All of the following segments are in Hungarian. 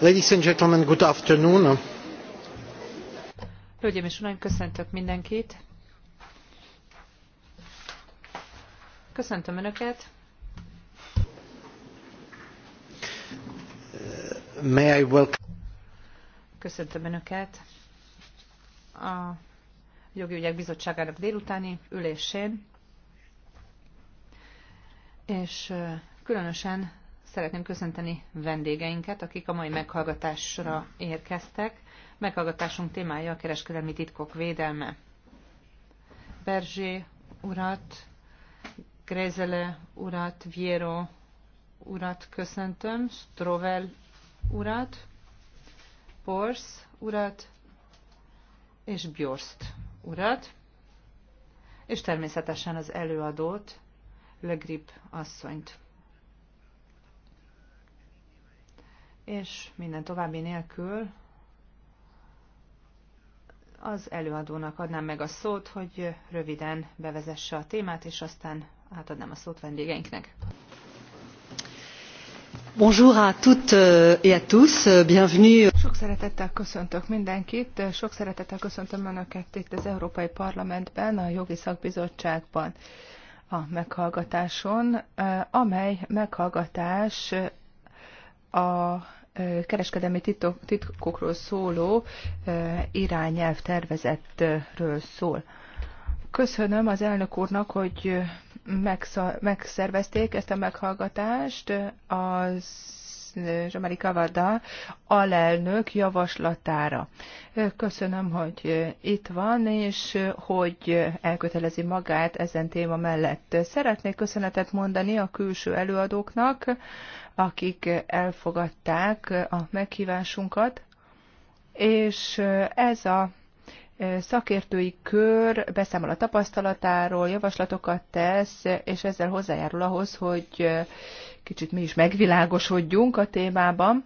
Ladies and gentlemen, good afternoon. Hölgyeim és uraim, köszöntök mindenkit. Köszöntöm Önöket. May I welcome... Köszöntöm Önöket a Jogi Ügyek Bizottságának délutáni ülésén, és különösen Szeretném köszönteni vendégeinket, akik a mai meghallgatásra érkeztek. Meghallgatásunk témája a kereskedelmi titkok védelme. Berzsé urat, Grezele urat, Viero urat köszöntöm, Strovel urat, Pors urat és Björst urat, és természetesen az előadót, Le Grip asszonyt. és minden további nélkül az előadónak adnám meg a szót, hogy röviden bevezesse a témát, és aztán átadnám a szót vendégeinknek. Bonjour à toutes euh, et à tous, euh, bienvenue. Sok szeretettel köszöntök mindenkit, sok szeretettel köszöntöm Önöket itt az Európai Parlamentben, a Jogi Szakbizottságban a meghallgatáson, amely meghallgatás a kereskedelmi titkokról szóló irányelv tervezetről szól. Köszönöm az elnök úrnak, hogy megszervezték ezt a meghallgatást. Az Zsamari Kavada alelnök javaslatára. Köszönöm, hogy itt van, és hogy elkötelezi magát ezen téma mellett. Szeretnék köszönetet mondani a külső előadóknak, akik elfogadták a meghívásunkat, és ez a szakértői kör beszámol a tapasztalatáról, javaslatokat tesz, és ezzel hozzájárul ahhoz, hogy kicsit mi is megvilágosodjunk a témában,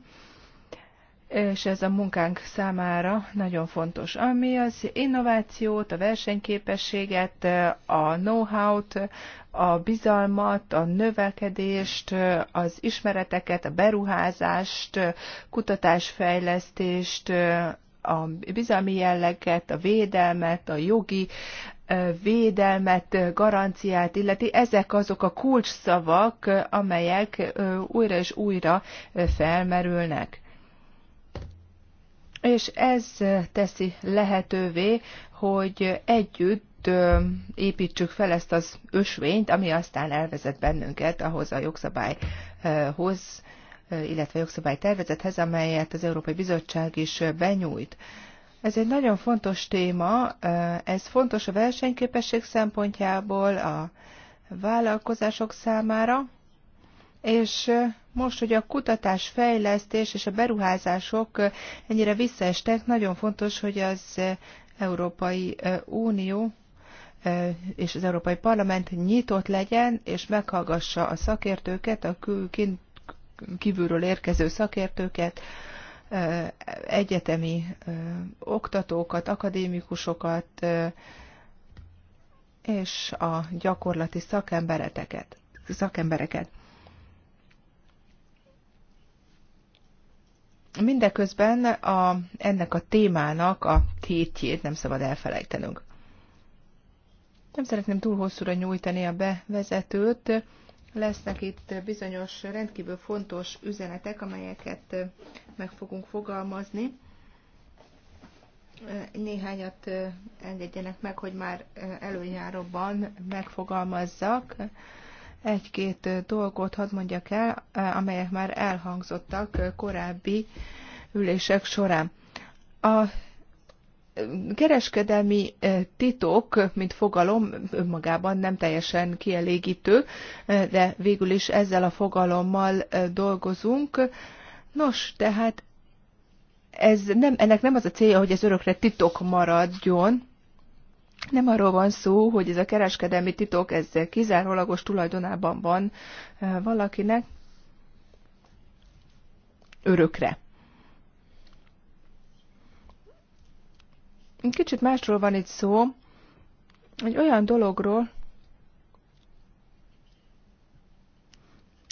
és ez a munkánk számára nagyon fontos. Ami az innovációt, a versenyképességet, a know-how-t, a bizalmat, a növekedést, az ismereteket, a beruházást, kutatásfejlesztést, a bizalmi jelleget, a védelmet, a jogi védelmet, garanciát illeti, ezek azok a kulcsszavak, amelyek újra és újra felmerülnek. És ez teszi lehetővé, hogy együtt együtt építsük fel ezt az ösvényt, ami aztán elvezet bennünket ahhoz a jogszabályhoz, illetve jogszabálytervezethez, amelyet az Európai Bizottság is benyújt. Ez egy nagyon fontos téma, ez fontos a versenyképesség szempontjából, a vállalkozások számára, és most, hogy a kutatás, fejlesztés és a beruházások ennyire visszaestek, nagyon fontos, hogy az Európai Unió és az Európai Parlament nyitott legyen, és meghallgassa a szakértőket, a kívülről érkező szakértőket, egyetemi oktatókat, akadémikusokat, és a gyakorlati szakembereket. szakembereket. Mindeközben a, ennek a témának a tétjét nem szabad elfelejtenünk. Nem szeretném túl hosszúra nyújtani a bevezetőt. Lesznek itt bizonyos rendkívül fontos üzenetek, amelyeket meg fogunk fogalmazni. Néhányat engedjenek meg, hogy már előjáróban megfogalmazzak. Egy-két dolgot hadd mondjak el, amelyek már elhangzottak korábbi ülések során. A kereskedelmi eh, titok, mint fogalom, önmagában nem teljesen kielégítő, eh, de végül is ezzel a fogalommal eh, dolgozunk. Nos, tehát ez nem, ennek nem az a célja, hogy ez örökre titok maradjon, nem arról van szó, hogy ez a kereskedelmi titok, ez kizárólagos tulajdonában van valakinek örökre. Kicsit másról van itt szó, egy olyan dologról,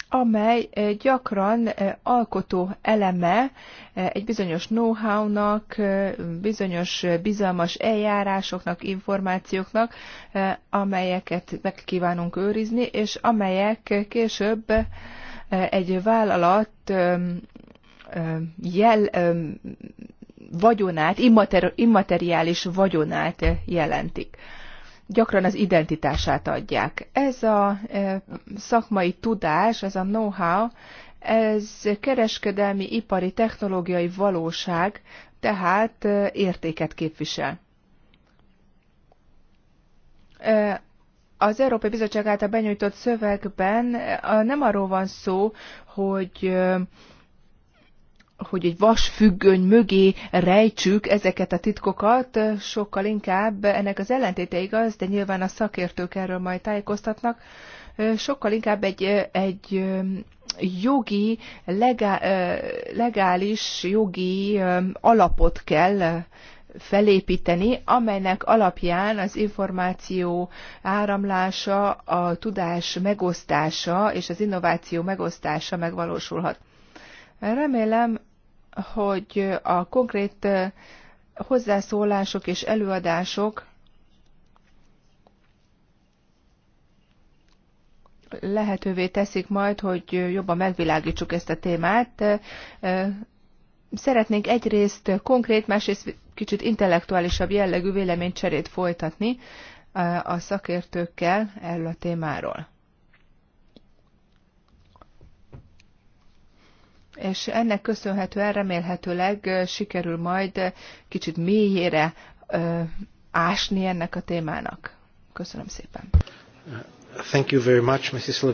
amely eh, gyakran eh, alkotó eleme eh, egy bizonyos know-how-nak, bizonyos bizalmas eljárásoknak, információknak, amelyeket meg kívánunk őrizni, és amelyek később egy vállalat jel, vagyonát, immater, immateriális vagyonát eh, jelentik. Gyakran az identitását adják. Ez a eh, szakmai tudás, ez a know-how, ez kereskedelmi, ipari, technológiai valóság, tehát eh, értéket képvisel. Az Európai Bizottság által benyújtott szövegben nem arról van szó, hogy hogy egy vasfüggöny mögé rejtsük ezeket a titkokat, sokkal inkább ennek az ellentéte igaz, de nyilván a szakértők erről majd tájékoztatnak, sokkal inkább egy, egy jogi, legál, legális jogi alapot kell felépíteni, amelynek alapján az információ áramlása, a tudás megosztása és az innováció megosztása megvalósulhat. Remélem, hogy a konkrét hozzászólások és előadások lehetővé teszik majd, hogy jobban megvilágítsuk ezt a témát. Szeretnénk egyrészt konkrét, másrészt kicsit intellektuálisabb jellegű véleménycserét folytatni a szakértőkkel erről a témáról. és ennek köszönhetően remélhetőleg sikerül majd kicsit mélyére ásni ennek a témának. Köszönöm szépen. Thank you very much, Mrs. Le...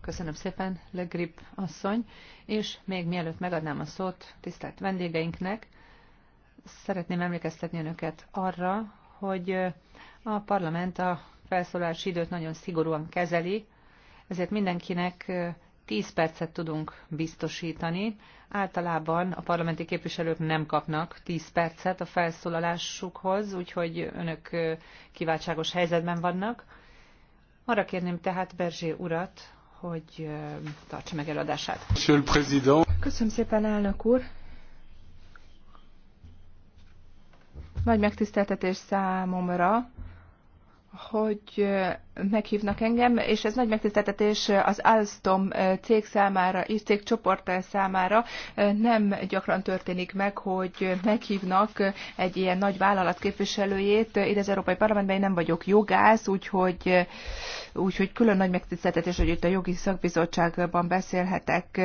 Köszönöm szépen, Le Grip asszony, és még mielőtt megadnám a szót tisztelt vendégeinknek, szeretném emlékeztetni önöket arra, hogy a parlament a felszólalási időt nagyon szigorúan kezeli, ezért mindenkinek 10 percet tudunk biztosítani. Általában a parlamenti képviselők nem kapnak 10 percet a felszólalásukhoz, úgyhogy önök kiváltságos helyzetben vannak. Arra kérném tehát Berzsé urat, hogy tartsa meg előadását. Köszönöm szépen, elnök úr! Nagy megtiszteltetés számomra, hogy meghívnak engem, és ez nagy megtiszteltetés az Alstom cég számára, és cégcsoport számára nem gyakran történik meg, hogy meghívnak egy ilyen nagy vállalat képviselőjét ide az Európai Parlamentben, én nem vagyok jogász, úgyhogy, úgyhogy külön nagy megtiszteltetés, hogy itt a jogi szakbizottságban beszélhetek.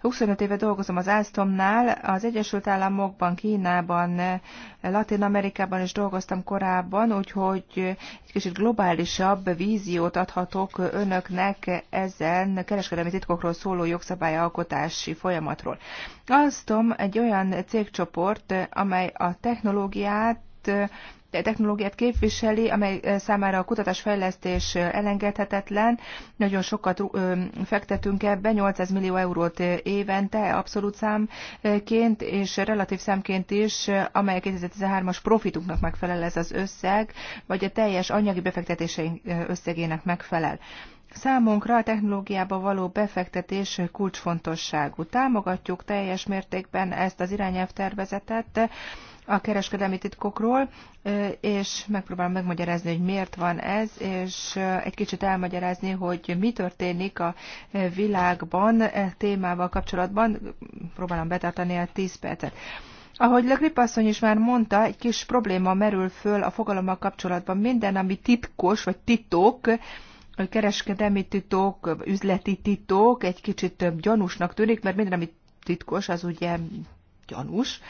25 éve dolgozom az Alstomnál, az Egyesült Államokban, Kínában, Latin Amerikában is dolgoztam korábban, úgyhogy egy kicsit globálisabb víziót adhatok önöknek ezen kereskedelmi titkokról szóló jogszabályalkotási folyamatról. Alstom egy olyan cégcsoport, amely a technológiát technológiát képviseli, amely számára a kutatásfejlesztés elengedhetetlen. Nagyon sokat fektetünk ebbe, 800 millió eurót évente abszolút számként, és relatív számként is, amely 2013-as profitunknak megfelel ez az összeg, vagy a teljes anyagi befektetéseink összegének megfelel. Számunkra a technológiába való befektetés kulcsfontosságú. Támogatjuk teljes mértékben ezt az irányelv tervezetet, a kereskedelmi titkokról, és megpróbálom megmagyarázni, hogy miért van ez, és egy kicsit elmagyarázni, hogy mi történik a világban e témával kapcsolatban. Próbálom betartani a 10 percet. Ahogy Le Grip asszony is már mondta, egy kis probléma merül föl a fogalommal kapcsolatban. Minden, ami titkos vagy titok, kereskedelmi titok, üzleti titok egy kicsit gyanúsnak tűnik, mert minden, ami titkos, az ugye gyanús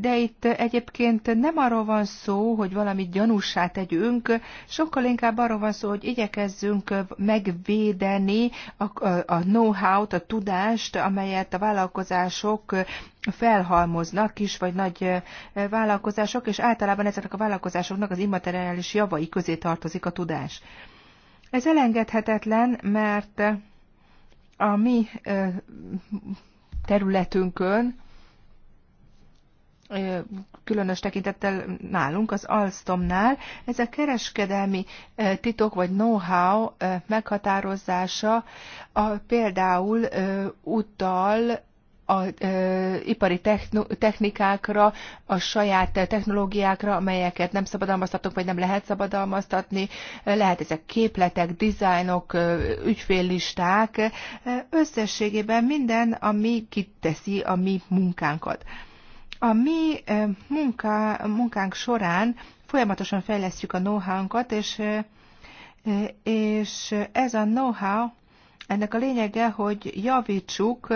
de itt egyébként nem arról van szó, hogy valamit gyanúsá tegyünk, sokkal inkább arról van szó, hogy igyekezzünk megvédeni a, a know-how-t, a tudást, amelyet a vállalkozások felhalmoznak kis vagy nagy vállalkozások, és általában ezeknek a vállalkozásoknak az immateriális javai közé tartozik a tudás. Ez elengedhetetlen, mert a mi területünkön, különös tekintettel nálunk, az Alstomnál. Ez a kereskedelmi titok vagy know-how meghatározása a, például utal a e, ipari technikákra, a saját technológiákra, amelyeket nem szabadalmaztatok, vagy nem lehet szabadalmaztatni. Lehet ezek képletek, dizájnok, ügyféllisták. Összességében minden, ami kiteszi a mi munkánkat. A mi munká, munkánk során folyamatosan fejlesztjük a know-how-nkat, és, és ez a know-how, ennek a lényege, hogy javítsuk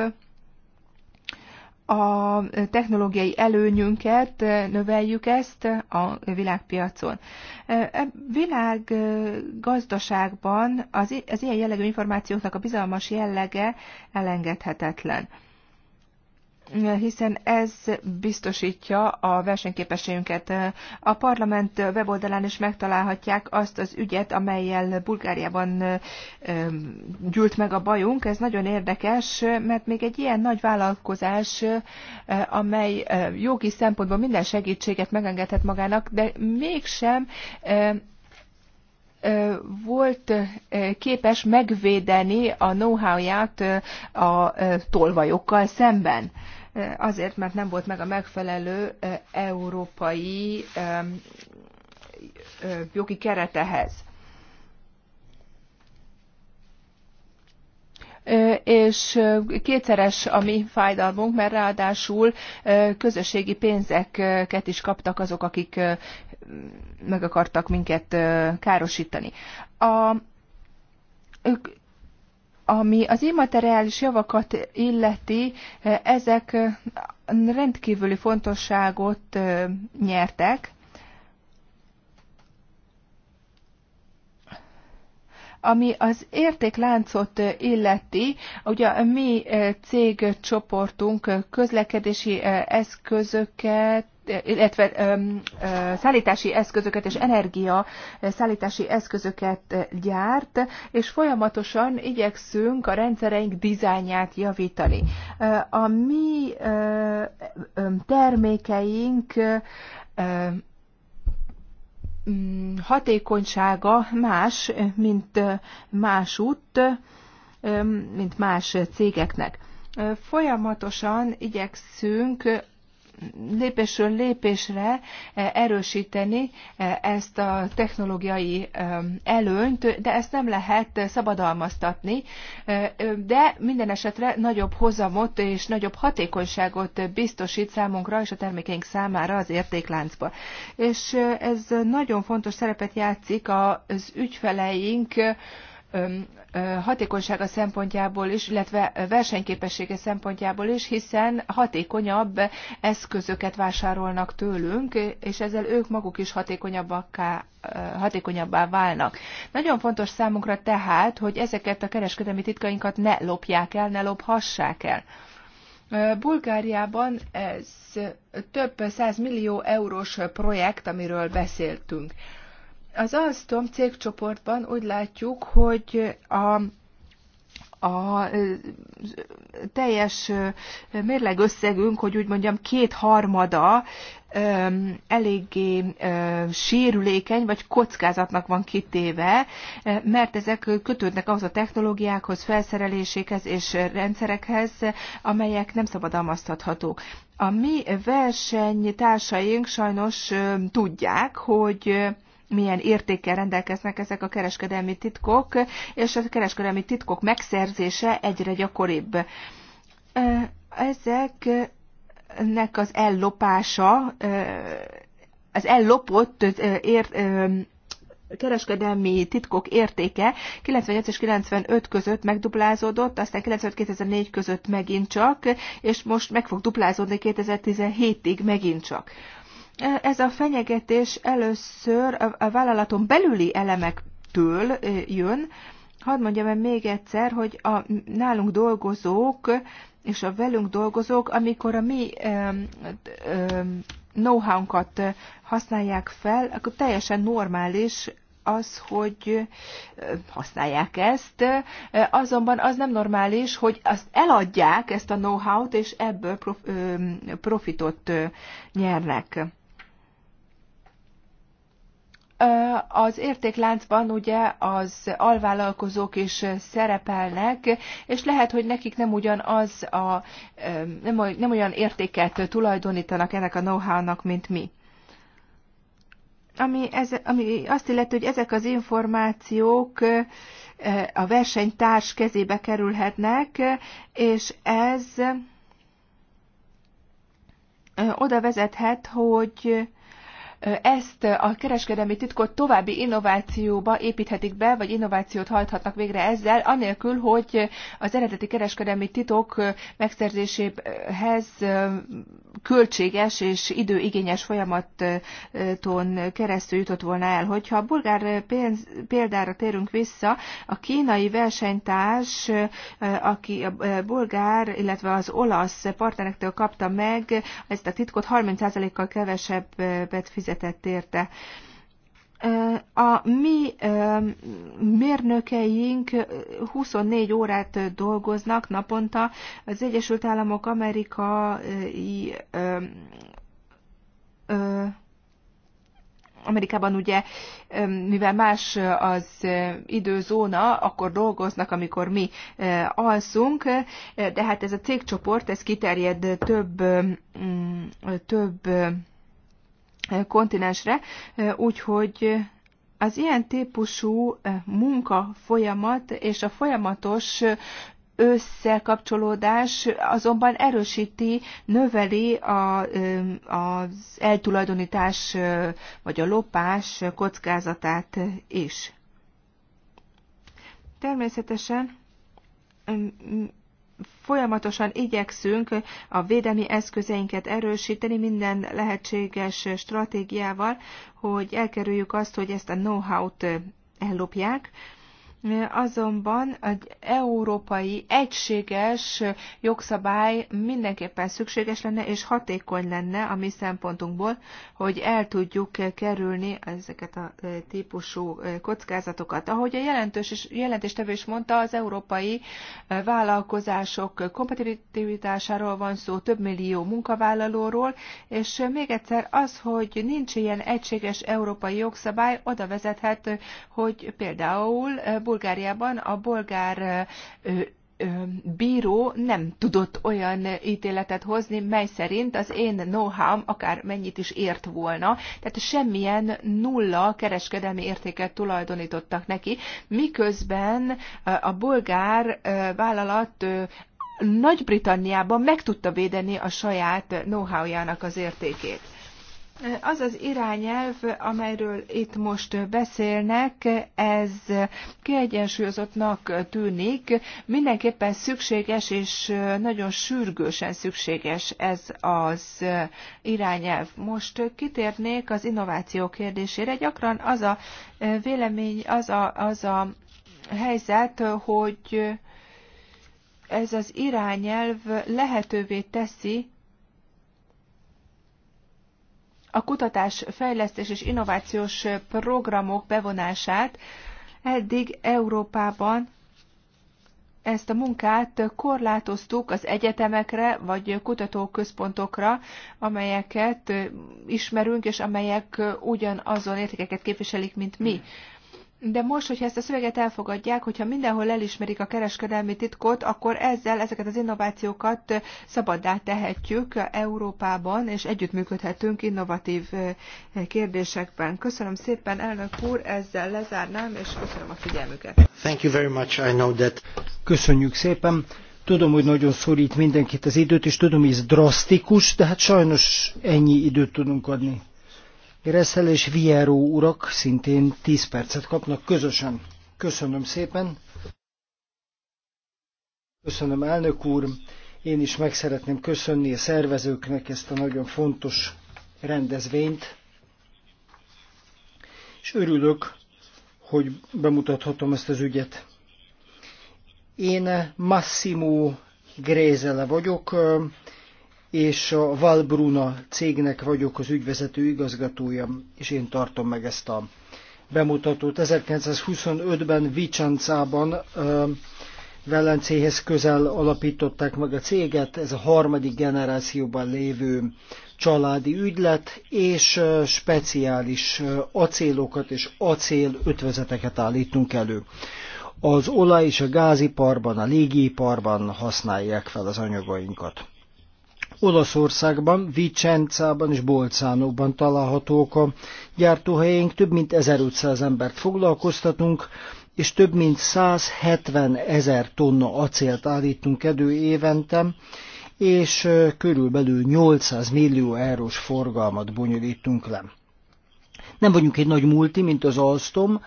a technológiai előnyünket, növeljük ezt a világpiacon. A e, világgazdaságban az, az ilyen jellegű információknak a bizalmas jellege elengedhetetlen hiszen ez biztosítja a versenyképességünket. A parlament weboldalán is megtalálhatják azt az ügyet, amelyel Bulgáriában gyűlt meg a bajunk. Ez nagyon érdekes, mert még egy ilyen nagy vállalkozás, amely jogi szempontból minden segítséget megengedhet magának, de mégsem volt képes megvédeni a know-how-ját a tolvajokkal szemben azért, mert nem volt meg a megfelelő európai jogi keretehez. és kétszeres a mi fájdalmunk, mert ráadásul közösségi pénzeket is kaptak azok, akik meg akartak minket károsítani. A ami az immateriális javakat illeti, eh, ezek eh, rendkívüli fontosságot eh, nyertek. Ami az értékláncot illeti, ugye a mi cégcsoportunk közlekedési eszközöket, illetve szállítási eszközöket és energia szállítási eszközöket gyárt, és folyamatosan igyekszünk a rendszereink dizájnját javítani. A mi termékeink hatékonysága más, mint más út, mint más cégeknek. Folyamatosan igyekszünk lépésről lépésre eh, erősíteni eh, ezt a technológiai eh, előnyt, de ezt nem lehet szabadalmaztatni, de minden esetre nagyobb hozamot és nagyobb hatékonyságot biztosít számunkra és a termékeink számára az értékláncba. És ez nagyon fontos szerepet játszik az ügyfeleink, hatékonysága szempontjából is, illetve versenyképessége szempontjából is, hiszen hatékonyabb eszközöket vásárolnak tőlünk, és ezzel ők maguk is hatékonyabbá válnak. Nagyon fontos számunkra tehát, hogy ezeket a kereskedelmi titkainkat ne lopják el, ne lophassák el. Bulgáriában ez több 100 millió eurós projekt, amiről beszéltünk. Az Alstom cégcsoportban úgy látjuk, hogy a a teljes mérlegösszegünk, hogy úgy mondjam, kétharmada eléggé sérülékeny, vagy kockázatnak van kitéve, mert ezek kötődnek ahhoz a technológiákhoz, felszerelésékhez és rendszerekhez, amelyek nem szabadalmaztathatók. A mi versenytársaink sajnos tudják, hogy milyen értékkel rendelkeznek ezek a kereskedelmi titkok, és a kereskedelmi titkok megszerzése egyre gyakoribb. Ezeknek az ellopása, az ellopott ért, kereskedelmi titkok értéke 98 és 95 között megduplázódott, aztán 95-2004 között megint csak, és most meg fog duplázódni 2017-ig megint csak. Ez a fenyegetés először a vállalaton belüli elemektől jön. Hadd mondjam el még egyszer, hogy a nálunk dolgozók és a velünk dolgozók, amikor a mi know-how-nkat használják fel, akkor teljesen normális az, hogy használják ezt, azonban az nem normális, hogy azt eladják, ezt a know-how-t, és ebből profitot nyernek. Az értékláncban ugye az alvállalkozók is szerepelnek, és lehet, hogy nekik nem ugyanaz a, nem, nem olyan értéket tulajdonítanak ennek a know-how-nak, mint mi. Ami, ez, ami azt illeti, hogy ezek az információk a versenytárs kezébe kerülhetnek, és ez oda vezethet, hogy ezt a kereskedelmi titkot további innovációba építhetik be, vagy innovációt hajthatnak végre ezzel, anélkül, hogy az eredeti kereskedelmi titok megszerzéséhez költséges és időigényes folyamaton keresztül jutott volna el. Hogyha a bulgár pénz, példára térünk vissza, a kínai versenytárs, aki a bulgár, illetve az olasz partnerektől kapta meg ezt a titkot, 30%-kal kevesebbet fizet fizetett érte. A mi mérnökeink 24 órát dolgoznak naponta. Az Egyesült Államok amerikai Amerikában ugye, mivel más az időzóna, akkor dolgoznak, amikor mi alszunk, de hát ez a cégcsoport, ez kiterjed több, több kontinensre, úgyhogy az ilyen típusú munka folyamat és a folyamatos összekapcsolódás azonban erősíti, növeli a, az eltulajdonítás vagy a lopás kockázatát is. Természetesen folyamatosan igyekszünk a védelmi eszközeinket erősíteni minden lehetséges stratégiával, hogy elkerüljük azt, hogy ezt a know-how-t ellopják, Azonban egy európai egységes jogszabály mindenképpen szükséges lenne és hatékony lenne a mi szempontunkból, hogy el tudjuk kerülni ezeket a e, típusú e, kockázatokat. Ahogy a jelentős és jelentéstevő is mondta, az európai e, vállalkozások kompetitivitásáról van szó, több millió munkavállalóról, és még egyszer az, hogy nincs ilyen egységes európai jogszabály, oda vezethet, hogy például Bulgáriában a bolgár bíró nem tudott olyan ítéletet hozni, mely szerint az én know-how akár mennyit is ért volna, tehát semmilyen nulla kereskedelmi értéket tulajdonítottak neki, miközben a bolgár vállalat Nagy-Britanniában meg tudta védeni a saját know jának az értékét. Az az irányelv, amelyről itt most beszélnek, ez kiegyensúlyozottnak tűnik. Mindenképpen szükséges és nagyon sürgősen szükséges ez az irányelv. Most kitérnék az innováció kérdésére. Gyakran az a vélemény, az a, az a helyzet, hogy ez az irányelv lehetővé teszi, a kutatás, fejlesztés és innovációs programok bevonását. Eddig Európában ezt a munkát korlátoztuk az egyetemekre vagy kutatóközpontokra, amelyeket ismerünk, és amelyek ugyanazon értékeket képviselik, mint mi. De most, hogyha ezt a szöveget elfogadják, hogyha mindenhol elismerik a kereskedelmi titkot, akkor ezzel ezeket az innovációkat szabaddá tehetjük Európában, és együttműködhetünk innovatív kérdésekben. Köszönöm szépen, elnök úr, ezzel lezárnám, és köszönöm a figyelmüket. Thank you very much. I know that. Köszönjük szépen. Tudom, hogy nagyon szorít mindenkit az időt, és tudom, hogy ez drasztikus, de hát sajnos ennyi időt tudunk adni. Reszel és Vieró urak szintén 10 percet kapnak közösen. Köszönöm szépen. Köszönöm, elnök úr. Én is meg szeretném köszönni a szervezőknek ezt a nagyon fontos rendezvényt. És örülök, hogy bemutathatom ezt az ügyet. Én Massimo Grézele vagyok, és a Valbruna cégnek vagyok az ügyvezető igazgatója, és én tartom meg ezt a bemutatót. 1925-ben Vicsantában Velencéhez közel alapították meg a céget, ez a harmadik generációban lévő családi ügylet, és speciális acélokat és acél ötvezeteket állítunk elő. Az olaj és a gáziparban, a légiparban használják fel az anyagainkat. Olaszországban, Vicenzában és Bolcánóban találhatók a gyártóhelyénk, több mint 1500 embert foglalkoztatunk, és több mint 170 ezer tonna acélt állítunk edő évente, és körülbelül 800 millió eurós forgalmat bonyolítunk le. Nem vagyunk egy nagy multi, mint az Alstom,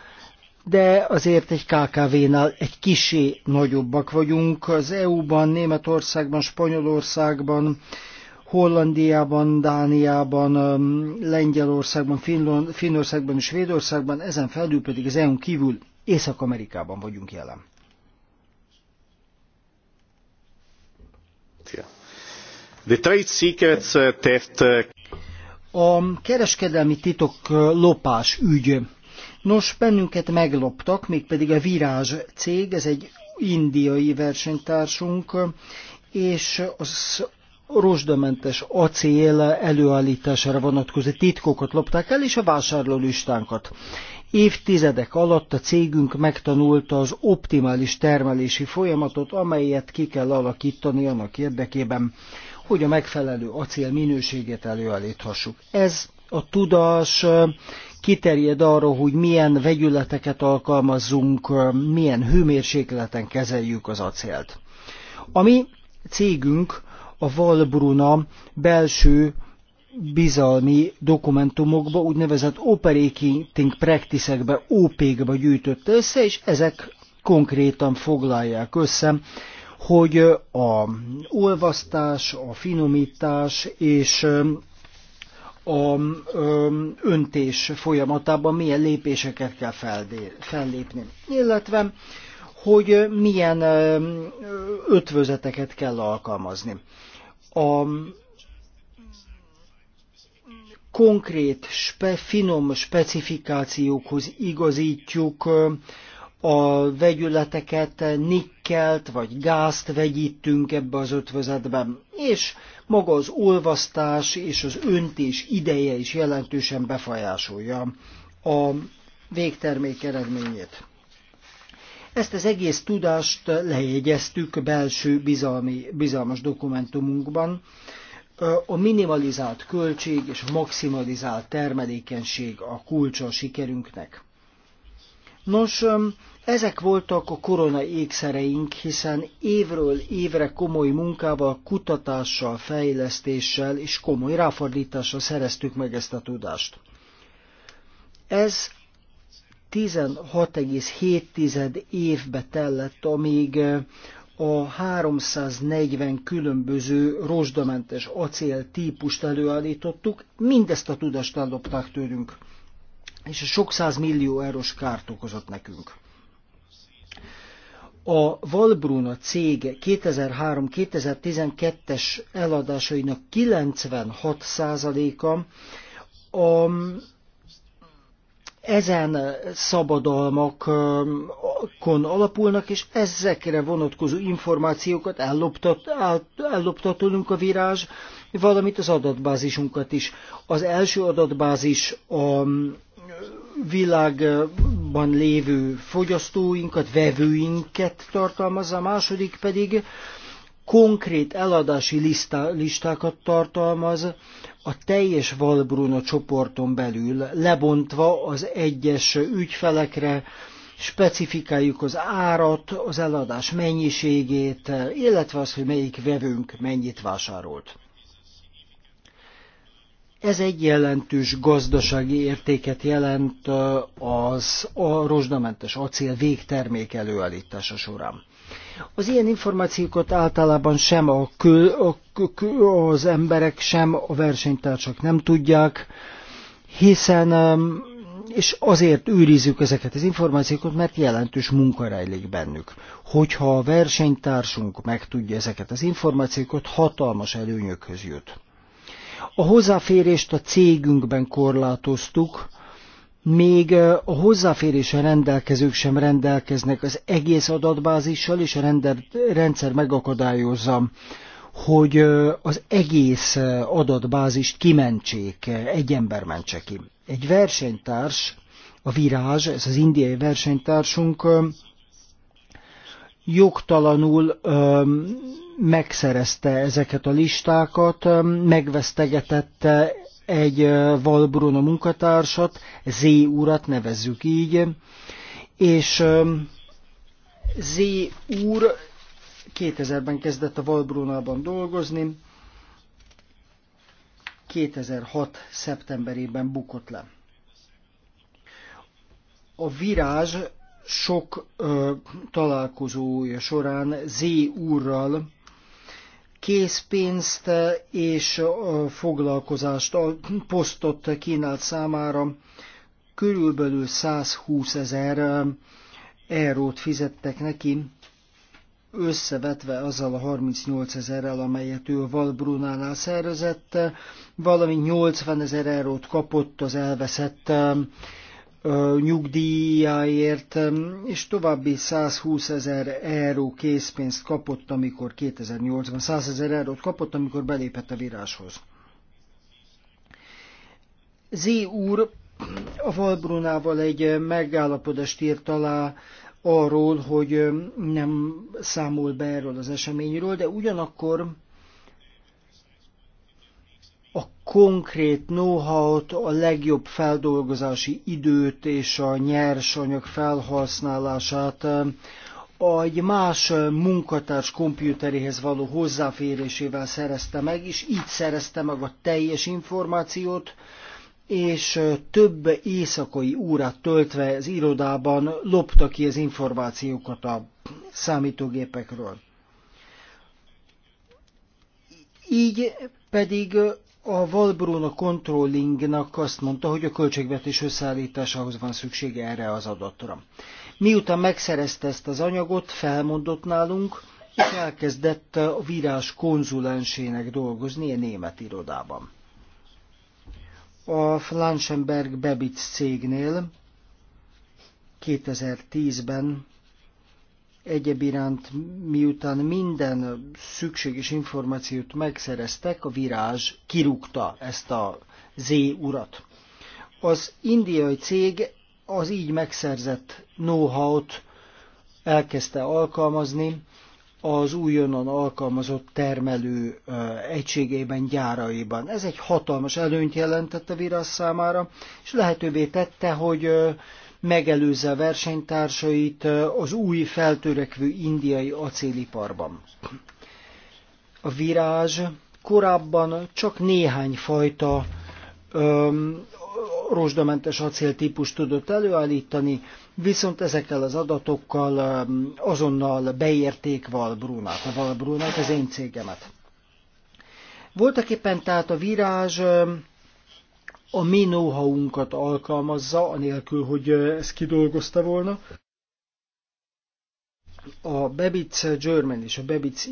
de azért egy KKV-nál egy kisé nagyobbak vagyunk. Az EU-ban, Németországban, Spanyolországban, Hollandiában, Dániában, Lengyelországban, Finnországban és Svédországban, ezen felül pedig az EU-n kívül Észak-Amerikában vagyunk jelen. The trade secrets uh, theft. Uh, A kereskedelmi titok uh, lopás ügy Nos, bennünket megloptak, mégpedig a Virázs cég, ez egy indiai versenytársunk, és az rozsdamentes acél előállítására vonatkozó titkokat lopták el, és a listánkat. Évtizedek alatt a cégünk megtanulta az optimális termelési folyamatot, amelyet ki kell alakítani annak érdekében, hogy a megfelelő acél minőségét előállíthassuk. Ez a tudás kiterjed arra, hogy milyen vegyületeket alkalmazzunk, milyen hőmérsékleten kezeljük az acélt. A mi cégünk a Valbruna belső bizalmi dokumentumokba, úgynevezett operating practice-ekbe, OP-kba gyűjtött össze, és ezek konkrétan foglalják össze, hogy a olvasztás, a finomítás és a öntés folyamatában milyen lépéseket kell fellépni, illetve hogy milyen ötvözeteket kell alkalmazni. A konkrét, spe, finom specifikációkhoz igazítjuk a vegyületeket, ékelt vagy gázt vegyítünk ebbe az ötvözetben, és maga az olvasztás és az öntés ideje is jelentősen befolyásolja a végtermék eredményét. Ezt az egész tudást lejegyeztük belső bizalmi, bizalmas dokumentumunkban. A minimalizált költség és a maximalizált termelékenység a kulcsa a sikerünknek. Nos, ezek voltak a korona ékszereink, hiszen évről évre komoly munkával, kutatással, fejlesztéssel és komoly ráfordítással szereztük meg ezt a tudást. Ez 16,7 évbe tellett, amíg eh, a 340 különböző rozsdamentes acél típust előállítottuk, mindezt a tudást ellopták tőlünk, és a sok millió eurós kárt okozott nekünk a Valbruna cég 2003-2012-es eladásainak 96%-a a ezen szabadalmakon alapulnak, és ezekre vonatkozó információkat elloptat, a virázs, valamint az adatbázisunkat is. Az első adatbázis a világban lévő fogyasztóinkat, vevőinket tartalmazza, a második pedig konkrét eladási listá, listákat tartalmaz a teljes Valbruna csoporton belül, lebontva az egyes ügyfelekre, specifikáljuk az árat, az eladás mennyiségét, illetve az, hogy melyik vevőnk mennyit vásárolt. Ez egy jelentős gazdasági értéket jelent az a rozsdamentes acél végtermék előállítása során. Az ilyen információkat általában sem a kül, a, kül, az emberek, sem a versenytársak nem tudják, hiszen és azért őrizzük ezeket az információkat, mert jelentős munka rejlik bennük. Hogyha a versenytársunk megtudja ezeket az információkat, hatalmas előnyökhöz jut. A hozzáférést a cégünkben korlátoztuk, még a hozzáférésre rendelkezők sem rendelkeznek az egész adatbázissal, és a rendel, rendszer megakadályozza, hogy az egész adatbázist kimentsék, egy ember mentse ki. Egy versenytárs, a Virázs, ez az indiai versenytársunk, jogtalanul megszerezte ezeket a listákat, megvesztegetette egy Valbruno munkatársat, Z urat nevezzük így, és Z úr 2000-ben kezdett a Valbrunában dolgozni, 2006. szeptemberében bukott le. A Virázs sok ö, találkozója során Z úrral készpénzt eh, és eh, foglalkozást, a posztot kínált számára. Körülbelül 120 ezer eh, eurót fizettek neki, összevetve azzal a 38 ezerrel, amelyet ő Valbrunánál szervezett, valami 80 ezer eurót kapott az elveszett nyugdíjáért, és további 120 ezer euró készpénzt kapott, amikor 2008-ban 100 ezer eurót kapott, amikor belépett a viráshoz. Z úr a Valbrunával egy megállapodást írt alá arról, hogy nem számol be erről az eseményről, de ugyanakkor a konkrét know-how-t, a legjobb feldolgozási időt és a nyersanyag felhasználását eh, egy más eh, munkatárs kompjúteréhez való hozzáférésével szerezte meg, és így szerezte meg a teljes információt, és eh, több éjszakai órát töltve az irodában lopta ki az információkat a számítógépekről. Így pedig a Valbruna Controllingnak azt mondta, hogy a költségvetés összeállításához van szüksége erre az adatra. Miután megszerezte ezt az anyagot, felmondott nálunk, és elkezdett a vírás konzulensének dolgozni a német irodában. A Flanschenberg Bebitz cégnél 2010-ben Egyebiránt iránt, miután minden szükséges információt megszereztek, a virázs kirúgta ezt a Z urat. Az indiai cég az így megszerzett know-how-t elkezdte alkalmazni az újonnan alkalmazott termelő egységében, gyáraiban. Ez egy hatalmas előnyt jelentett a Virász számára, és lehetővé tette, hogy megelőzze a versenytársait az új feltörekvő indiai acéliparban. A virázs korábban csak néhány fajta öm, rozsdamentes acéltípus tudott előállítani, viszont ezekkel az adatokkal öm, azonnal beérték Valbrunát, a Valbrunát, az én cégemet. Voltak éppen tehát a virázs öm, a mi know alkalmazza, anélkül, hogy ezt kidolgozta volna. A Bebitz German és a Bebitz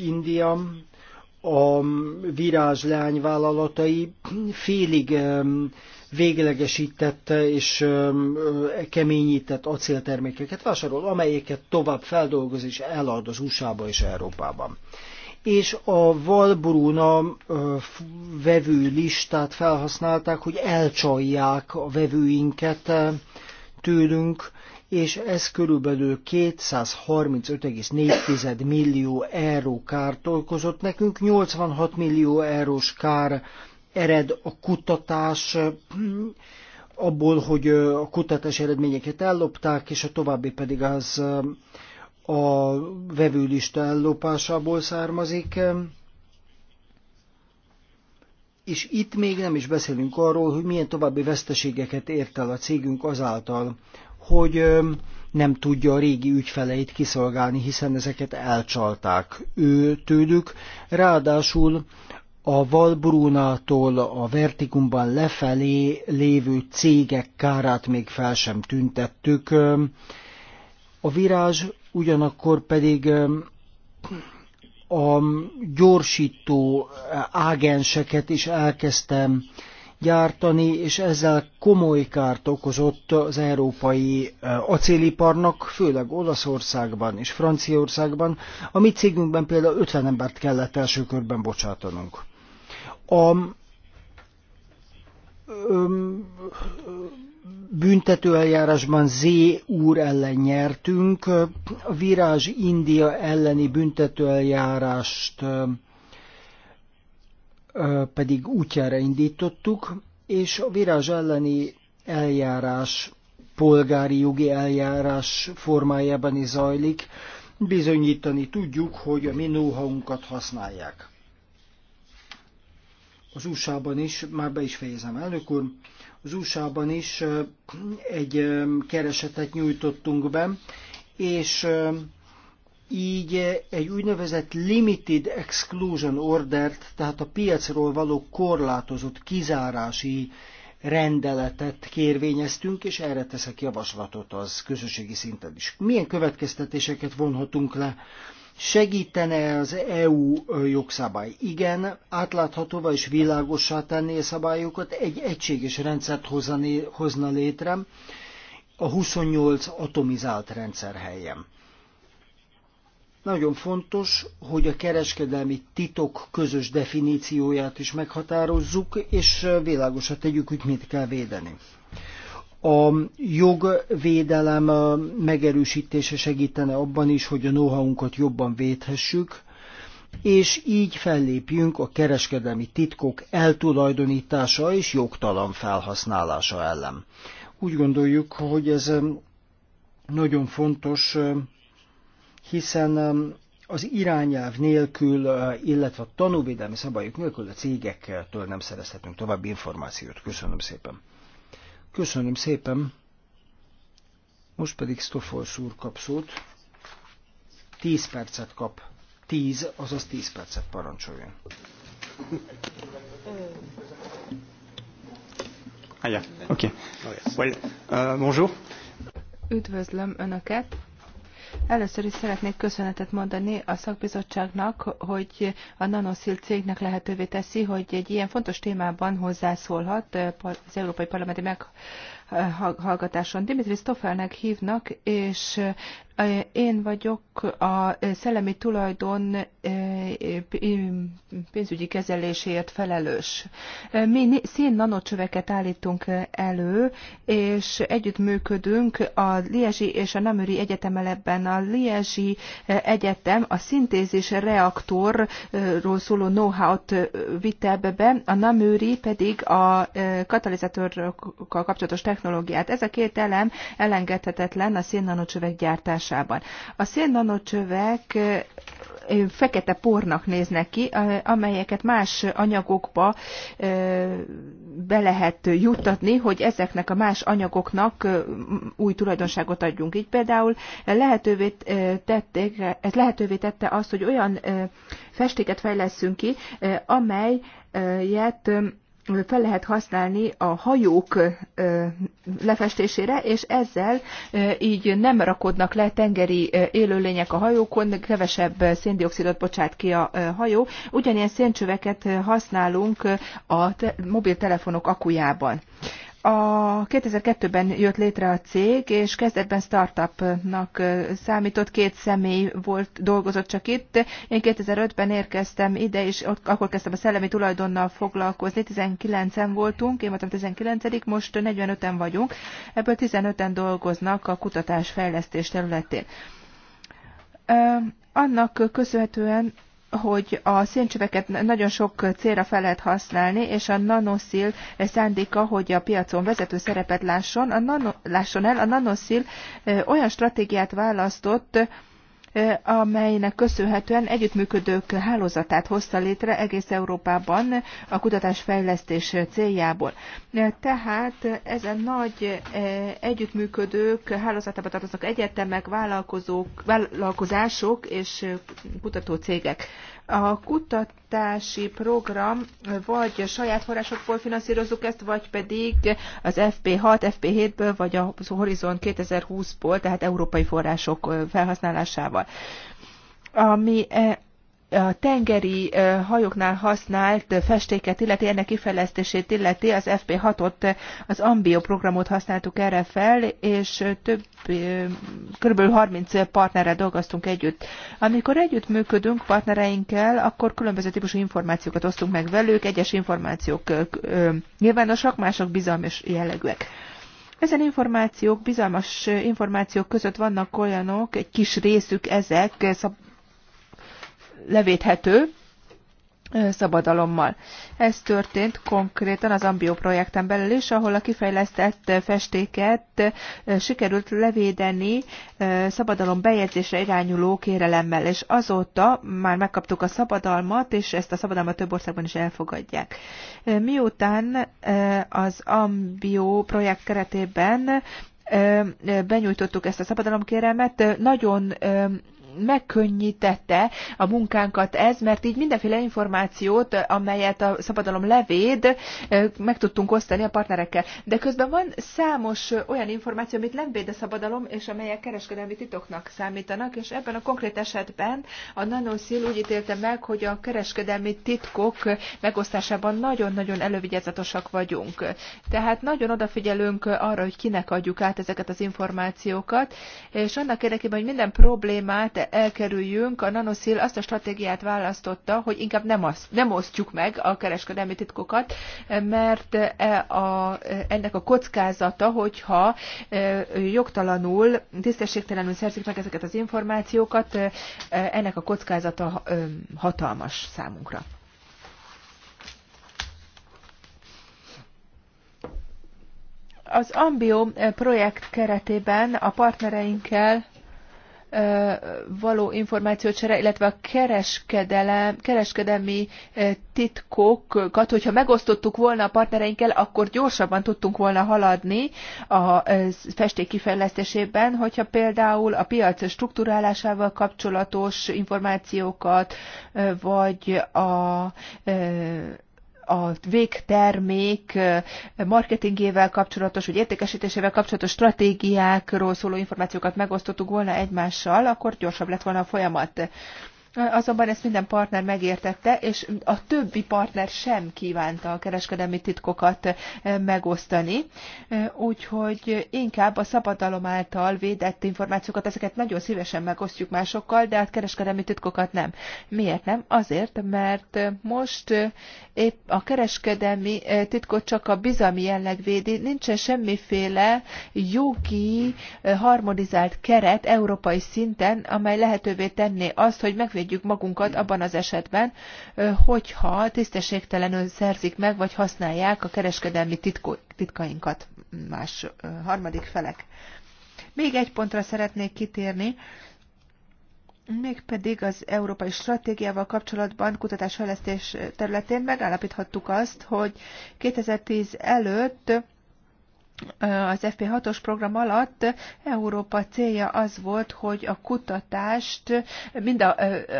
India a virázs leányvállalatai félig véglegesített és keményített acéltermékeket vásárol, amelyeket tovább feldolgoz és elad az USA-ba és Európában és a Valbruna vevő listát felhasználták, hogy elcsalják a vevőinket tőlünk, és ez körülbelül 235,4 millió euró kárt okozott nekünk, 86 millió eurós kár ered a kutatás abból, hogy a kutatás eredményeket ellopták, és a további pedig az a vevőlista ellopásából származik, és itt még nem is beszélünk arról, hogy milyen további veszteségeket ért el a cégünk azáltal, hogy nem tudja a régi ügyfeleit kiszolgálni, hiszen ezeket elcsalták ő tőlük. Ráadásul a Valbrunától a Vertikumban lefelé lévő cégek kárát még fel sem tüntettük. A Virázs ugyanakkor pedig a gyorsító ágenseket is elkezdtem gyártani, és ezzel komoly kárt okozott az európai acéliparnak, főleg Olaszországban és Franciaországban. A mi cégünkben például 50 embert kellett első körben bocsátanunk. A öm, büntetőeljárásban Z úr ellen nyertünk. A Virázs India elleni büntetőeljárást pedig útjára indítottuk, és a Virázs elleni eljárás polgári jogi eljárás formájában is zajlik. Bizonyítani tudjuk, hogy a mi használják. Az USA-ban is, már be is fejezem, elnök úr, az USA-ban is egy keresetet nyújtottunk be, és így egy úgynevezett limited exclusion ordert, tehát a piacról való korlátozott kizárási rendeletet kérvényeztünk, és erre teszek javaslatot az közösségi szinten is. Milyen következtetéseket vonhatunk le Segítene az EU jogszabály? Igen, átláthatóvá és világossá tenni a szabályokat, egy egységes rendszert hozna létre a 28 atomizált rendszer helyen. Nagyon fontos, hogy a kereskedelmi titok közös definícióját is meghatározzuk, és világosat tegyük, hogy mit kell védeni. A jogvédelem megerősítése segítene abban is, hogy a know-how-unkat jobban védhessük, és így fellépjünk a kereskedelmi titkok eltulajdonítása és jogtalan felhasználása ellen. Úgy gondoljuk, hogy ez um, nagyon fontos, um, hiszen um, az irányelv nélkül, uh, illetve a tanúvédelmi szabályok nélkül a cégektől nem szerezhetünk további információt. Köszönöm szépen. Köszönöm szépen. Most pedig Stoffolsz úr kap szót. Tíz percet kap. Tíz, azaz tíz percet parancsoljon. Ah, yeah. okay. Well, uh, bonjour. Üdvözlöm Önöket. Először is szeretnék köszönetet mondani a szakbizottságnak, hogy a Nanoszil cégnek lehetővé teszi, hogy egy ilyen fontos témában hozzászólhat eh, az Európai Parlamenti meg hallgatáson. Dimitri Stoffelnek hívnak, és én vagyok a szellemi tulajdon pénzügyi kezeléséért felelős. Mi szín nanocsöveket állítunk elő, és együttműködünk a Liezsi és a Namüri Egyetemmel ebben. A Liezsi Egyetem a szintézis reaktorról szóló know-how-t vitte ebbe be, a Namüri pedig a katalizátorokkal kapcsolatos technológiát technológiát. Ez a két elem elengedhetetlen a szénnanocsövek gyártásában. A szénnanocsövek fekete pornak néznek ki, amelyeket más anyagokba be lehet juttatni, hogy ezeknek a más anyagoknak új tulajdonságot adjunk. Így például lehetővé, tették, ez lehetővé tette azt, hogy olyan festéket fejleszünk ki, amelyet fel lehet használni a hajók lefestésére, és ezzel így nem rakodnak le tengeri élőlények a hajókon, kevesebb széndiokszidot bocsát ki a hajó. Ugyanilyen széncsöveket használunk a mobiltelefonok akujában. A 2002-ben jött létre a cég, és kezdetben startupnak számított, két személy volt, dolgozott csak itt. Én 2005-ben érkeztem ide, és ott, akkor kezdtem a szellemi tulajdonnal foglalkozni. 19-en voltunk, én voltam 19 most 45-en vagyunk, ebből 15-en dolgoznak a kutatás-fejlesztés területén. Annak köszönhetően, hogy a széncsöveket nagyon sok célra fel lehet használni, és a nanoszil szándéka, hogy a piacon vezető szerepet lásson, a nano, lásson el, a nanoszil olyan stratégiát választott, amelynek köszönhetően együttműködők hálózatát hozta létre egész Európában a kutatásfejlesztés céljából. Tehát ezen nagy együttműködők hálózatába tartoznak egyetemek, vállalkozók, vállalkozások és kutatócégek. A kutatási program vagy a saját forrásokból finanszírozzuk ezt, vagy pedig az FP6, FP7-ből, vagy a Horizon 2020-ból, tehát európai források felhasználásával. Ami eh, a tengeri hajóknál használt festéket illeti, ennek kifejlesztését illeti, az FP6-ot, az Ambio programot használtuk erre fel, és több, kb. 30 partnerrel dolgoztunk együtt. Amikor együtt működünk partnereinkkel, akkor különböző típusú információkat osztunk meg velük, egyes információk nyilvánosak, mások bizalmas jellegűek. Ezen információk, bizalmas információk között vannak olyanok, egy kis részük ezek levéthető szabadalommal. Ez történt konkrétan az Ambio projekten belül is, ahol a kifejlesztett festéket sikerült levédeni szabadalom bejegyzésre irányuló kérelemmel, és azóta már megkaptuk a szabadalmat, és ezt a szabadalmat több országban is elfogadják. Miután az Ambio projekt keretében benyújtottuk ezt a szabadalomkérelmet, nagyon megkönnyítette a munkánkat ez, mert így mindenféle információt, amelyet a szabadalom levéd, meg tudtunk osztani a partnerekkel. De közben van számos olyan információ, amit nem véd a szabadalom, és amelyek kereskedelmi titoknak számítanak, és ebben a konkrét esetben a nanoszil úgy ítélte meg, hogy a kereskedelmi titkok megosztásában nagyon-nagyon elővigyázatosak vagyunk. Tehát nagyon odafigyelünk arra, hogy kinek adjuk át ezeket az információkat, és annak érdekében, hogy minden problémát elkerüljünk, a Nanoszil azt a stratégiát választotta, hogy inkább nem, az, nem osztjuk meg a kereskedelmi titkokat, mert e a, ennek a kockázata, hogyha e, jogtalanul, tisztességtelenül szerzik meg ezeket az információkat, e, ennek a kockázata hatalmas számunkra. Az Ambio projekt keretében a partnereinkkel való információcsere, illetve a kereskedelem, kereskedelmi titkokat, hogyha megosztottuk volna a partnereinkkel, akkor gyorsabban tudtunk volna haladni a festék kifejlesztésében, hogyha például a piac struktúrálásával kapcsolatos információkat, vagy a a végtermék marketingével kapcsolatos, vagy értékesítésével kapcsolatos stratégiákról szóló információkat megosztottuk volna egymással, akkor gyorsabb lett volna a folyamat. Azonban ezt minden partner megértette, és a többi partner sem kívánta a kereskedelmi titkokat megosztani, úgyhogy inkább a szabadalom által védett információkat, ezeket nagyon szívesen megosztjuk másokkal, de a hát kereskedelmi titkokat nem. Miért nem? Azért, mert most épp a kereskedelmi titkot csak a bizalmi jelleg védi, nincsen semmiféle jogi harmonizált keret európai szinten, amely lehetővé tenné azt, hogy megvédjük megvédjük magunkat abban az esetben, hogyha tisztességtelenül szerzik meg, vagy használják a kereskedelmi titko, titkainkat más harmadik felek. Még egy pontra szeretnék kitérni, mégpedig az európai stratégiával kapcsolatban kutatásfejlesztés területén megállapíthattuk azt, hogy 2010 előtt az FP6-os program alatt Európa célja az volt, hogy a kutatást, mind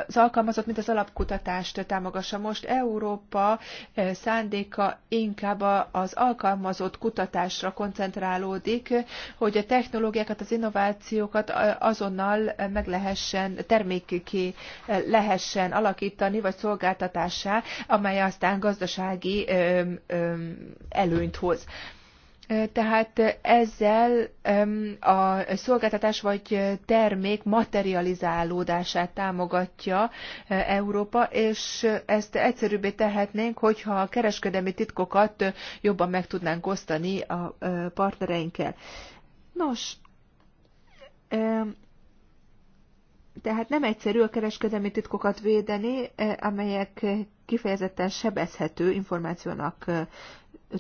az alkalmazott, mind az alapkutatást támogassa. Most Európa szándéka inkább az alkalmazott kutatásra koncentrálódik, hogy a technológiákat, az innovációkat azonnal meg lehessen, termékké lehessen alakítani, vagy szolgáltatássá, amely aztán gazdasági előnyt hoz. Tehát ezzel a szolgáltatás vagy termék materializálódását támogatja Európa, és ezt egyszerűbbé tehetnénk, hogyha a kereskedelmi titkokat jobban meg tudnánk osztani a partnereinkkel. Nos, tehát nem egyszerű a kereskedelmi titkokat védeni, amelyek kifejezetten sebezhető információnak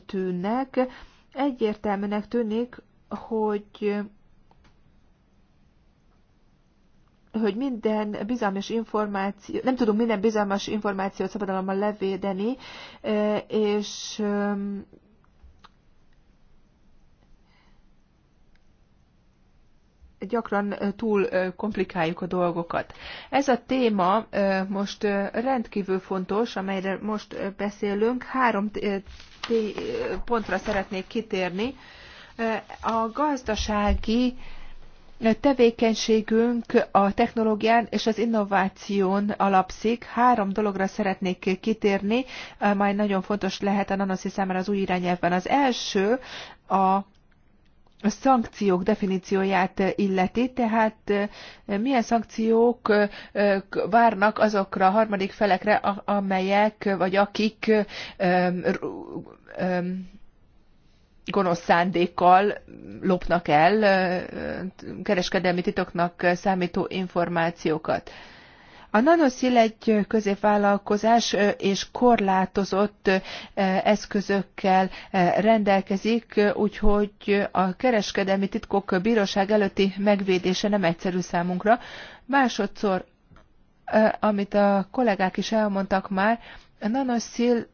tűnnek. Egyértelműnek tűnik, hogy hogy minden bizalmas információ, nem tudunk minden bizalmas információt szabadalommal levédeni, eh, és eh, gyakran túl komplikáljuk a dolgokat. Ez a téma most rendkívül fontos, amelyre most beszélünk. Három pontra szeretnék kitérni. A gazdasági tevékenységünk a technológián és az innováción alapszik. Három dologra szeretnék kitérni, majd nagyon fontos lehet a nanoszi számára az új irányelvben. Az első a a szankciók definícióját illeti, tehát milyen szankciók várnak azokra a harmadik felekre, amelyek vagy akik gonosz szándékkal lopnak el kereskedelmi titoknak számító információkat. A Nanoszil egy középvállalkozás és korlátozott eszközökkel rendelkezik, úgyhogy a kereskedelmi titkok bíróság előtti megvédése nem egyszerű számunkra. Másodszor, amit a kollégák is elmondtak már, a Nanoszil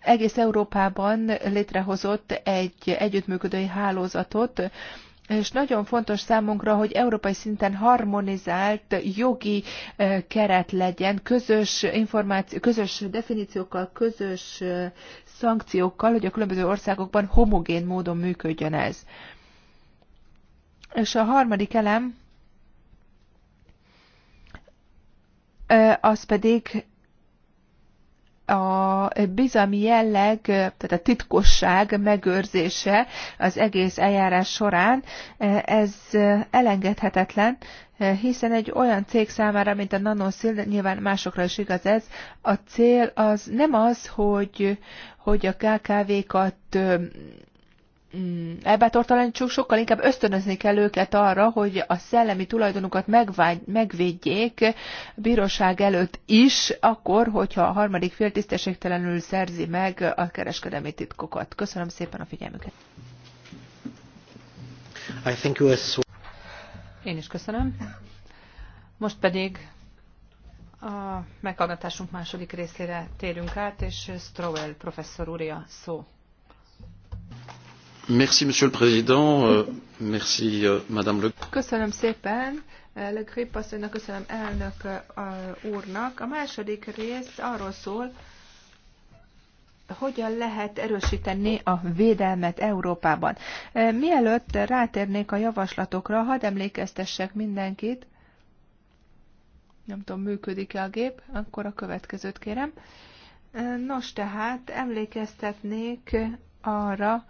egész Európában létrehozott egy együttműködői hálózatot, és nagyon fontos számunkra, hogy európai szinten harmonizált jogi keret legyen, közös, információ, közös definíciókkal, közös szankciókkal, hogy a különböző országokban homogén módon működjön ez. És a harmadik elem, az pedig a bizalmi jelleg, tehát a titkosság megőrzése az egész eljárás során, ez elengedhetetlen, hiszen egy olyan cég számára, mint a Nanoszil, nyilván másokra is igaz ez, a cél az nem az, hogy, hogy a KKV-kat Mm, elbátortalanítsuk, sokkal inkább ösztönözni kell őket arra, hogy a szellemi tulajdonukat megvágy, megvédjék a bíróság előtt is, akkor, hogyha a harmadik fél tisztességtelenül szerzi meg a kereskedelmi titkokat. Köszönöm szépen a figyelmüket. I think you so... Én is köszönöm. Most pedig a meghallgatásunk második részére térünk át, és Strowell professzor úrja szó. Monsieur le Président. Euh, merci, euh, Madame Le... Köszönöm szépen. Euh, le Grip asszonynak köszönöm elnök úrnak. A második rész arról szól, hogyan lehet erősíteni a védelmet Európában. Mielőtt rátérnék a javaslatokra, hadd emlékeztessek mindenkit, nem tudom, működik-e a gép, akkor a következőt kérem. Nos, tehát emlékeztetnék arra,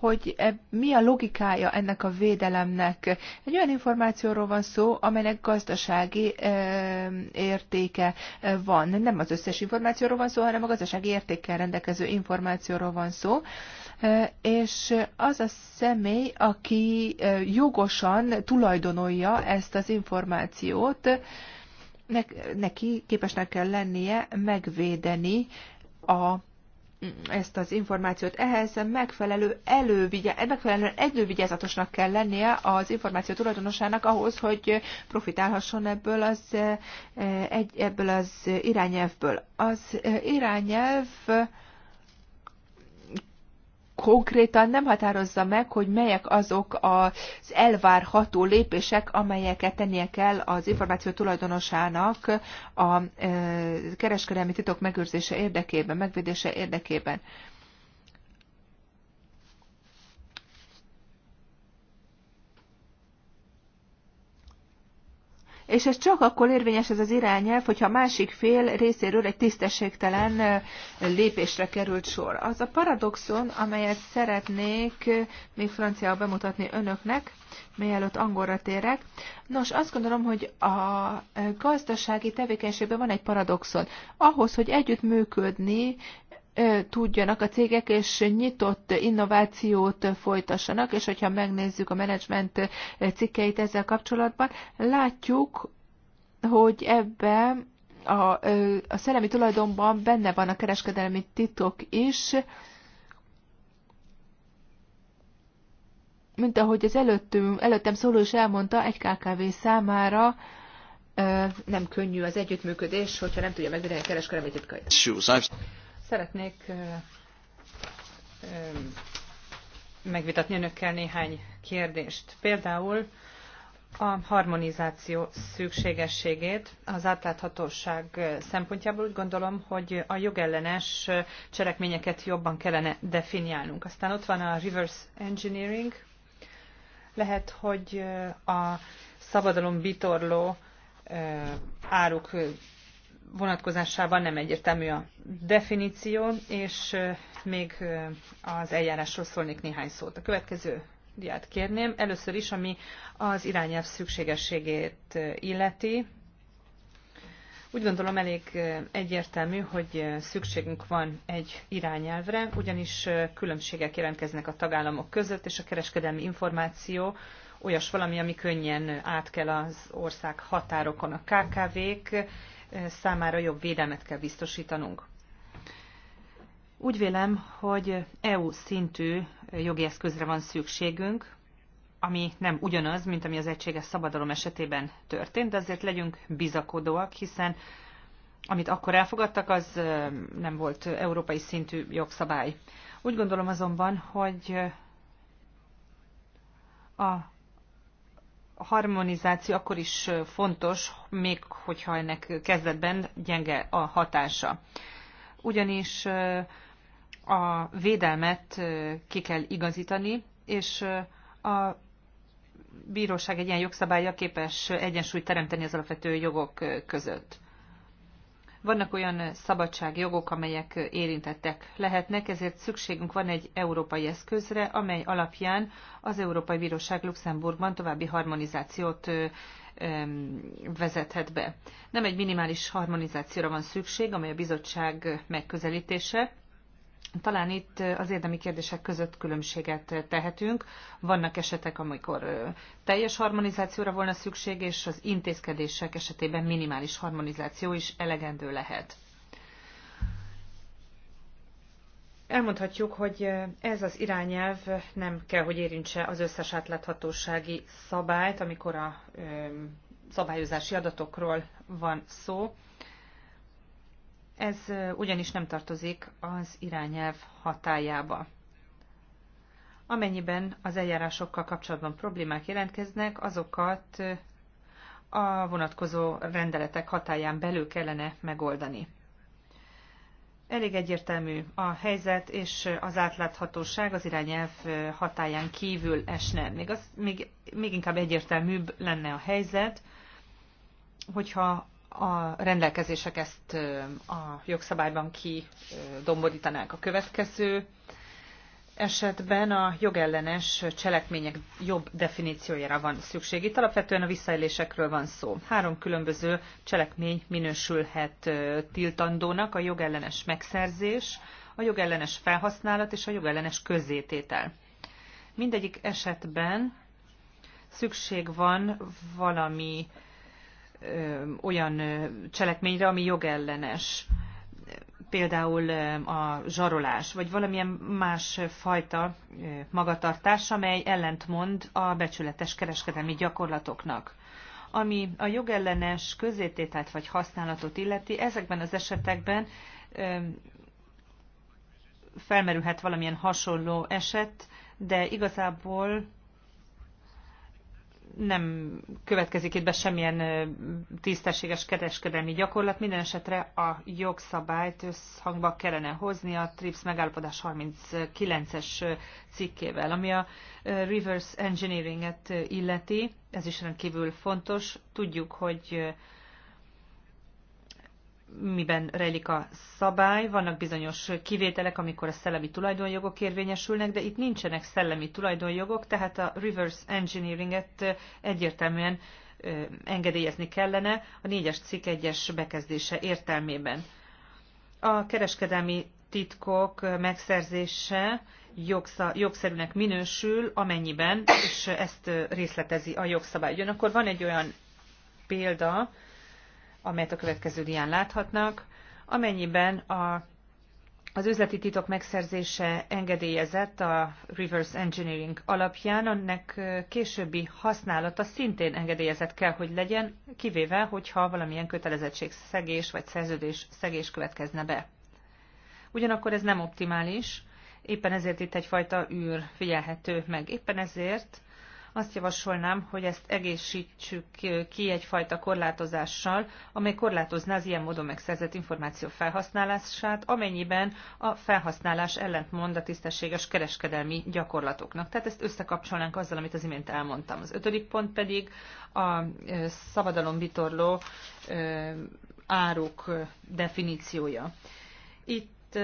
hogy e, mi a logikája ennek a védelemnek. Egy olyan információról van szó, amelynek gazdasági e, értéke e, van. Nem az összes információról van szó, hanem a gazdasági értékkel rendelkező információról van szó. És az a személy, aki jogosan tulajdonolja ezt az információt, neki képesnek kell lennie megvédeni a ezt az információt. Ehhez megfelelő elővigye, megfelelően elővigyázatosnak kell lennie az információ tulajdonosának ahhoz, hogy profitálhasson ebből az, eh, ebből az irányelvből. Az eh, irányelv konkrétan nem határozza meg, hogy melyek azok az elvárható lépések, amelyeket tennie kell az információ tulajdonosának a kereskedelmi titok megőrzése érdekében, megvédése érdekében. és ez csak akkor érvényes ez az irányelv, hogyha a másik fél részéről egy tisztességtelen lépésre került sor. Az a paradoxon, amelyet szeretnék még franciául bemutatni önöknek, mielőtt angolra térek. Nos, azt gondolom, hogy a gazdasági tevékenységben van egy paradoxon. Ahhoz, hogy együttműködni tudjanak a cégek, és nyitott innovációt folytassanak, és hogyha megnézzük a menedzsment cikkeit ezzel kapcsolatban, látjuk, hogy ebben a, a szellemi tulajdonban benne van a kereskedelmi titok is, mint ahogy az előttünk, előttem szóló is elmondta, egy KKV számára nem könnyű az együttműködés, hogyha nem tudja megvédeni a kereskedelmi titkait. Szeretnék megvitatni önökkel néhány kérdést. Például a harmonizáció szükségességét az átláthatóság szempontjából úgy gondolom, hogy a jogellenes cselekményeket jobban kellene definiálnunk. Aztán ott van a reverse engineering. Lehet, hogy a szabadalom bitorló áruk vonatkozásában nem egyértelmű a definíció, és még az eljárásról szólnék néhány szót. A következő diát kérném. Először is, ami az irányelv szükségességét illeti. Úgy gondolom elég egyértelmű, hogy szükségünk van egy irányelvre, ugyanis különbségek jelentkeznek a tagállamok között, és a kereskedelmi információ olyas valami, ami könnyen átkel az ország határokon. A KKV-k számára jobb védelmet kell biztosítanunk. Úgy vélem, hogy EU szintű jogi eszközre van szükségünk, ami nem ugyanaz, mint ami az egységes szabadalom esetében történt, de azért legyünk bizakodóak, hiszen amit akkor elfogadtak, az nem volt európai szintű jogszabály. Úgy gondolom azonban, hogy a a harmonizáció akkor is fontos, még hogyha ennek kezdetben gyenge a hatása. Ugyanis a védelmet ki kell igazítani, és a bíróság egy ilyen jogszabálya képes egyensúlyt teremteni az alapvető jogok között. Vannak olyan szabadságjogok, amelyek érintettek lehetnek, ezért szükségünk van egy európai eszközre, amely alapján az Európai Bíróság Luxemburgban további harmonizációt vezethet be. Nem egy minimális harmonizációra van szükség, amely a bizottság megközelítése, talán itt az érdemi kérdések között különbséget tehetünk. Vannak esetek, amikor teljes harmonizációra volna szükség, és az intézkedések esetében minimális harmonizáció is elegendő lehet. Elmondhatjuk, hogy ez az irányelv nem kell, hogy érintse az összes átláthatósági szabályt, amikor a szabályozási adatokról van szó ez ugyanis nem tartozik az irányelv hatájába. Amennyiben az eljárásokkal kapcsolatban problémák jelentkeznek, azokat a vonatkozó rendeletek hatáján belül kellene megoldani. Elég egyértelmű a helyzet, és az átláthatóság az irányelv hatáján kívül esne. Még, az, még, még inkább egyértelműbb lenne a helyzet, hogyha a rendelkezések ezt a jogszabályban kidomborítanák a következő esetben a jogellenes cselekmények jobb definíciójára van szükség. Itt alapvetően a visszaélésekről van szó. Három különböző cselekmény minősülhet tiltandónak, a jogellenes megszerzés, a jogellenes felhasználat és a jogellenes közzététel. Mindegyik esetben szükség van valami olyan cselekményre, ami jogellenes, például a zsarolás, vagy valamilyen más fajta magatartás, amely ellentmond a becsületes kereskedelmi gyakorlatoknak. Ami a jogellenes közétételt vagy használatot illeti, ezekben az esetekben felmerülhet valamilyen hasonló eset, de igazából nem következik itt be semmilyen tisztességes kereskedelmi gyakorlat, minden esetre a jogszabályt összhangba kellene hozni a TRIPS megállapodás 39-es cikkével, ami a reverse engineeringet illeti, ez is rendkívül fontos. Tudjuk, hogy miben rejlik a szabály, vannak bizonyos kivételek, amikor a szellemi tulajdonjogok érvényesülnek, de itt nincsenek szellemi tulajdonjogok, tehát a reverse engineeringet egyértelműen engedélyezni kellene a négyes cikk egyes bekezdése értelmében. A kereskedelmi titkok megszerzése jogszerűnek minősül, amennyiben, és ezt részletezi a jogszabály. Ugyanakkor van egy olyan példa, amelyet a következő dián láthatnak, amennyiben a az üzleti titok megszerzése engedélyezett a reverse engineering alapján, annak későbbi használata szintén engedélyezett kell, hogy legyen, kivéve, hogyha valamilyen kötelezettség szegés vagy szerződés szegés következne be. Ugyanakkor ez nem optimális, éppen ezért itt egyfajta űr figyelhető meg. Éppen ezért azt javasolnám, hogy ezt egészítsük ki egyfajta korlátozással, amely korlátozná az ilyen módon megszerzett információ felhasználását, amennyiben a felhasználás ellentmond a tisztességes kereskedelmi gyakorlatoknak. Tehát ezt összekapcsolnánk azzal, amit az imént elmondtam. Az ötödik pont pedig a szabadalombitorló áruk definíciója. Itt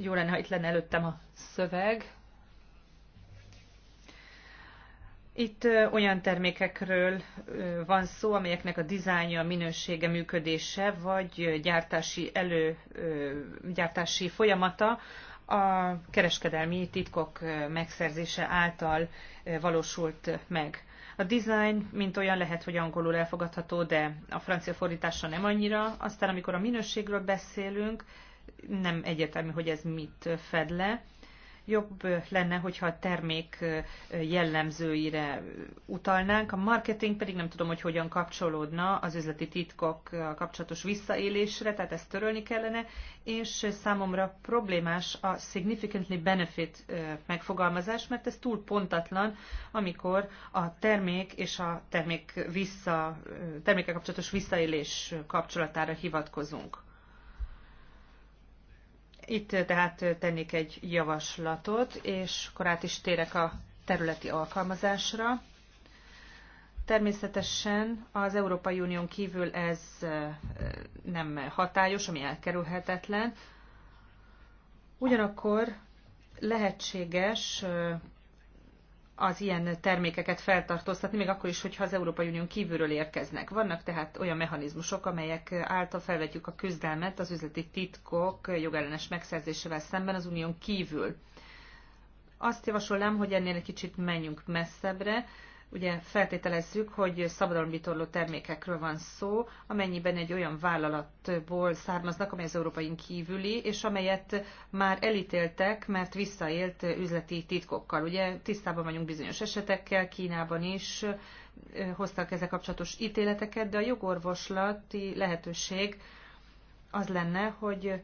jó lenne, ha itt lenne előttem a szöveg, Itt olyan termékekről van szó, amelyeknek a dizájnja, minősége, működése, vagy gyártási, elő, gyártási folyamata a kereskedelmi titkok megszerzése által valósult meg. A design, mint olyan lehet, hogy angolul elfogadható, de a francia fordítása nem annyira. Aztán, amikor a minőségről beszélünk, nem egyértelmű, hogy ez mit fed le Jobb lenne, hogyha a termék jellemzőire utalnánk. A marketing pedig nem tudom, hogy hogyan kapcsolódna az üzleti titkok kapcsolatos visszaélésre, tehát ezt törölni kellene, és számomra problémás a significantly benefit megfogalmazás, mert ez túl pontatlan, amikor a termék és a termék vissza, termékkel kapcsolatos visszaélés kapcsolatára hivatkozunk. Itt tehát tennék egy javaslatot, és akkor át is térek a területi alkalmazásra. Természetesen az Európai Unión kívül ez nem hatályos, ami elkerülhetetlen. Ugyanakkor lehetséges az ilyen termékeket feltartóztatni, még akkor is, hogyha az Európai Unión kívülről érkeznek. Vannak tehát olyan mechanizmusok, amelyek által felvetjük a küzdelmet az üzleti titkok jogellenes megszerzésével szemben az Unión kívül. Azt javasolnám, hogy ennél egy kicsit menjünk messzebbre, Ugye feltételezzük, hogy szabadalombitorló termékekről van szó, amennyiben egy olyan vállalatból származnak, amely az európain kívüli, és amelyet már elítéltek, mert visszaélt üzleti titkokkal. Ugye tisztában vagyunk bizonyos esetekkel, Kínában is hoztak ezzel kapcsolatos ítéleteket, de a jogorvoslati lehetőség az lenne, hogy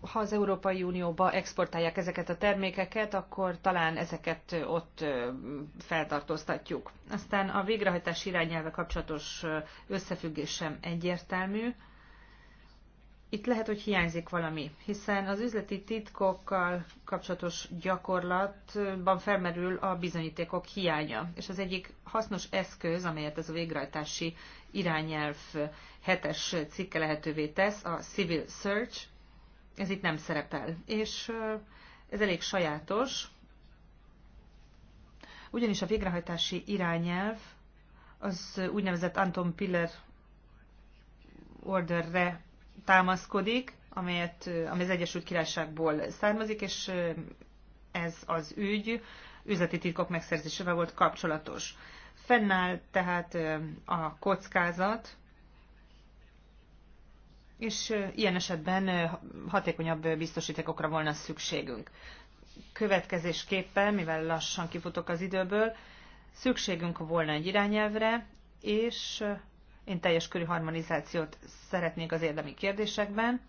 ha az Európai Unióba exportálják ezeket a termékeket, akkor talán ezeket ott feltartóztatjuk. Aztán a végrehajtás irányelve kapcsolatos összefüggés sem egyértelmű. Itt lehet, hogy hiányzik valami, hiszen az üzleti titkokkal kapcsolatos gyakorlatban felmerül a bizonyítékok hiánya. És az egyik hasznos eszköz, amelyet ez a végrehajtási irányelv hetes cikke lehetővé tesz, a civil search, ez itt nem szerepel. És ez elég sajátos, ugyanis a végrehajtási irányelv az úgynevezett Anton Piller orderre támaszkodik, amelyet, amely az Egyesült Királyságból származik, és ez az ügy üzleti titkok megszerzésével volt kapcsolatos. Fennáll tehát a kockázat, és ilyen esetben hatékonyabb biztosítékokra volna szükségünk. Következésképpen, mivel lassan kifutok az időből, szükségünk volna egy irányelvre, és én teljes körű harmonizációt szeretnék az érdemi kérdésekben.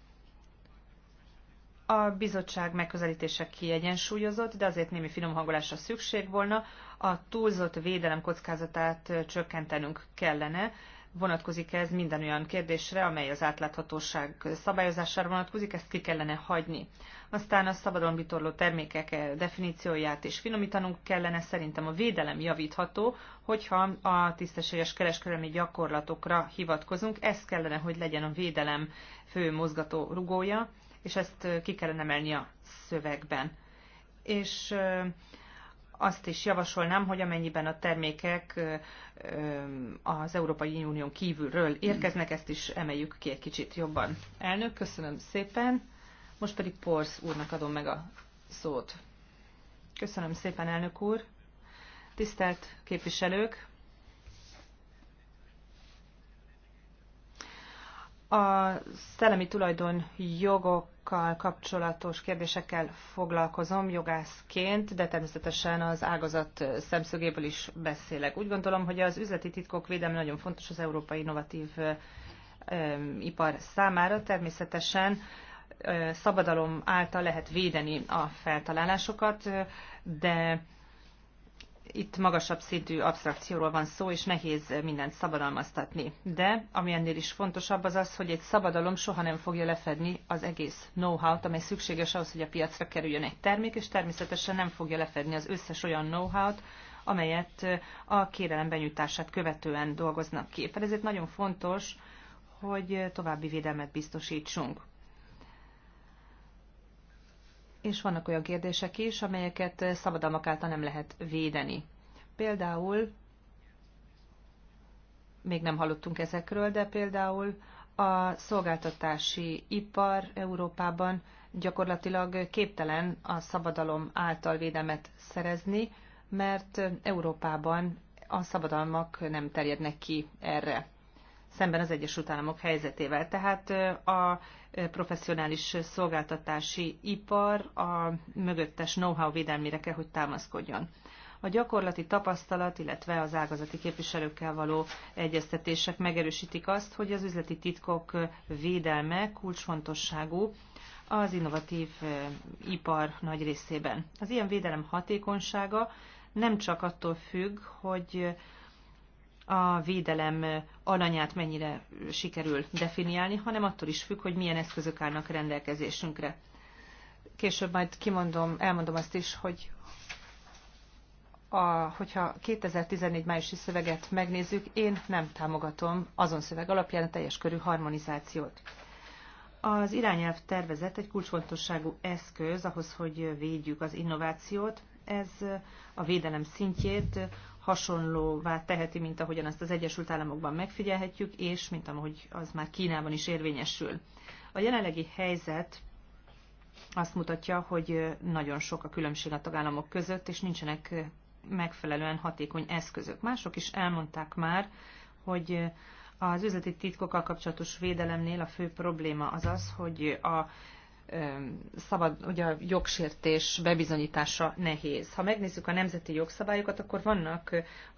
A bizottság megközelítése kiegyensúlyozott, de azért némi finomhangolásra szükség volna. A túlzott védelem kockázatát csökkentenünk kellene, vonatkozik ez minden olyan kérdésre, amely az átláthatóság szabályozására vonatkozik, ezt ki kellene hagyni. Aztán a szabadon vitorló termékek definícióját is finomítanunk kellene, szerintem a védelem javítható, hogyha a tisztességes kereskedelmi gyakorlatokra hivatkozunk, ez kellene, hogy legyen a védelem fő mozgató rugója, és ezt ki kellene emelni a szövegben. És azt is javasolnám, hogy amennyiben a termékek az Európai Unión kívülről érkeznek, ezt is emeljük ki egy kicsit jobban. Elnök, köszönöm szépen. Most pedig Porsz úrnak adom meg a szót. Köszönöm szépen, elnök úr. Tisztelt képviselők, A szellemi tulajdon jogokkal kapcsolatos kérdésekkel foglalkozom jogászként, de természetesen az ágazat szemszögéből is beszélek. Úgy gondolom, hogy az üzleti titkok védelme nagyon fontos az európai innovatív ipar számára. Természetesen szabadalom által lehet védeni a feltalálásokat, de itt magasabb szintű absztrakcióról van szó, és nehéz mindent szabadalmaztatni. De, ami ennél is fontosabb, az az, hogy egy szabadalom soha nem fogja lefedni az egész know-how-t, amely szükséges ahhoz, hogy a piacra kerüljön egy termék, és természetesen nem fogja lefedni az összes olyan know-how-t, amelyet a kérelem benyújtását követően dolgoznak ki. ezért nagyon fontos, hogy további védelmet biztosítsunk és vannak olyan kérdések is, amelyeket szabadalmak által nem lehet védeni. Például, még nem hallottunk ezekről, de például a szolgáltatási ipar Európában gyakorlatilag képtelen a szabadalom által védelmet szerezni, mert Európában a szabadalmak nem terjednek ki erre szemben az Egyesült Államok helyzetével. Tehát a professzionális szolgáltatási ipar a mögöttes know-how védelmére kell, hogy támaszkodjon. A gyakorlati tapasztalat, illetve az ágazati képviselőkkel való egyeztetések megerősítik azt, hogy az üzleti titkok védelme kulcsfontosságú az innovatív ipar nagy részében. Az ilyen védelem hatékonysága nem csak attól függ, hogy a védelem alanyát mennyire sikerül definiálni, hanem attól is függ, hogy milyen eszközök állnak rendelkezésünkre. Később majd kimondom, elmondom azt is, hogy a, hogyha 2014 májusi szöveget megnézzük, én nem támogatom azon szöveg alapján a teljes körű harmonizációt. Az irányelv tervezet egy kulcsfontosságú eszköz ahhoz, hogy védjük az innovációt. Ez a védelem szintjét hasonlóvá teheti, mint ahogyan azt az Egyesült Államokban megfigyelhetjük, és mint ahogy az már Kínában is érvényesül. A jelenlegi helyzet azt mutatja, hogy nagyon sok a különbség a tagállamok között, és nincsenek megfelelően hatékony eszközök. Mások is elmondták már, hogy az üzleti titkokkal kapcsolatos védelemnél a fő probléma az az, hogy a szabad, ugye a jogsértés bebizonyítása nehéz. Ha megnézzük a nemzeti jogszabályokat, akkor vannak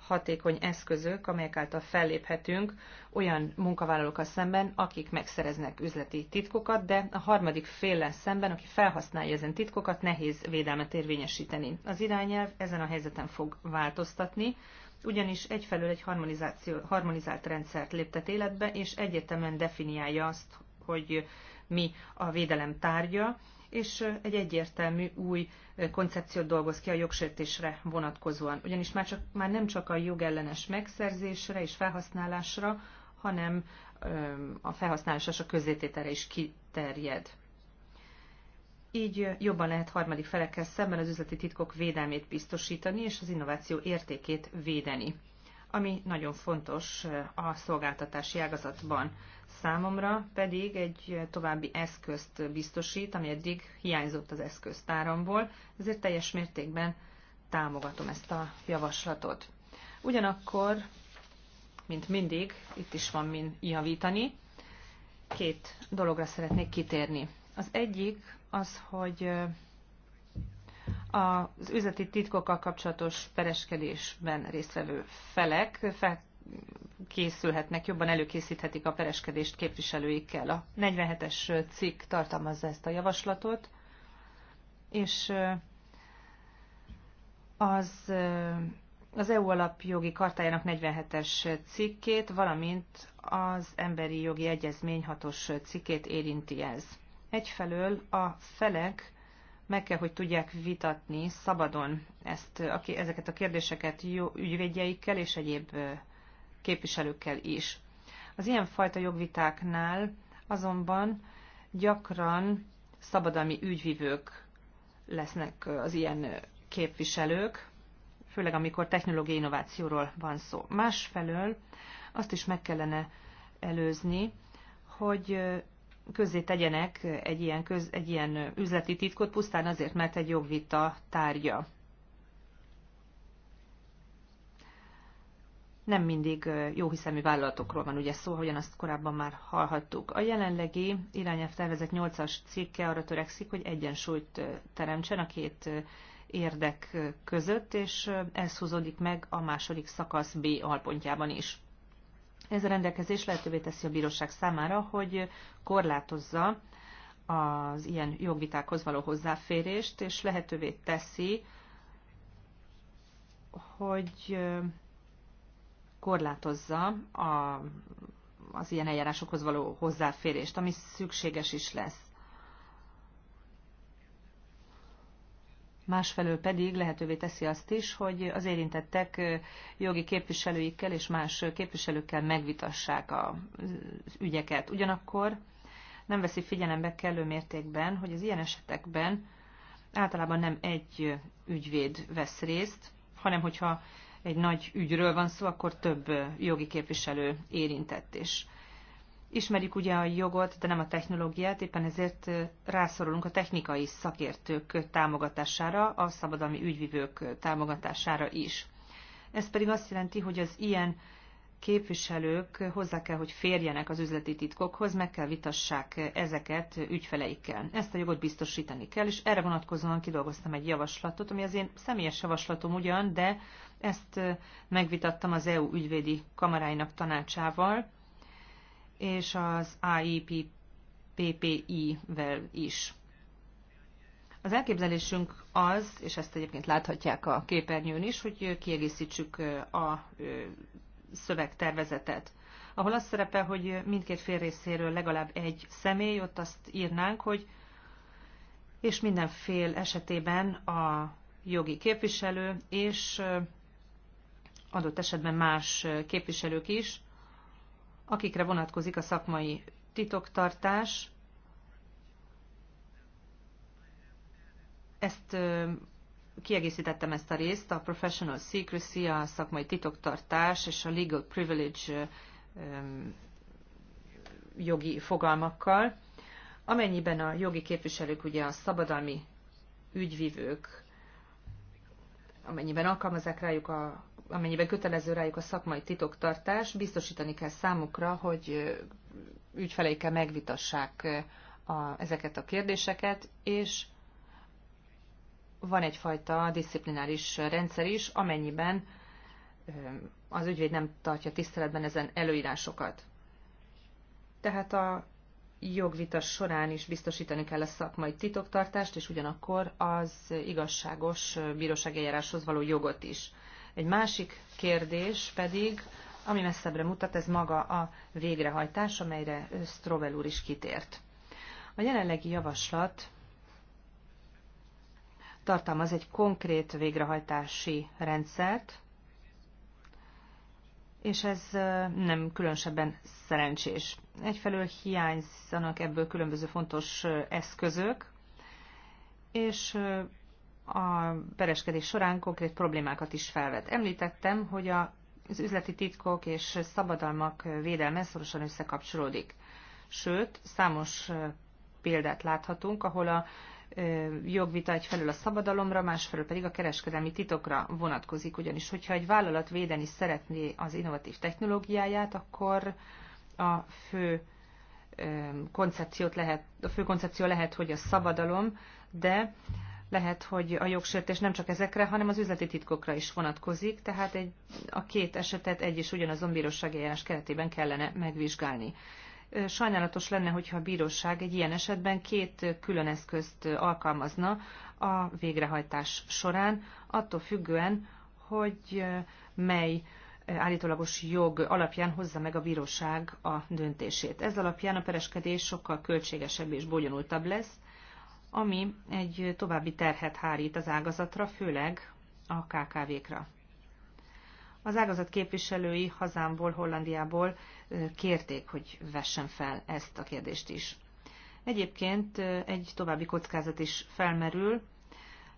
hatékony eszközök, amelyek által felléphetünk olyan munkavállalókkal szemben, akik megszereznek üzleti titkokat, de a harmadik féle szemben, aki felhasználja ezen titkokat, nehéz védelmet érvényesíteni. Az irányelv ezen a helyzeten fog változtatni, ugyanis egyfelől egy harmonizáció, harmonizált rendszert léptet életbe, és egyetemen definiálja azt, hogy mi a védelem tárgya, és egy egyértelmű új koncepciót dolgoz ki a jogsértésre vonatkozóan. Ugyanis már, csak, már nem csak a jogellenes megszerzésre és felhasználásra, hanem a felhasználásra és a közzétételre is kiterjed. Így jobban lehet harmadik felekkel szemben az üzleti titkok védelmét biztosítani és az innováció értékét védeni ami nagyon fontos eh, a szolgáltatási ágazatban. Számomra pedig egy további eszközt biztosít, ami eddig hiányzott az eszköztáramból, ezért teljes mértékben támogatom ezt a javaslatot. Ugyanakkor, mint mindig, itt is van min javítani, két dologra szeretnék kitérni. Az egyik az, hogy eh, az üzleti titkokkal kapcsolatos pereskedésben résztvevő felek készülhetnek, jobban előkészíthetik a pereskedést képviselőikkel. A 47-es cikk tartalmazza ezt a javaslatot, és az, az EU alapjogi kartájának 47-es cikkét, valamint az emberi jogi egyezmény 6-os cikkét érinti ez. Egyfelől a felek meg kell, hogy tudják vitatni szabadon ezt, a, ezeket a kérdéseket jó ügyvédjeikkel és egyéb képviselőkkel is. Az ilyenfajta jogvitáknál azonban gyakran szabadalmi ügyvivők lesznek az ilyen képviselők, főleg amikor technológiai innovációról van szó. Másfelől azt is meg kellene előzni, hogy közzé tegyenek egy ilyen, köz, egy ilyen üzleti titkot, pusztán azért, mert egy jogvita tárgya. Nem mindig jóhiszemű vállalatokról van ugye szó, hogyan azt korábban már hallhattuk. A jelenlegi irányelv tervezett 8-as cikke arra törekszik, hogy egyensúlyt teremtsen a két érdek között, és ez húzódik meg a második szakasz B alpontjában is. Ez a rendelkezés lehetővé teszi a bíróság számára, hogy korlátozza az ilyen jogvitákhoz való hozzáférést, és lehetővé teszi, hogy korlátozza a, az ilyen eljárásokhoz való hozzáférést, ami szükséges is lesz. másfelől pedig lehetővé teszi azt is, hogy az érintettek jogi képviselőikkel és más képviselőkkel megvitassák az ügyeket. Ugyanakkor nem veszi figyelembe kellő mértékben, hogy az ilyen esetekben általában nem egy ügyvéd vesz részt, hanem hogyha egy nagy ügyről van szó, akkor több jogi képviselő érintett is. Ismerjük ugye a jogot, de nem a technológiát, éppen ezért rászorulunk a technikai szakértők támogatására, a szabadalmi ügyvivők támogatására is. Ez pedig azt jelenti, hogy az ilyen képviselők hozzá kell, hogy férjenek az üzleti titkokhoz, meg kell vitassák ezeket ügyfeleikkel. Ezt a jogot biztosítani kell, és erre vonatkozóan kidolgoztam egy javaslatot, ami az én személyes javaslatom ugyan, de ezt megvitattam az EU ügyvédi kamaráinak tanácsával, és az AIPPI-vel is. Az elképzelésünk az, és ezt egyébként láthatják a képernyőn is, hogy kiegészítsük a szövegtervezetet, ahol az szerepel, hogy mindkét fél részéről legalább egy személy, ott azt írnánk, hogy és minden fél esetében a jogi képviselő és adott esetben más képviselők is akikre vonatkozik a szakmai titoktartás. Ezt kiegészítettem ezt a részt, a professional secrecy, a szakmai titoktartás és a legal privilege jogi fogalmakkal. Amennyiben a jogi képviselők ugye a szabadalmi ügyvívők amennyiben alkalmazzák rájuk a amennyiben kötelező rájuk a szakmai titoktartás, biztosítani kell számukra, hogy ügyfeleikkel megvitassák a, ezeket a kérdéseket, és van egyfajta disziplináris rendszer is, amennyiben az ügyvéd nem tartja tiszteletben ezen előírásokat. Tehát a jogvita során is biztosítani kell a szakmai titoktartást, és ugyanakkor az igazságos bírósági eljáráshoz való jogot is. Egy másik kérdés pedig, ami messzebbre mutat, ez maga a végrehajtás, amelyre Strovel úr is kitért. A jelenlegi javaslat tartalmaz egy konkrét végrehajtási rendszert, és ez nem különösebben szerencsés. Egyfelől hiányzanak ebből különböző fontos eszközök, és a pereskedés során konkrét problémákat is felvet. Említettem, hogy a, az üzleti titkok és szabadalmak védelme szorosan összekapcsolódik. Sőt, számos példát láthatunk, ahol a jogvita egyfelől a szabadalomra, másfelől pedig a kereskedelmi titokra vonatkozik, ugyanis hogyha egy vállalat védeni szeretné az innovatív technológiáját, akkor a fő koncepciót lehet, a fő koncepció lehet, hogy a szabadalom, de lehet, hogy a jogsértés nem csak ezekre, hanem az üzleti titkokra is vonatkozik, tehát egy, a két esetet egy és ugyanazon bírósági eljárás keretében kellene megvizsgálni. Sajnálatos lenne, hogyha a bíróság egy ilyen esetben két külön eszközt alkalmazna a végrehajtás során, attól függően, hogy mely állítólagos jog alapján hozza meg a bíróság a döntését. Ez alapján a pereskedés sokkal költségesebb és bonyolultabb lesz, ami egy további terhet hárít az ágazatra, főleg a KKV-kra. Az ágazat képviselői hazámból, Hollandiából kérték, hogy vessen fel ezt a kérdést is. Egyébként egy további kockázat is felmerül,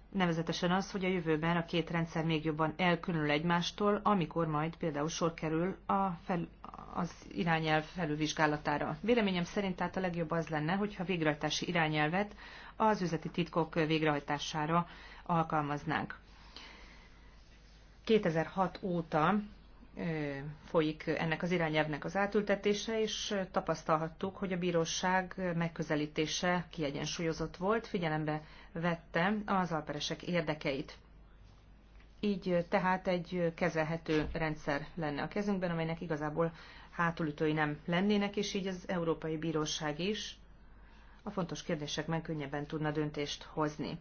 nevezetesen az, hogy a jövőben a két rendszer még jobban elkülönül egymástól, amikor majd például sor kerül a fel, az irányelv felülvizsgálatára. Véleményem szerint tehát a legjobb az lenne, hogyha végrehajtási irányelvet az üzleti titkok végrehajtására alkalmaznánk. 2006 óta folyik ennek az irányelvnek az átültetése, és tapasztalhattuk, hogy a bíróság megközelítése kiegyensúlyozott volt, figyelembe vette az alperesek érdekeit. Így tehát egy kezelhető rendszer lenne a kezünkben, amelynek igazából hátulütői nem lennének, és így az Európai Bíróság is a fontos kérdések könnyebben tudna döntést hozni.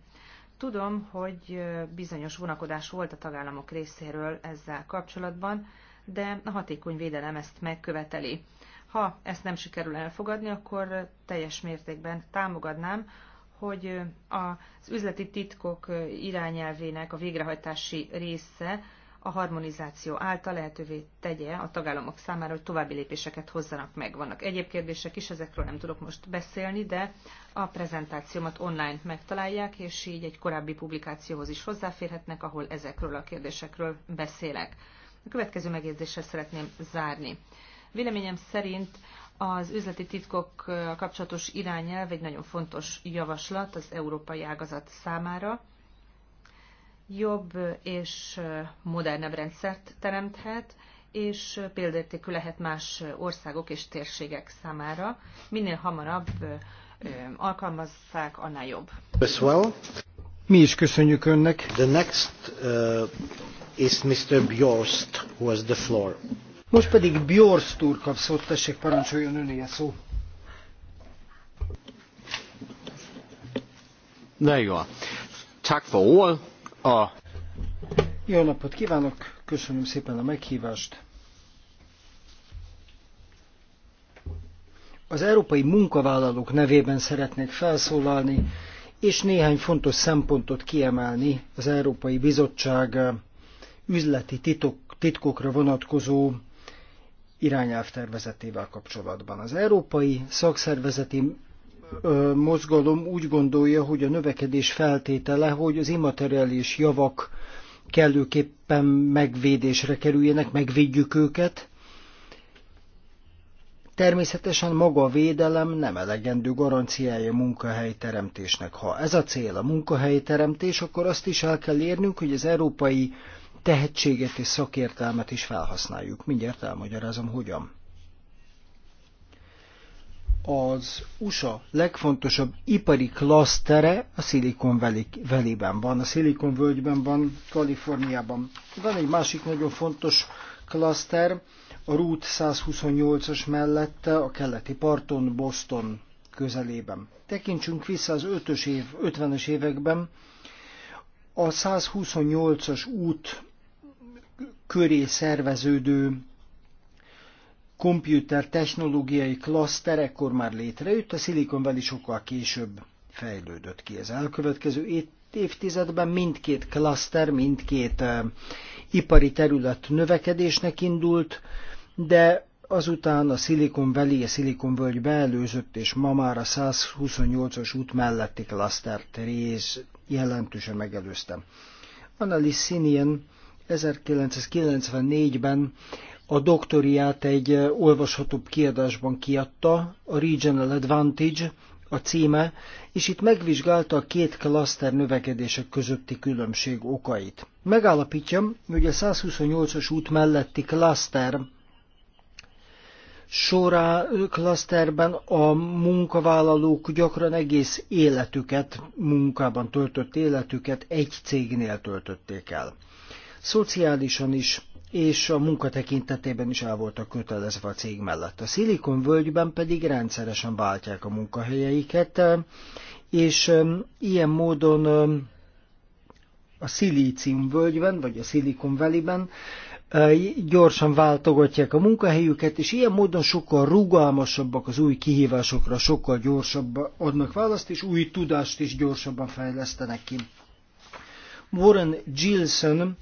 Tudom, hogy bizonyos vonakodás volt a tagállamok részéről ezzel kapcsolatban, de a hatékony védelem ezt megköveteli. Ha ezt nem sikerül elfogadni, akkor teljes mértékben támogatnám, hogy az üzleti titkok irányelvének a végrehajtási része a harmonizáció által lehetővé tegye a tagállamok számára, hogy további lépéseket hozzanak meg. Vannak egyéb kérdések is, ezekről nem tudok most beszélni, de a prezentációmat online megtalálják, és így egy korábbi publikációhoz is hozzáférhetnek, ahol ezekről a kérdésekről beszélek. A következő megjegyzéssel szeretném zárni. Véleményem szerint az üzleti titkok kapcsolatos irányelv egy nagyon fontos javaslat az európai ágazat számára jobb és modernebb rendszert teremthet, és példaértékű lehet más országok és térségek számára. Minél hamarabb alkalmazzák, annál jobb. Well. Mi is köszönjük önnek. The next uh, is Mr. Bjorst, who has the floor. Most pedig Bjorst úr kap szót, tessék parancsoljon önél szó. There jó. Tak for ordet a... Jó napot kívánok, köszönöm szépen a meghívást. Az európai munkavállalók nevében szeretnék felszólalni, és néhány fontos szempontot kiemelni az Európai Bizottság eh, üzleti titok, titkokra vonatkozó irányelv tervezetével kapcsolatban. Az Európai Szakszervezeti mozgalom úgy gondolja, hogy a növekedés feltétele, hogy az immateriális javak kellőképpen megvédésre kerüljenek, megvédjük őket. Természetesen maga a védelem nem elegendő garanciája munkahelyteremtésnek. Ha ez a cél a munkahelyteremtés, akkor azt is el kell érnünk, hogy az európai tehetséget és szakértelmet is felhasználjuk. Mindjárt elmagyarázom, hogyan az USA legfontosabb ipari klasztere a Silicon Valley-ben van, a Silicon völgyben van, Kaliforniában. Van egy másik nagyon fontos klaszter, a Route 128-as mellette, a keleti parton, Boston közelében. Tekintsünk vissza az 5-ös év, 50-es években, a 128-as út köré szerveződő komputer technológiai klaszter ekkor már létrejött, a Silicon Valley sokkal később fejlődött ki. Az elkövetkező évtizedben mindkét klaszter, mindkét ipari terület növekedésnek indult, de azután a Silicon Valley, a Silicon völgy beelőzött, és ma már a 128-as út melletti klasztert rész jelentősen megelőztem. Annalise Sinien 1994-ben a doktoriát egy olvashatóbb kiadásban kiadta, a Regional Advantage a címe, és itt megvizsgálta a két klaszter növekedések közötti különbség okait. Megállapítja, hogy a 128-as út melletti klaszter sorá klaszterben a munkavállalók gyakran egész életüket, munkában töltött életüket egy cégnél töltötték el. Szociálisan is és a munka tekintetében is el voltak kötelezve a cég mellett. A Silicon völgyben pedig rendszeresen váltják a munkahelyeiket, és ilyen módon a Silicon völgyben, vagy a Silicon Valley-ben gyorsan váltogatják a munkahelyüket, és ilyen módon sokkal rugalmasabbak az új kihívásokra, sokkal gyorsabban adnak választ, és új tudást is gyorsabban fejlesztenek ki. Warren Gilson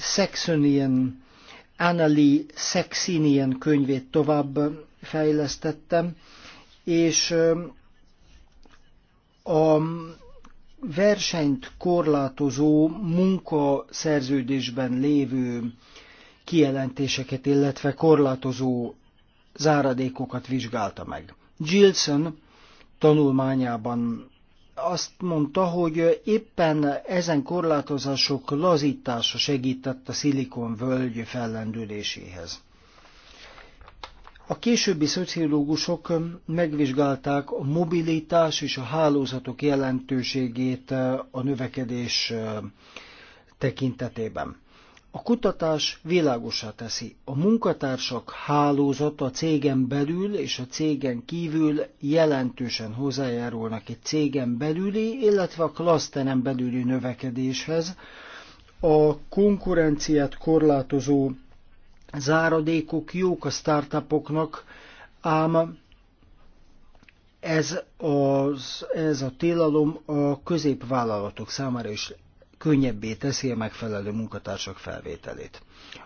Saxonian, Anneli Saxinian könyvét tovább fejlesztettem, és a versenyt korlátozó munkaszerződésben lévő kijelentéseket, illetve korlátozó záradékokat vizsgálta meg. Gilson tanulmányában azt mondta, hogy éppen ezen korlátozások lazítása segített a szilikon völgy fellendüléséhez. A későbbi szociológusok megvizsgálták a mobilitás és a hálózatok jelentőségét a növekedés tekintetében. A kutatás világosá teszi, a munkatársak hálózata a cégen belül és a cégen kívül jelentősen hozzájárulnak egy cégen belüli, illetve a klaszteren belüli növekedéshez. A konkurenciát korlátozó záradékok jók a startupoknak, ám ez, az, ez a tilalom a középvállalatok számára is könnyebbé teszi a megfelelő munkatársak felvételét.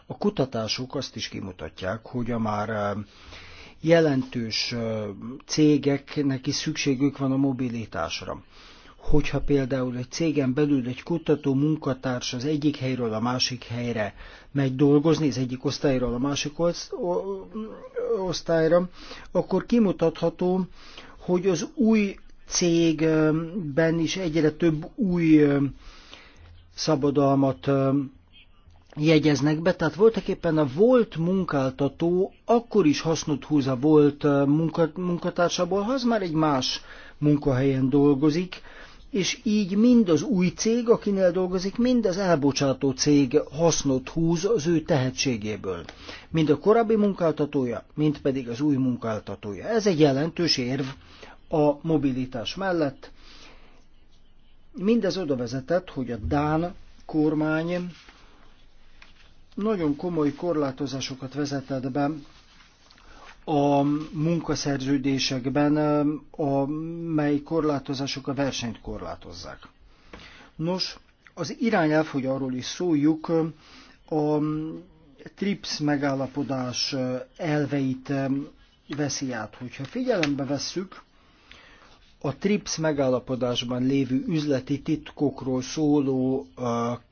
A kutatások azt is kimutatják, hogy a már eh, jelentős eh, cégeknek is szükségük van a mobilitásra. Hogyha például egy cégen belül egy kutató munkatárs az egyik helyről a másik helyre megy dolgozni, az egyik osztályról a másik osztályra, akkor kimutatható, hogy az új cégben is egyre több új eh, szabadalmat jegyeznek be, tehát voltak éppen a volt munkáltató akkor is hasznot húz a volt munkatársából, ha az már egy más munkahelyen dolgozik, és így mind az új cég, akinél dolgozik, mind az elbocsátó cég hasznot húz az ő tehetségéből. Mind a korábbi munkáltatója, mind pedig az új munkáltatója. Ez egy jelentős érv a mobilitás mellett, Mindez oda vezetett, hogy a Dán kormány nagyon komoly korlátozásokat vezetett be a munkaszerződésekben, amely korlátozások a versenyt korlátozzák. Nos, az irányelv, hogy arról is szóljuk, a TRIPS megállapodás elveit veszi át. Hogyha figyelembe vesszük, a TRIPS megállapodásban lévő üzleti titkokról szóló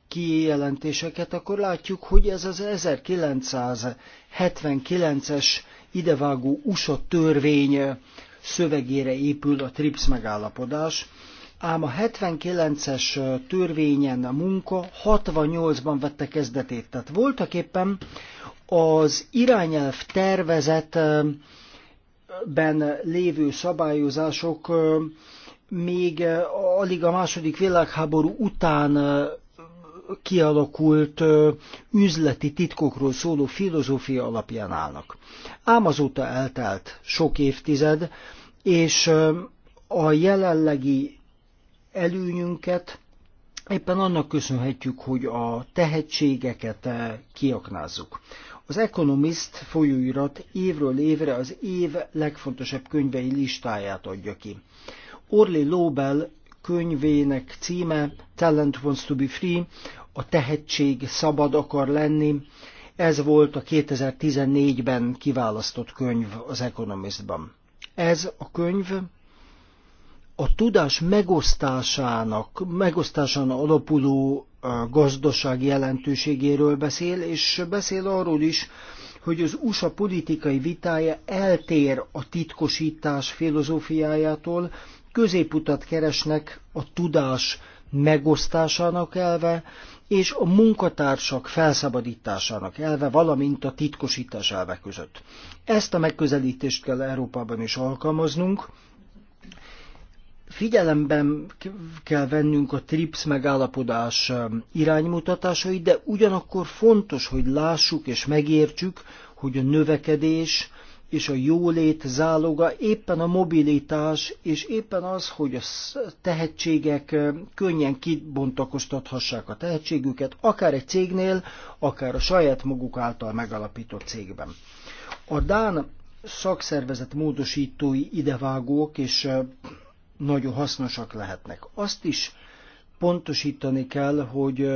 kijelentéseket, akkor látjuk, hogy ez az 1979-es idevágó USA törvény szövegére épül a TRIPS megállapodás, ám a 79-es törvényen a munka 68-ban vette kezdetét. Tehát voltak éppen az irányelv tervezet ben lévő szabályozások még alig a második világháború után kialakult üzleti titkokról szóló filozófia alapján állnak. Ám azóta eltelt sok évtized, és a jelenlegi előnyünket éppen annak köszönhetjük, hogy a tehetségeket kiaknázzuk. Az Economist folyóirat évről évre az év legfontosabb könyvei listáját adja ki. Orly Lobel könyvének címe Talent Wants to be Free, a tehetség szabad akar lenni. Ez volt a 2014-ben kiválasztott könyv az Economistban. Ez a könyv a tudás megosztásának, megosztásán alapuló a gazdaság jelentőségéről beszél, és beszél arról is, hogy az USA politikai vitája eltér a titkosítás filozófiájától, középutat keresnek a tudás megosztásának elve, és a munkatársak felszabadításának elve, valamint a titkosítás elve között. Ezt a megközelítést kell Európában is alkalmaznunk, figyelemben kell vennünk a TRIPS megállapodás um, iránymutatásait, de ugyanakkor fontos, hogy lássuk és megértsük, hogy a növekedés és a jólét záloga éppen a mobilitás, és éppen az, hogy a tehetségek um, könnyen kibontakoztathassák a tehetségüket, akár egy cégnél, akár a saját maguk által megalapított cégben. A Dán szakszervezet módosítói idevágók és um, nagyon hasznosak lehetnek. Azt is pontosítani kell, hogy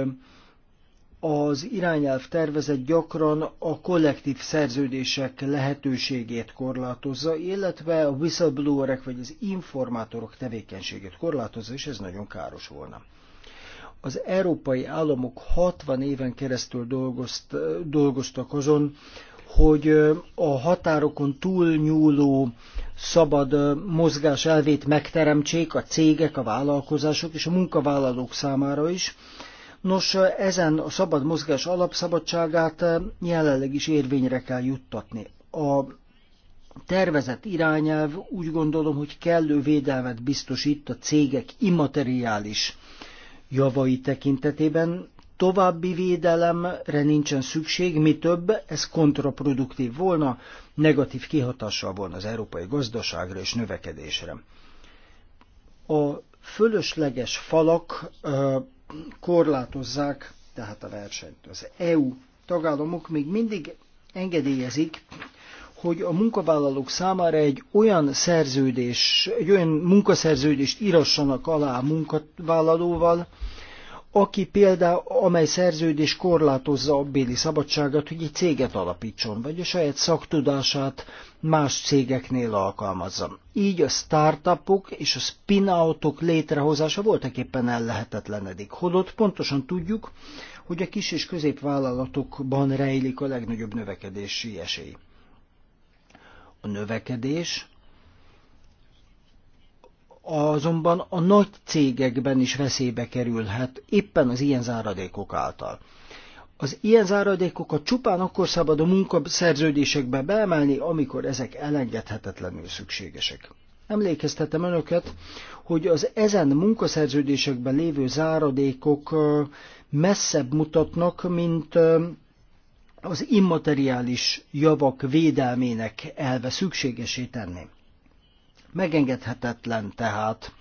az irányelv tervezet gyakran a kollektív szerződések lehetőségét korlátozza, illetve a whistleblowerek vagy az informátorok tevékenységét korlátozza, és ez nagyon káros volna. Az európai államok 60 éven keresztül dolgozt, dolgoztak azon, hogy a határokon túlnyúló szabad mozgás elvét megteremtsék a cégek, a vállalkozások és a munkavállalók számára is. Nos, ezen a szabad mozgás alapszabadságát jelenleg is érvényre kell juttatni. A tervezett irányelv úgy gondolom, hogy kellő védelmet biztosít a cégek immateriális javai tekintetében, további védelemre nincsen szükség, mi több, ez kontraproduktív volna, negatív kihatással volna az európai gazdaságra és növekedésre. A fölösleges falak korlátozzák tehát a versenyt. Az EU tagállamok még mindig engedélyezik, hogy a munkavállalók számára egy olyan szerződés, egy olyan munkaszerződést írassanak alá a munkavállalóval, aki például, amely szerződés korlátozza a béli szabadságát, hogy egy céget alapítson, vagy a saját szaktudását más cégeknél alkalmazza. Így a startupok és a spin-outok létrehozása voltak éppen ellehetetlenedik. Holott pontosan tudjuk, hogy a kis és középvállalatokban rejlik a legnagyobb növekedési esély. A növekedés azonban a nagy cégekben is veszélybe kerülhet, éppen az ilyen záradékok által. Az ilyen záradékokat csupán akkor szabad a munkaszerződésekbe beemelni, amikor ezek elengedhetetlenül szükségesek. Emlékeztetem önöket, hogy az ezen munkaszerződésekben lévő záradékok messzebb mutatnak, mint az immateriális javak védelmének elve szükségesé tenném. Megengedhetetlen tehát,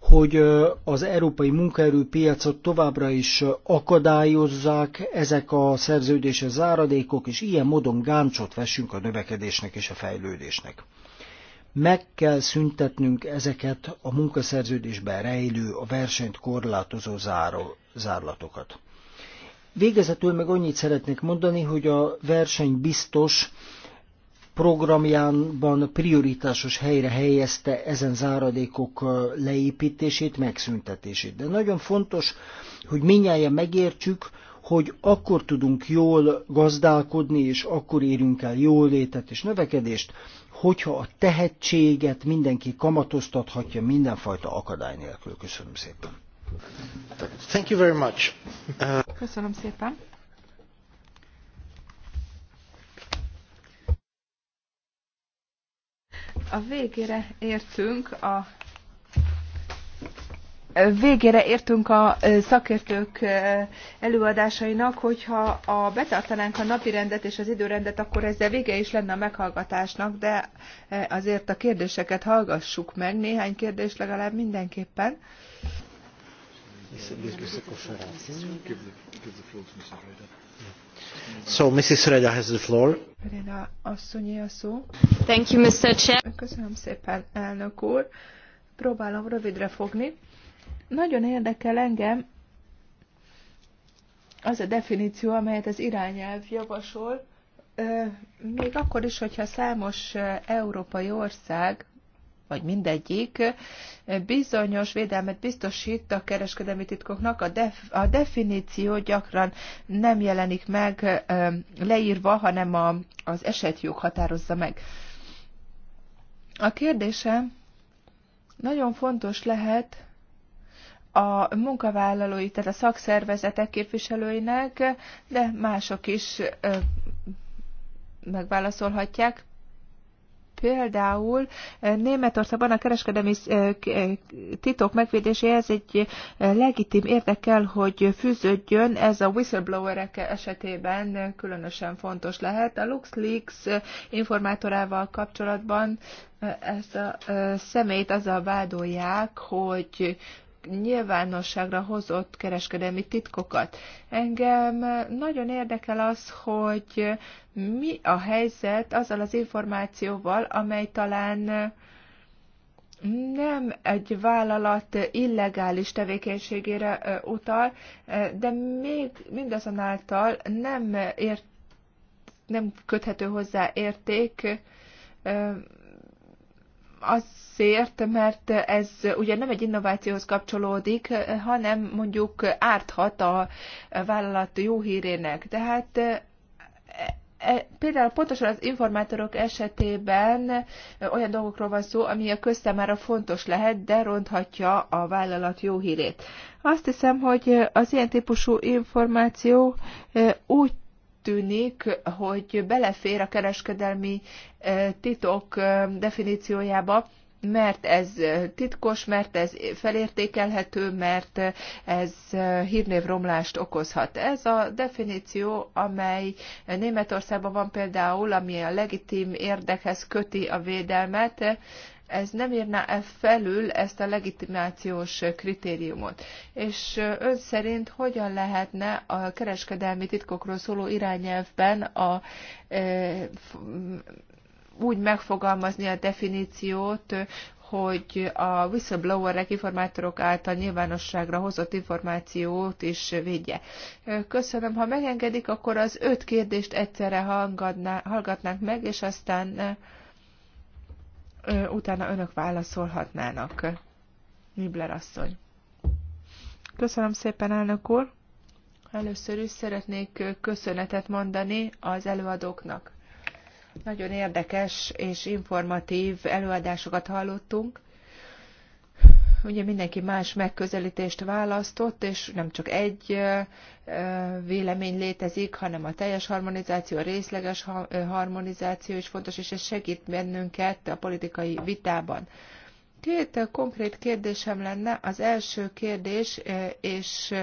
hogy az európai munkaerőpiacot továbbra is akadályozzák ezek a szerződése záradékok, és ilyen módon gáncsot vessünk a növekedésnek és a fejlődésnek. Meg kell szüntetnünk ezeket a munkaszerződésben rejlő, a versenyt korlátozó záró, zárlatokat. Végezetül meg annyit szeretnék mondani, hogy a verseny biztos, programjában prioritásos helyre helyezte ezen záradékok leépítését, megszüntetését. De nagyon fontos, hogy minnyáján megértsük, hogy akkor tudunk jól gazdálkodni, és akkor érünk el jólétet és növekedést, hogyha a tehetséget mindenki kamatoztathatja mindenfajta akadály nélkül. Köszönöm szépen. Thank you very much. Uh... Köszönöm szépen. A végére értünk a végére értünk a szakértők előadásainak, hogyha a betartanánk a napirendet és az időrendet, akkor ezzel vége is lenne a meghallgatásnak, de azért a kérdéseket hallgassuk meg, néhány kérdés legalább mindenképpen. So, Mrs. Reda has the floor. Reda asszonyi a szó. Thank you, Mr. Chair. Köszönöm szépen, elnök úr. Próbálom rövidre fogni. Nagyon érdekel engem az a definíció, amelyet az irányelv javasol, még akkor is, hogyha számos európai ország vagy mindegyik bizonyos védelmet biztosít a kereskedelmi titkoknak, a, def, a definíció gyakran nem jelenik meg leírva, hanem a, az esetjog határozza meg. A kérdése nagyon fontos lehet a munkavállalói, tehát a szakszervezetek képviselőinek, de mások is megválaszolhatják. Például eh, Németországban a kereskedelmi eh, eh, titok megvédéséhez egy legitim érdekel, hogy fűződjön, ez a whistleblowerek esetében különösen fontos lehet. A LuxLeaks informátorával kapcsolatban ezt a szemét azzal vádolják, hogy nyilvánosságra hozott kereskedelmi titkokat. Engem nagyon érdekel az, hogy mi a helyzet azzal az információval, amely talán nem egy vállalat illegális tevékenységére utal, de még mindazonáltal nem, ért, nem köthető hozzá érték, azért, mert ez ugye nem egy innovációhoz kapcsolódik, hanem mondjuk árthat a vállalat jó hírének. Tehát e, e, például pontosan az informátorok esetében olyan dolgokról van szó, ami a köztemára fontos lehet, de ronthatja a vállalat jó hírét. Azt hiszem, hogy az ilyen típusú információ e, úgy tűnik, hogy belefér a kereskedelmi titok definíciójába, mert ez titkos, mert ez felértékelhető, mert ez hírnévromlást okozhat. Ez a definíció, amely Németországban van például, ami a legitim érdekhez köti a védelmet, ez nem írná -e felül ezt a legitimációs kritériumot? És ön szerint hogyan lehetne a kereskedelmi titkokról szóló irányelvben a, úgy megfogalmazni a definíciót, hogy a whistleblowerek informátorok által nyilvánosságra hozott információt is védje. Köszönöm, ha megengedik, akkor az öt kérdést egyszerre hallgatnánk meg, és aztán utána önök válaszolhatnának. Nibler asszony. Köszönöm szépen, elnök úr. Először is szeretnék köszönetet mondani az előadóknak. Nagyon érdekes és informatív előadásokat hallottunk ugye mindenki más megközelítést választott, és nem csak egy vélemény létezik, hanem a teljes harmonizáció, a részleges harmonizáció is fontos, és ez segít bennünket a politikai vitában. Két konkrét kérdésem lenne. Az első kérdés, és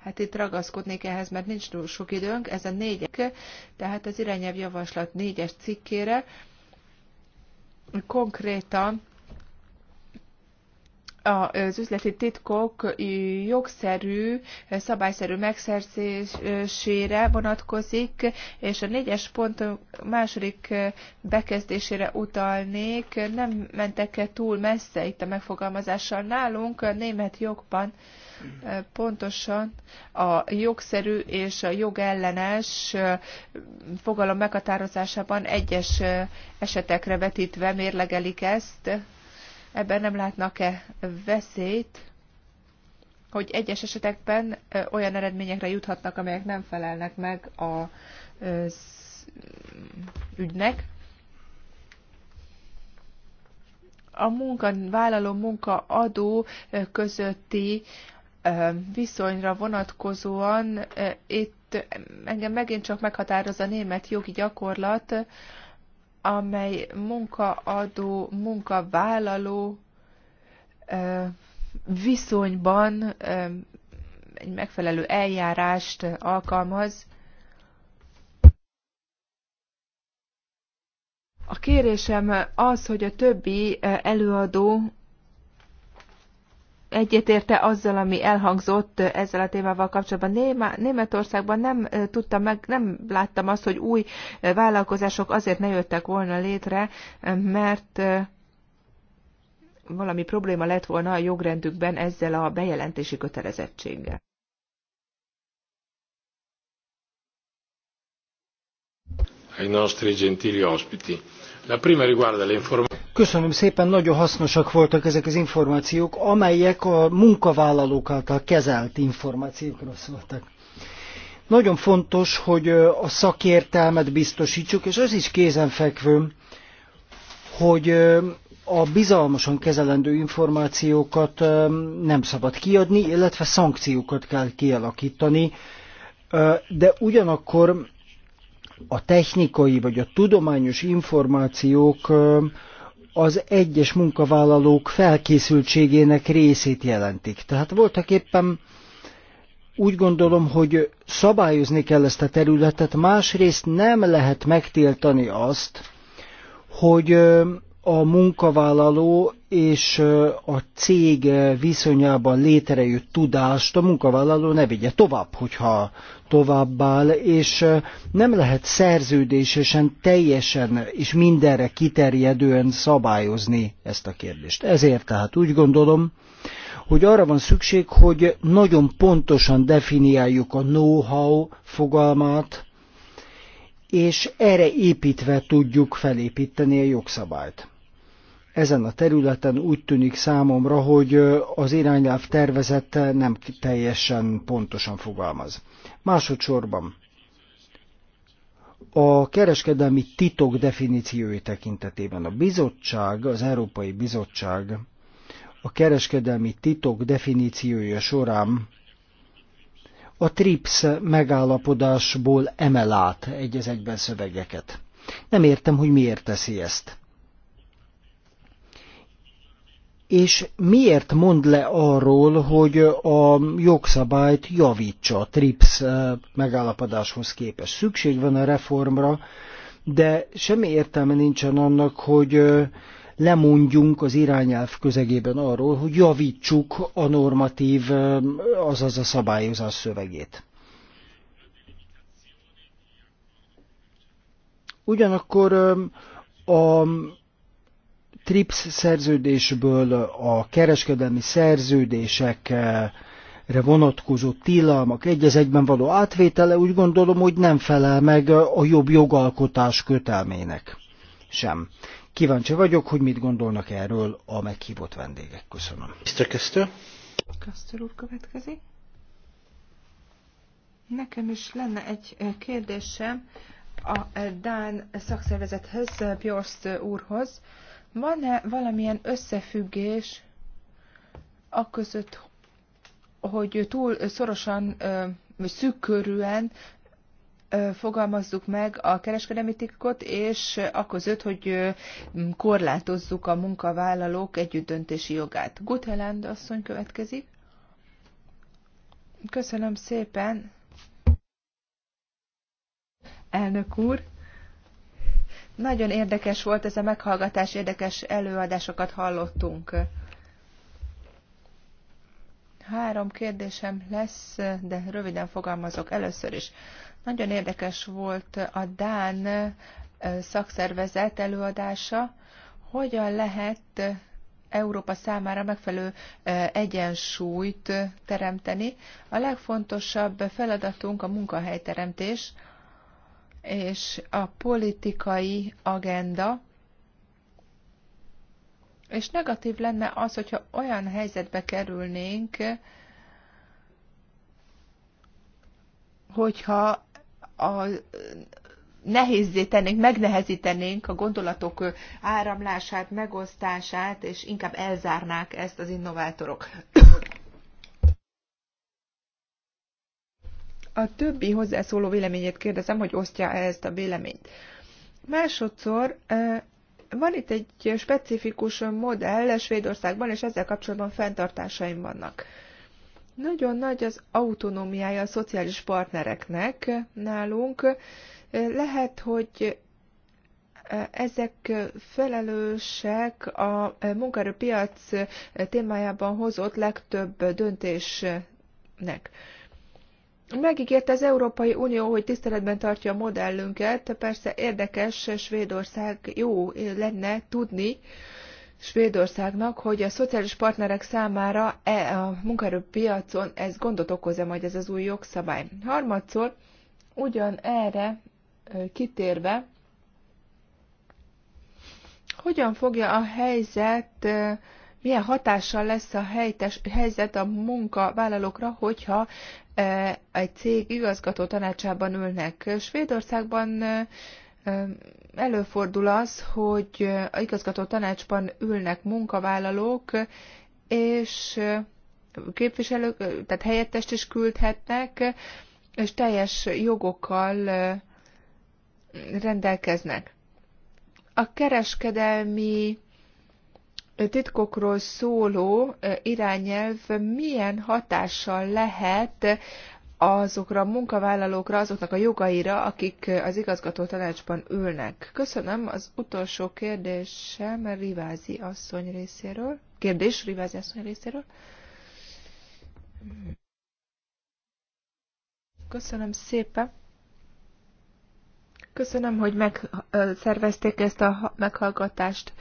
hát itt ragaszkodnék ehhez, mert nincs túl sok időnk, ez a négyek, tehát az irányelv javaslat négyes cikkére konkrétan az üzleti titkok jogszerű, szabályszerű megszerzésére vonatkozik, és a négyes pont második bekezdésére utalnék. Nem mentek -e túl messze itt a megfogalmazással nálunk, a német jogban eh, pontosan a jogszerű és a jogellenes eh, fogalom meghatározásában egyes eh, esetekre vetítve mérlegelik ezt, ebben nem látnak-e veszélyt, hogy egyes esetekben olyan eredményekre juthatnak, amelyek nem felelnek meg a ügynek. A munkavállaló munkaadó közötti viszonyra vonatkozóan itt engem megint csak meghatároz a német jogi gyakorlat, amely munkaadó, munkavállaló viszonyban egy megfelelő eljárást alkalmaz. A kérésem az, hogy a többi előadó egyetérte azzal, ami elhangzott ezzel a témával kapcsolatban. Németországban nem tudtam meg, nem láttam azt, hogy új vállalkozások azért ne jöttek volna létre, mert valami probléma lett volna a jogrendükben ezzel a bejelentési kötelezettséggel. Ai nostri gentili ospiti. Köszönöm szépen, nagyon hasznosak voltak ezek az információk, amelyek a munkavállalók által kezelt információkra szóltak. Nagyon fontos, hogy a szakértelmet biztosítsuk, és az is kézenfekvő, hogy a bizalmasan kezelendő információkat nem szabad kiadni, illetve szankciókat kell kialakítani, de ugyanakkor a technikai vagy a tudományos információk az egyes munkavállalók felkészültségének részét jelentik. Tehát voltak éppen úgy gondolom, hogy szabályozni kell ezt a területet, másrészt nem lehet megtiltani azt, hogy a munkavállaló és a cég viszonyában létrejött tudást a munkavállaló ne vigye tovább, hogyha továbbáll, és nem lehet szerződésesen teljesen és mindenre kiterjedően szabályozni ezt a kérdést. Ezért tehát úgy gondolom, hogy arra van szükség, hogy nagyon pontosan definiáljuk a know-how fogalmát, és erre építve tudjuk felépíteni a jogszabályt ezen a területen úgy tűnik számomra, hogy az irányelv tervezete nem teljesen pontosan fogalmaz. Másodszorban a kereskedelmi titok definíciói tekintetében a bizottság, az Európai Bizottság a kereskedelmi titok definíciója során a TRIPS megállapodásból emel át egy egyben szövegeket. Nem értem, hogy miért teszi ezt és miért mond le arról, hogy a jogszabályt javítsa a TRIPS eh, megállapodáshoz képest? Szükség van a reformra, de semmi értelme nincsen annak, hogy eh, lemondjunk az irányelv közegében arról, hogy javítsuk a normatív, eh, azaz a szabályozás szövegét. Ugyanakkor a TRIPS szerződésből a kereskedelmi szerződésekre vonatkozó tilalmak egy az egyben való átvétele úgy gondolom, hogy nem felel meg a jobb jogalkotás kötelmének sem. Kíváncsi vagyok, hogy mit gondolnak erről a meghívott vendégek. Köszönöm. Mr. Kester. Kester úr következik. Nekem is lenne egy eh, kérdésem a eh, Dán szakszervezethez, eh, Björst úrhoz. Van-e valamilyen összefüggés a között, hogy túl szorosan vagy fogalmazzuk meg a kereskedelmi titkot, és aközött, hogy korlátozzuk a munkavállalók együttdöntési jogát. Guteland asszony következik. Köszönöm szépen, elnök úr! Nagyon érdekes volt ez a meghallgatás, érdekes előadásokat hallottunk. Három kérdésem lesz, de röviden fogalmazok először is. Nagyon érdekes volt a Dán szakszervezet előadása, hogyan lehet Európa számára megfelelő egyensúlyt teremteni. A legfontosabb feladatunk a munkahelyteremtés, és a politikai agenda, és negatív lenne az, hogyha olyan helyzetbe kerülnénk, hogyha a nehézé tennénk, megnehezítenénk a gondolatok áramlását, megosztását, és inkább elzárnák ezt az innovátorok. a többi hozzászóló véleményét kérdezem, hogy osztja -e ezt a véleményt. Másodszor van itt egy specifikus modell Svédországban, és ezzel kapcsolatban fenntartásaim vannak. Nagyon nagy az autonómiája a szociális partnereknek nálunk. Lehet, hogy ezek felelősek a munkaerőpiac témájában hozott legtöbb döntésnek. Megígérte az Európai Unió, hogy tiszteletben tartja a modellünket. Persze érdekes, Svédország jó lenne tudni, Svédországnak, hogy a szociális partnerek számára e, a munkaerőpiacon ez gondot okoz-e majd ez az új jogszabály. Harmadszor ugyan erre kitérve, hogyan fogja a helyzet, milyen hatással lesz a helyzet a munkavállalókra, hogyha E, egy cég igazgató tanácsában ülnek. Svédországban e, e, előfordul az, hogy a igazgató tanácsban ülnek munkavállalók, és képviselők, tehát helyettest is küldhetnek, és teljes jogokkal rendelkeznek. A kereskedelmi titkokról szóló irányelv milyen hatással lehet azokra a munkavállalókra, azoknak a jogaira, akik az igazgató tanácsban ülnek. Köszönöm az utolsó kérdésem Rivázi asszony részéről. Kérdés Rivázi asszony részéről. Köszönöm szépen. Köszönöm, hogy megszervezték ezt a meghallgatást.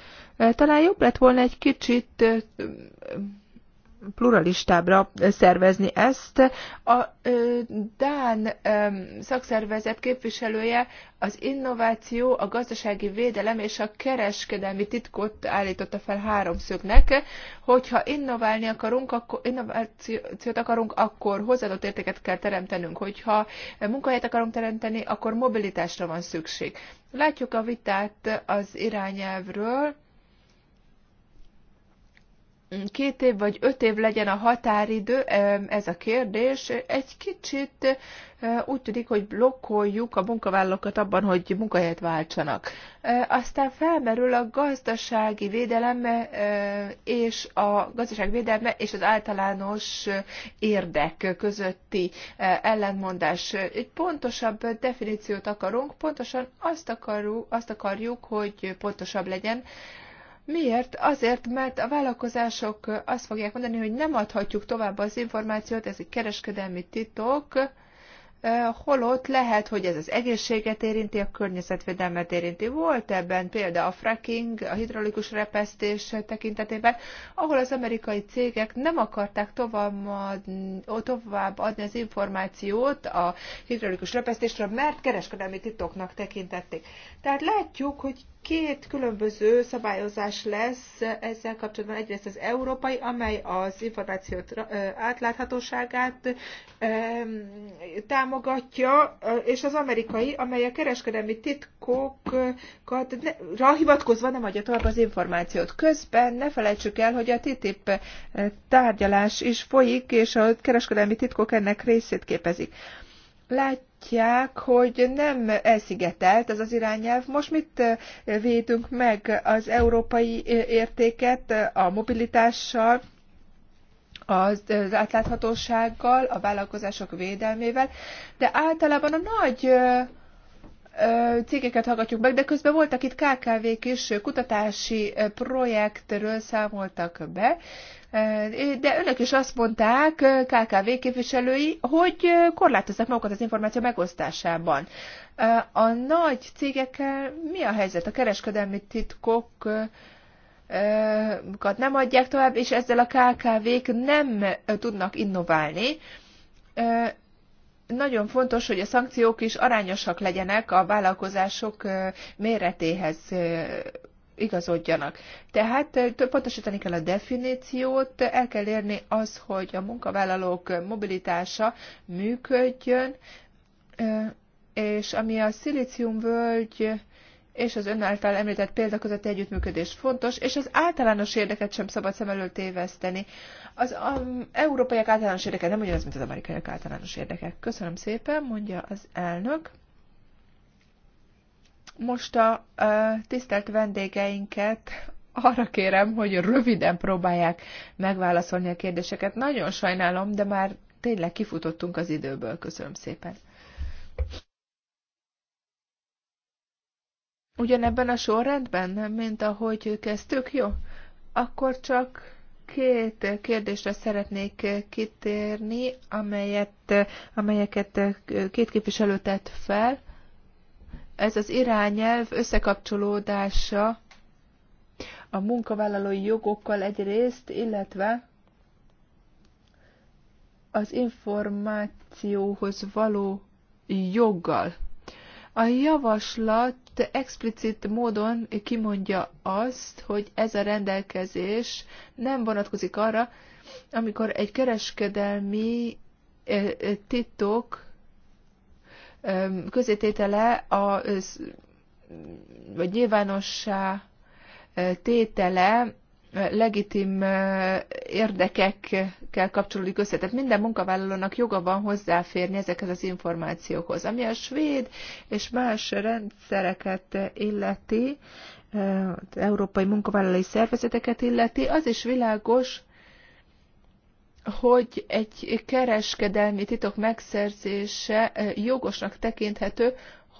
Talán jobb lett volna egy kicsit pluralistábbra szervezni ezt. A Dán szakszervezet képviselője az innováció, a gazdasági védelem és a kereskedelmi titkot állította fel háromszögnek, hogyha innoválni akarunk, akkor innovációt akarunk, akkor hozzáadott értéket kell teremtenünk, hogyha munkahelyet akarunk teremteni, akkor mobilitásra van szükség. Látjuk a vitát az irányelvről, két év vagy öt év legyen a határidő, ez a kérdés. Egy kicsit úgy tűnik, hogy blokkoljuk a munkavállalókat abban, hogy munkahelyet váltsanak. Aztán felmerül a gazdasági védelme és a gazdaság védelme és az általános érdek közötti ellentmondás. Egy pontosabb definíciót akarunk, pontosan azt, akarjuk, azt akarjuk, hogy pontosabb legyen Miért? Azért, mert a vállalkozások azt fogják mondani, hogy nem adhatjuk tovább az információt, ez egy kereskedelmi titok, holott lehet, hogy ez az egészséget érinti, a környezetvédelmet érinti. Volt ebben példa a fracking, a hidraulikus repesztés tekintetében, ahol az amerikai cégek nem akarták tovább adni az információt a hidraulikus repesztésről, mert kereskedelmi titoknak tekintették. Tehát látjuk, hogy két különböző szabályozás lesz ezzel kapcsolatban. Egyrészt az európai, amely az információ átláthatóságát támogatja, és az amerikai, amely a kereskedelmi titkokra hivatkozva nem adja tovább az információt. Közben ne felejtsük el, hogy a TTIP tárgyalás is folyik, és a kereskedelmi titkok ennek részét képezik. Lát, látják, hogy nem elszigetelt ez az irányelv. Most mit eh, védünk meg az európai eh, értéket eh, a mobilitással, az, az átláthatósággal, a vállalkozások védelmével, de általában a nagy cégeket hallgatjuk meg, de közben voltak itt KKV-k is, kutatási projektről számoltak be, de önök is azt mondták, KKV képviselői, hogy korlátozzák magukat az információ megosztásában. A nagy cégekkel mi a helyzet? A kereskedelmi titkok nem adják tovább, és ezzel a KKV-k nem tudnak innoválni nagyon fontos, hogy a szankciók is arányosak legyenek a vállalkozások méretéhez igazodjanak. Tehát pontosítani kell a definíciót, el kell érni az, hogy a munkavállalók mobilitása működjön, és ami a szilíciumvölgy és az ön által említett példa közötti együttműködés fontos, és az általános érdeket sem szabad szem elől téveszteni. Az a, um, európaiak általános érdeke nem ugyanaz, mint az amerikaiak általános érdeke. Köszönöm szépen, mondja az elnök. Most a, a tisztelt vendégeinket arra kérem, hogy röviden próbálják megválaszolni a kérdéseket. Nagyon sajnálom, de már tényleg kifutottunk az időből. Köszönöm szépen. Ugyanebben a sorrendben, mint ahogy kezdtük, jó? Akkor csak két kérdésre szeretnék kitérni, amelyet, amelyeket két képviselő tett fel. Ez az irányelv összekapcsolódása a munkavállalói jogokkal egyrészt, illetve az információhoz való joggal. A javaslat explicit módon kimondja azt, hogy ez a rendelkezés nem vonatkozik arra, amikor egy kereskedelmi titok közététele a, vagy nyilvánossá tétele legitim eh, érdekekkel kapcsolódik össze. Tehát minden munkavállalónak joga van hozzáférni ezekhez az információkhoz. Ami a svéd és más rendszereket illeti, az eh, európai munkavállalói szervezeteket illeti, az is világos, hogy egy kereskedelmi titok megszerzése eh, jogosnak tekinthető,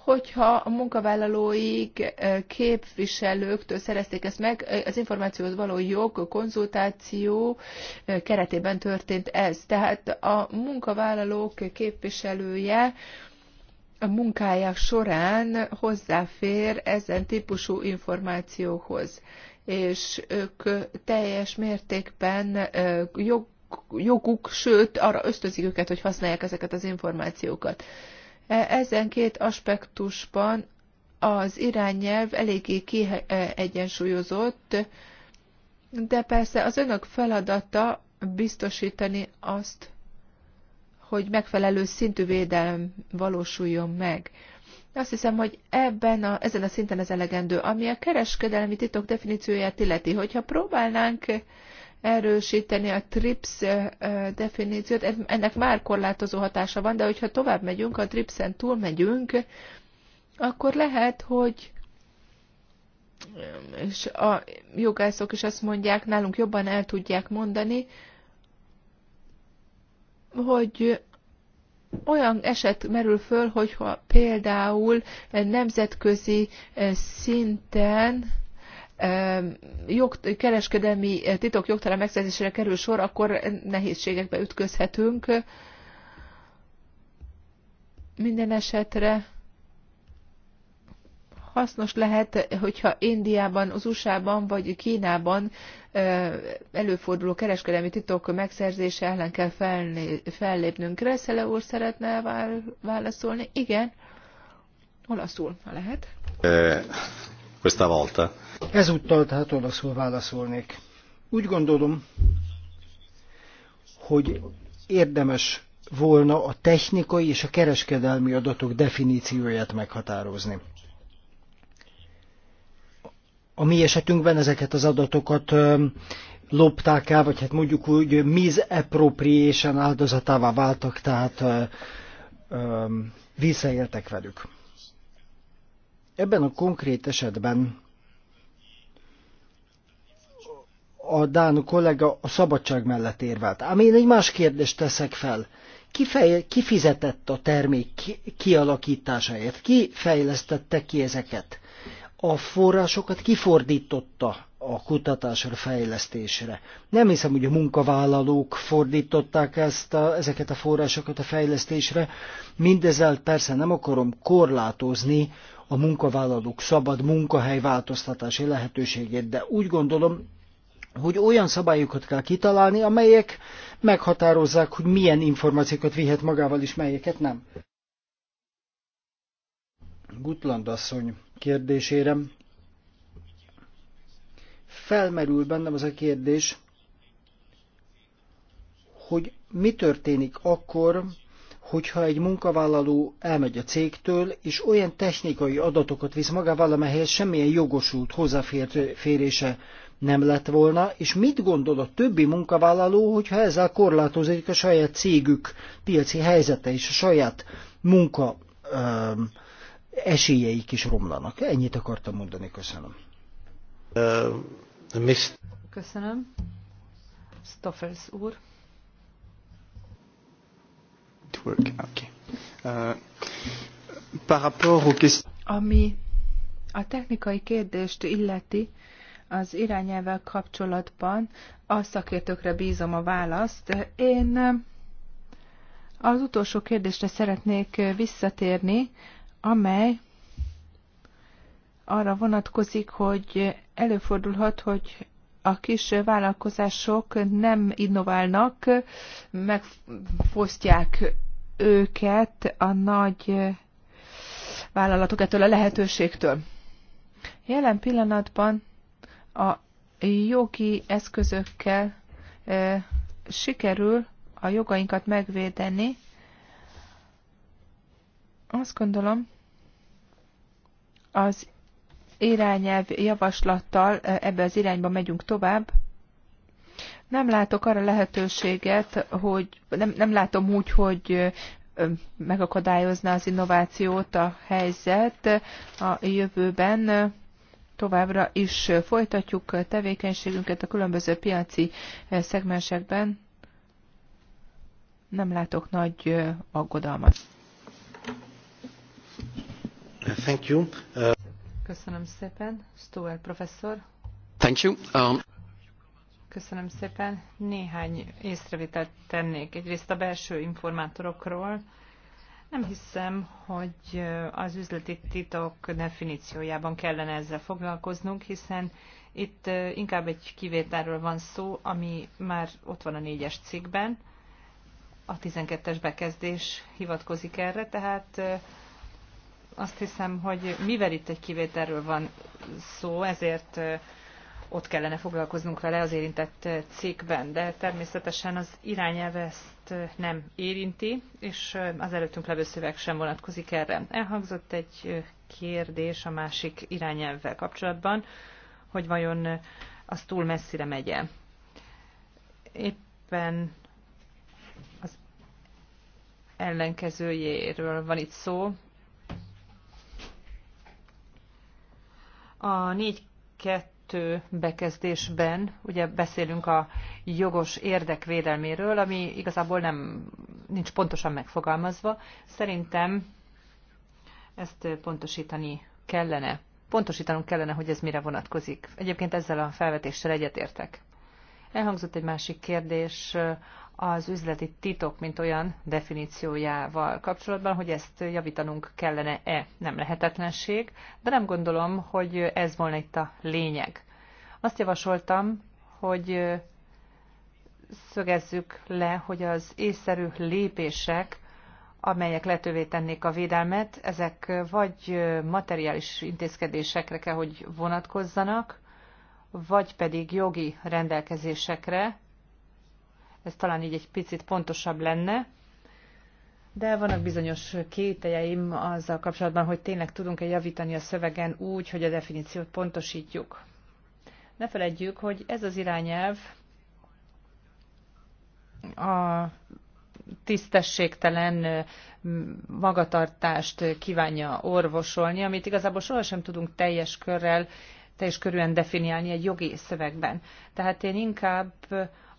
hogyha a munkavállalóik képviselőktől szerezték ezt meg, az információhoz való jog, konzultáció keretében történt ez. Tehát a munkavállalók képviselője a munkája során hozzáfér ezen típusú információhoz, és ők teljes mértékben jog, joguk, sőt, arra ösztözik őket, hogy használják ezeket az információkat. E, ezen két aspektusban az irányelv eléggé kiegyensúlyozott, e, de persze az önök feladata biztosítani azt, hogy megfelelő szintű védelem valósuljon meg. Azt hiszem, hogy ebben a, ezen a szinten ez elegendő, ami a kereskedelmi titok definícióját illeti. Hogyha próbálnánk erősíteni a TRIPS definíciót. Ennek már korlátozó hatása van, de hogyha tovább megyünk, a TRIPS-en túl megyünk, akkor lehet, hogy és a jogászok is azt mondják, nálunk jobban el tudják mondani, hogy olyan eset merül föl, hogyha például nemzetközi szinten jog, kereskedelmi titok jogtalan megszerzésére kerül sor, akkor nehézségekbe ütközhetünk. Minden esetre hasznos lehet, hogyha Indiában, az USA-ban vagy Kínában előforduló kereskedelmi titok megszerzése ellen kell fellépnünk. Reszele úr szeretne válaszolni? Igen, olaszul, ha lehet. Eh, questa volta. Ezúttal tehát olaszul válaszolnék. Úgy gondolom, hogy érdemes volna a technikai és a kereskedelmi adatok definícióját meghatározni. A mi esetünkben ezeket az adatokat lopták el, vagy hát mondjuk úgy misappropriation áldozatává váltak, tehát visszaéltek velük. Ebben a konkrét esetben a Dán kollega a szabadság mellett érvelt. Ám én egy más kérdést teszek fel. Ki, fej, ki fizetett a termék kialakításáért? Ki fejlesztette ki ezeket? A forrásokat kifordította a kutatásra, fejlesztésre. Nem hiszem, hogy a munkavállalók fordították ezt a, ezeket a forrásokat a fejlesztésre. Mindezzel persze nem akarom korlátozni a munkavállalók szabad munkahely változtatási lehetőségét, de úgy gondolom, hogy olyan szabályokat kell kitalálni, amelyek meghatározzák, hogy milyen információkat vihet magával, és melyeket nem. Gutland asszony kérdésére felmerül bennem az a kérdés, hogy mi történik akkor, hogyha egy munkavállaló elmegy a cégtől, és olyan technikai adatokat visz magával, amelyhez semmilyen jogosult hozzáférése nem lett volna, és mit gondol a többi munkavállaló, hogyha ezzel korlátozik a saját cégük piaci helyzete és a saját munka ö, esélyeik is romlanak. Ennyit akartam mondani, köszönöm. Uh, köszönöm. Stoffers úr. Work. Okay. Uh, Ami a technikai kérdést illeti, uh, az irányelvvel kapcsolatban a szakértőkre bízom a választ. Én eh, az utolsó kérdésre szeretnék eh, visszatérni, amely arra vonatkozik, hogy előfordulhat, hogy a kis vállalkozások nem innoválnak, megfosztják őket a nagy eh, vállalatok ettől a lehetőségtől. Jelen pillanatban a jogi eszközökkel e, sikerül a jogainkat megvédeni. Azt gondolom, az irányelv javaslattal e, ebbe az irányba megyünk tovább. Nem látok arra lehetőséget, hogy nem, nem látom úgy, hogy e, megakadályozna az innovációt a helyzet a jövőben továbbra is folytatjuk tevékenységünket a különböző piaci eh, szegmensekben. Nem látok nagy eh, aggodalmat. Thank you. Uh... Köszönöm szépen, Stuart professzor. Thank you. Um... Köszönöm szépen. Néhány észrevételt tennék. Egyrészt a belső informátorokról, nem hiszem, hogy az üzleti titok definíciójában kellene ezzel foglalkoznunk, hiszen itt inkább egy kivételről van szó, ami már ott van a négyes cikkben, a 12-es bekezdés hivatkozik erre, tehát azt hiszem, hogy mivel itt egy kivételről van szó, ezért ott kellene foglalkoznunk vele az érintett cikkben, de természetesen az irányelve ezt nem érinti, és az előttünk levő szöveg sem vonatkozik erre. Elhangzott egy kérdés a másik irányelvvel kapcsolatban, hogy vajon az túl messzire megy? Éppen az ellenkezőjéről van itt szó. A 4 2 kettő bekezdésben ugye beszélünk a jogos érdek védelméről, ami igazából nem nincs pontosan megfogalmazva. Szerintem ezt pontosítani kellene. Pontosítanunk kellene, hogy ez mire vonatkozik. Egyébként ezzel a felvetéssel egyetértek. Elhangzott egy másik kérdés az üzleti titok, mint olyan definíciójával kapcsolatban, hogy ezt javítanunk kellene-e. Nem lehetetlenség, de nem gondolom, hogy ez volna itt a lényeg. Azt javasoltam, hogy szögezzük le, hogy az észszerű lépések, amelyek lehetővé tennék a védelmet, ezek vagy materiális intézkedésekre kell, hogy vonatkozzanak, vagy pedig jogi rendelkezésekre, ez talán így egy picit pontosabb lenne, de vannak bizonyos kételjeim azzal kapcsolatban, hogy tényleg tudunk-e javítani a szövegen úgy, hogy a definíciót pontosítjuk. Ne feledjük, hogy ez az irányelv a tisztességtelen magatartást kívánja orvosolni, amit igazából sohasem tudunk teljes körrel, teljes körűen definiálni egy jogi szövegben. Tehát én inkább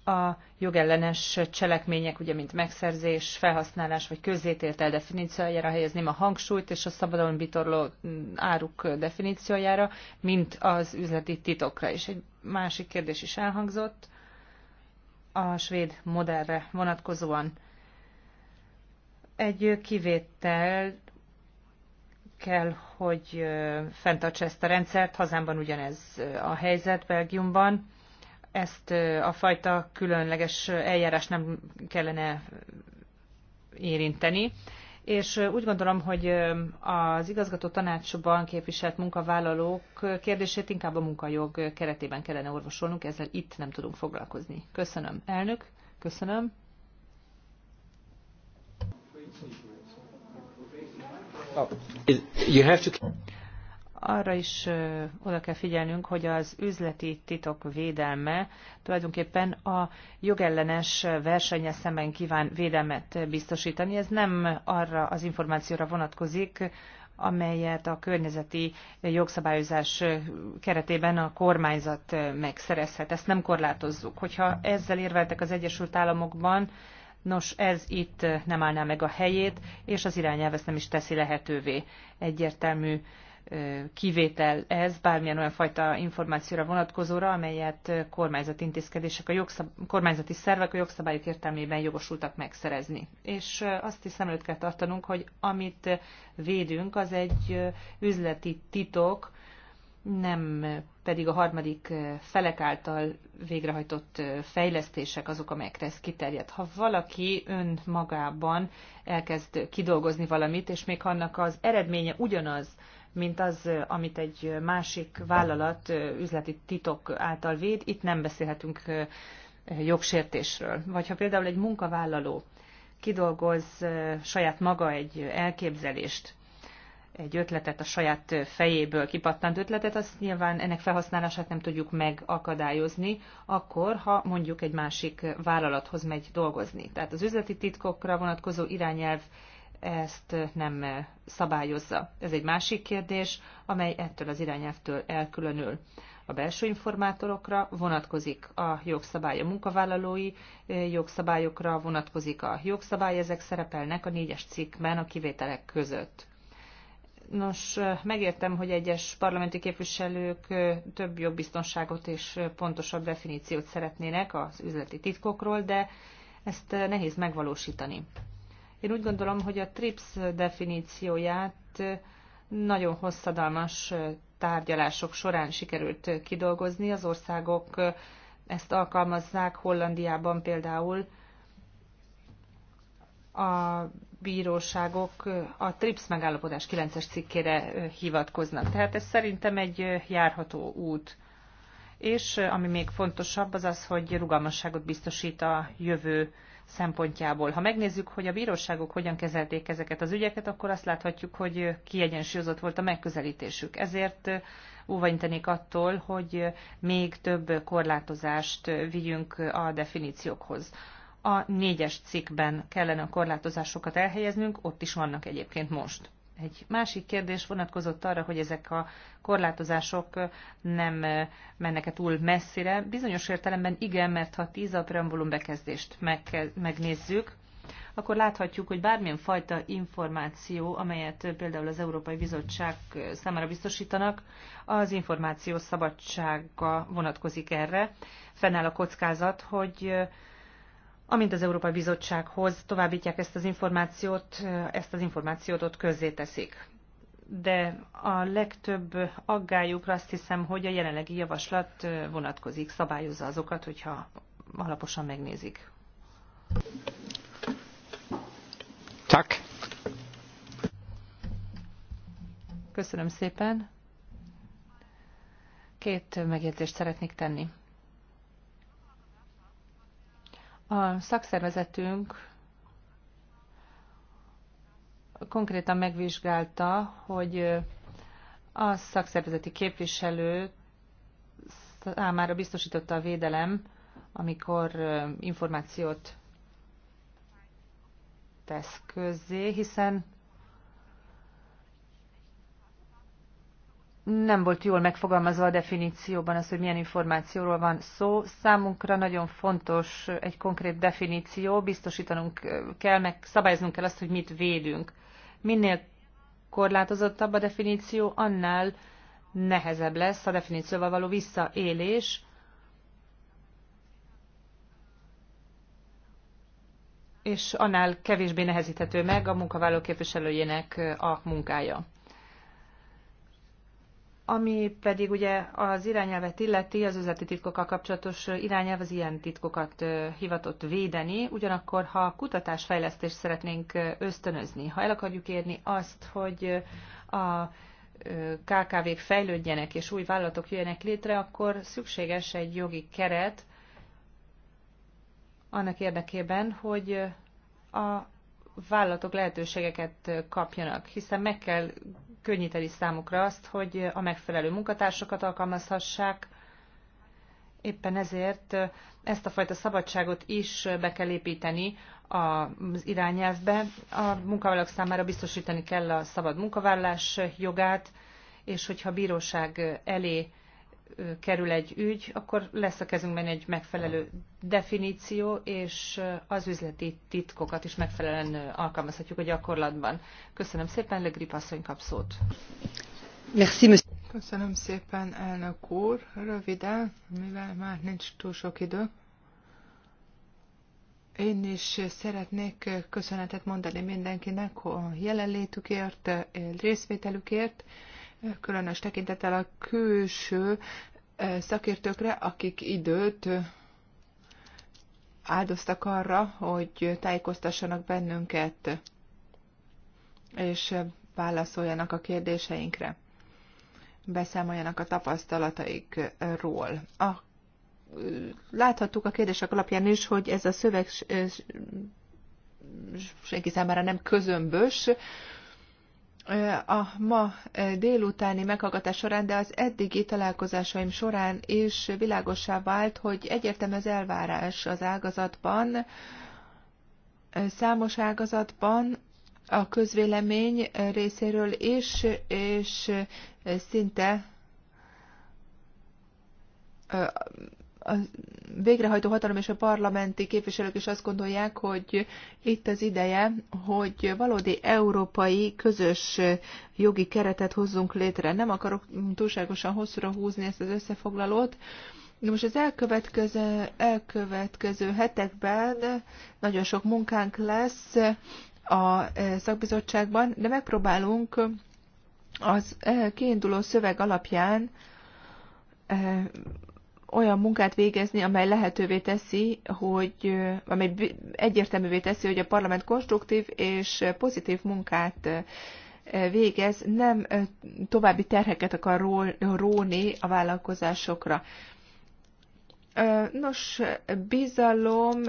a jogellenes cselekmények, ugye mint megszerzés, felhasználás vagy közzététel definíciójára helyezném a hangsúlyt, és a szabadon bitorló mm, áruk definíciójára, mint az üzleti titokra. És egy másik kérdés is elhangzott a svéd modellre vonatkozóan. Egy kivétel kell, hogy fenntartsa ezt a rendszert, hazámban ugyanez a helyzet, Belgiumban ezt a fajta különleges eljárás nem kellene érinteni. És úgy gondolom, hogy az igazgató tanácsban képviselt munkavállalók kérdését inkább a munkajog keretében kellene orvosolnunk, ezzel itt nem tudunk foglalkozni. Köszönöm, elnök, köszönöm. Oh, you have to arra is oda kell figyelnünk, hogy az üzleti titok védelme tulajdonképpen a jogellenes versenye szemben kíván védelmet biztosítani. Ez nem arra az információra vonatkozik, amelyet a környezeti jogszabályozás keretében a kormányzat megszerezhet. Ezt nem korlátozzuk. Hogyha ezzel érveltek az Egyesült Államokban, Nos, ez itt nem állná meg a helyét, és az irányelv ezt nem is teszi lehetővé. Egyértelmű kivétel ez bármilyen olyan fajta információra vonatkozóra, amelyet kormányzati intézkedések, a jogszab- kormányzati szervek a jogszabályok értelmében jogosultak megszerezni. És azt is szem előtt kell tartanunk, hogy amit védünk, az egy üzleti titok, nem pedig a harmadik felek által végrehajtott fejlesztések azok, amelyekre ez kiterjed. Ha valaki önmagában elkezd kidolgozni valamit, és még annak az eredménye ugyanaz, mint az, amit egy másik vállalat üzleti titok által véd. Itt nem beszélhetünk jogsértésről. Vagy ha például egy munkavállaló kidolgoz saját maga egy elképzelést, egy ötletet a saját fejéből kipattant ötletet, azt nyilván ennek felhasználását nem tudjuk megakadályozni, akkor, ha mondjuk egy másik vállalathoz megy dolgozni. Tehát az üzleti titkokra vonatkozó irányelv ezt nem szabályozza. Ez egy másik kérdés, amely ettől az irányelvtől elkülönül. A belső informátorokra vonatkozik a jogszabály, a munkavállalói eh, jogszabályokra vonatkozik a jogszabály, ezek szerepelnek a négyes cikkben a kivételek között. Nos, eh, megértem, hogy egyes parlamenti képviselők eh, több jogbiztonságot és pontosabb definíciót szeretnének az üzleti titkokról, de ezt nehéz megvalósítani. Én úgy gondolom, hogy a TRIPS definícióját nagyon hosszadalmas tárgyalások során sikerült kidolgozni. Az országok ezt alkalmazzák Hollandiában például. A bíróságok a TRIPS megállapodás 9-es cikkére hivatkoznak. Tehát ez szerintem egy járható út. És ami még fontosabb, az az, hogy rugalmasságot biztosít a jövő szempontjából. Ha megnézzük, hogy a bíróságok hogyan kezelték ezeket az ügyeket, akkor azt láthatjuk, hogy kiegyensúlyozott volt a megközelítésük. Ezért óvaintenék attól, hogy még több korlátozást vigyünk a definíciókhoz. A négyes cikkben kellene a korlátozásokat elhelyeznünk, ott is vannak egyébként most. Egy másik kérdés vonatkozott arra, hogy ezek a korlátozások nem mennek-e túl messzire. Bizonyos értelemben igen, mert ha tíz a preambulum bekezdést megnézzük, akkor láthatjuk, hogy bármilyen fajta információ, amelyet például az Európai Bizottság számára biztosítanak, az információ szabadsága vonatkozik erre. Fennáll a kockázat, hogy Amint az Európai Bizottsághoz továbbítják ezt az információt, ezt az információt ott közzéteszik. De a legtöbb aggályukra azt hiszem, hogy a jelenlegi javaslat vonatkozik, szabályozza azokat, hogyha alaposan megnézik. Tak. Köszönöm szépen. Két megjegyzést szeretnék tenni. A szakszervezetünk konkrétan megvizsgálta, hogy a szakszervezeti képviselő számára biztosította a védelem, amikor információt tesz közzé, hiszen nem volt jól megfogalmazva a definícióban az, hogy milyen információról van szó. Számunkra nagyon fontos egy konkrét definíció, biztosítanunk kell, meg szabályoznunk kell azt, hogy mit védünk. Minél korlátozottabb a definíció, annál nehezebb lesz a definícióval való visszaélés, és annál kevésbé nehezíthető meg a munkavállaló képviselőjének a munkája. Ami pedig ugye az irányelvet illeti, az üzleti titkokkal kapcsolatos irányelv az ilyen titkokat hivatott védeni, ugyanakkor ha kutatásfejlesztést szeretnénk ösztönözni, ha el akarjuk érni azt, hogy a KKV-k fejlődjenek és új vállalatok jöjjenek létre, akkor szükséges egy jogi keret annak érdekében, hogy a vállalatok lehetőségeket kapjanak, hiszen meg kell könnyíteni számukra azt, hogy a megfelelő munkatársakat alkalmazhassák, éppen ezért ezt a fajta szabadságot is be kell építeni az irányelvbe. A munkavállalók számára biztosítani kell a szabad munkavállalás jogát, és hogyha a bíróság elé kerül egy ügy, akkor lesz a kezünkben egy megfelelő definíció, és az üzleti titkokat is megfelelően alkalmazhatjuk a gyakorlatban. Köszönöm szépen, Le Grip asszony kap szót. Köszönöm szépen, elnök úr. Röviden, mivel már nincs túl sok idő. Én is szeretnék köszönetet mondani mindenkinek a jelenlétükért, részvételükért különös tekintettel a külső szakértőkre, akik időt áldoztak arra, hogy tájékoztassanak bennünket, és válaszoljanak a kérdéseinkre, beszámoljanak a tapasztalataikról. A, láthattuk a kérdések alapján is, hogy ez a szöveg senki számára nem közömbös, a ma délutáni meghallgatás során, de az eddigi találkozásaim során is világossá vált, hogy egyértelmű az elvárás az ágazatban, számos ágazatban, a közvélemény részéről is, és szinte a végrehajtó hatalom és a parlamenti képviselők is azt gondolják, hogy itt az ideje, hogy valódi európai közös jogi keretet hozzunk létre. Nem akarok túlságosan hosszúra húzni ezt az összefoglalót. De most az elkövetkező, elkövetkező hetekben nagyon sok munkánk lesz a e, szakbizottságban, de megpróbálunk az e, kiinduló szöveg alapján e, olyan munkát végezni, amely lehetővé teszi, hogy, amely egyértelművé teszi, hogy a parlament konstruktív és pozitív munkát végez, nem további terheket akar róni a vállalkozásokra. Nos, bizalom,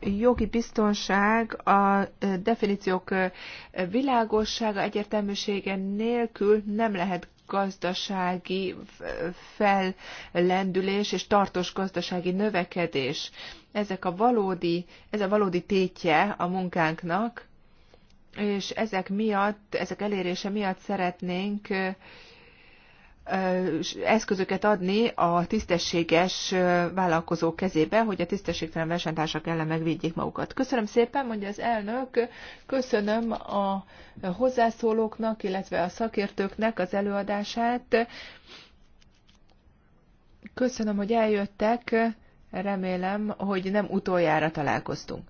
jogi biztonság, a definíciók világossága, egyértelműsége nélkül nem lehet gazdasági fellendülés és tartós gazdasági növekedés. Ezek a valódi, ez a valódi tétje a munkánknak, és ezek miatt, ezek elérése miatt szeretnénk eszközöket adni a tisztességes vállalkozók kezébe, hogy a tisztességtelen versenytársak ellen megvédjék magukat. Köszönöm szépen, mondja az elnök, köszönöm a hozzászólóknak, illetve a szakértőknek az előadását. Köszönöm, hogy eljöttek, remélem, hogy nem utoljára találkoztunk.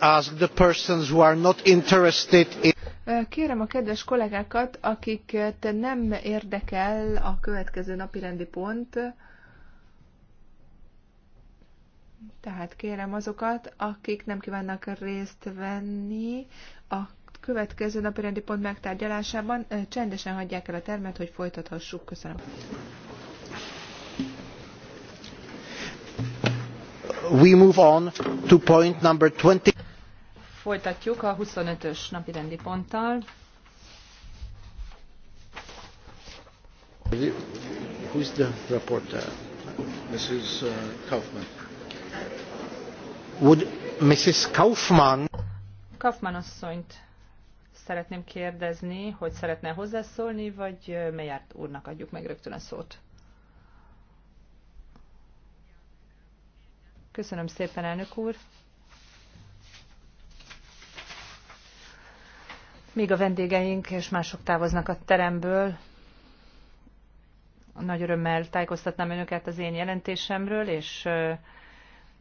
ask the persons who are not interested in... Kérem a kedves kollégákat, akiket nem érdekel a következő napirendi pont, tehát kérem azokat, akik nem kívánnak részt venni a következő napirendi pont megtárgyalásában, csendesen hagyják el a termet, hogy folytathassuk. Köszönöm. We move on to point number 20. Folytatjuk a 25-ös napi rendi ponttal. Who's Mrs. Kaufman. Mrs. Kaufman... asszonyt szeretném kérdezni, hogy szeretne hozzászólni, vagy uh, Mejárt úrnak adjuk meg rögtön a szót. Köszönöm szépen, elnök úr. Míg a vendégeink és mások távoznak a teremből, nagy örömmel tájékoztatnám önöket az én jelentésemről, és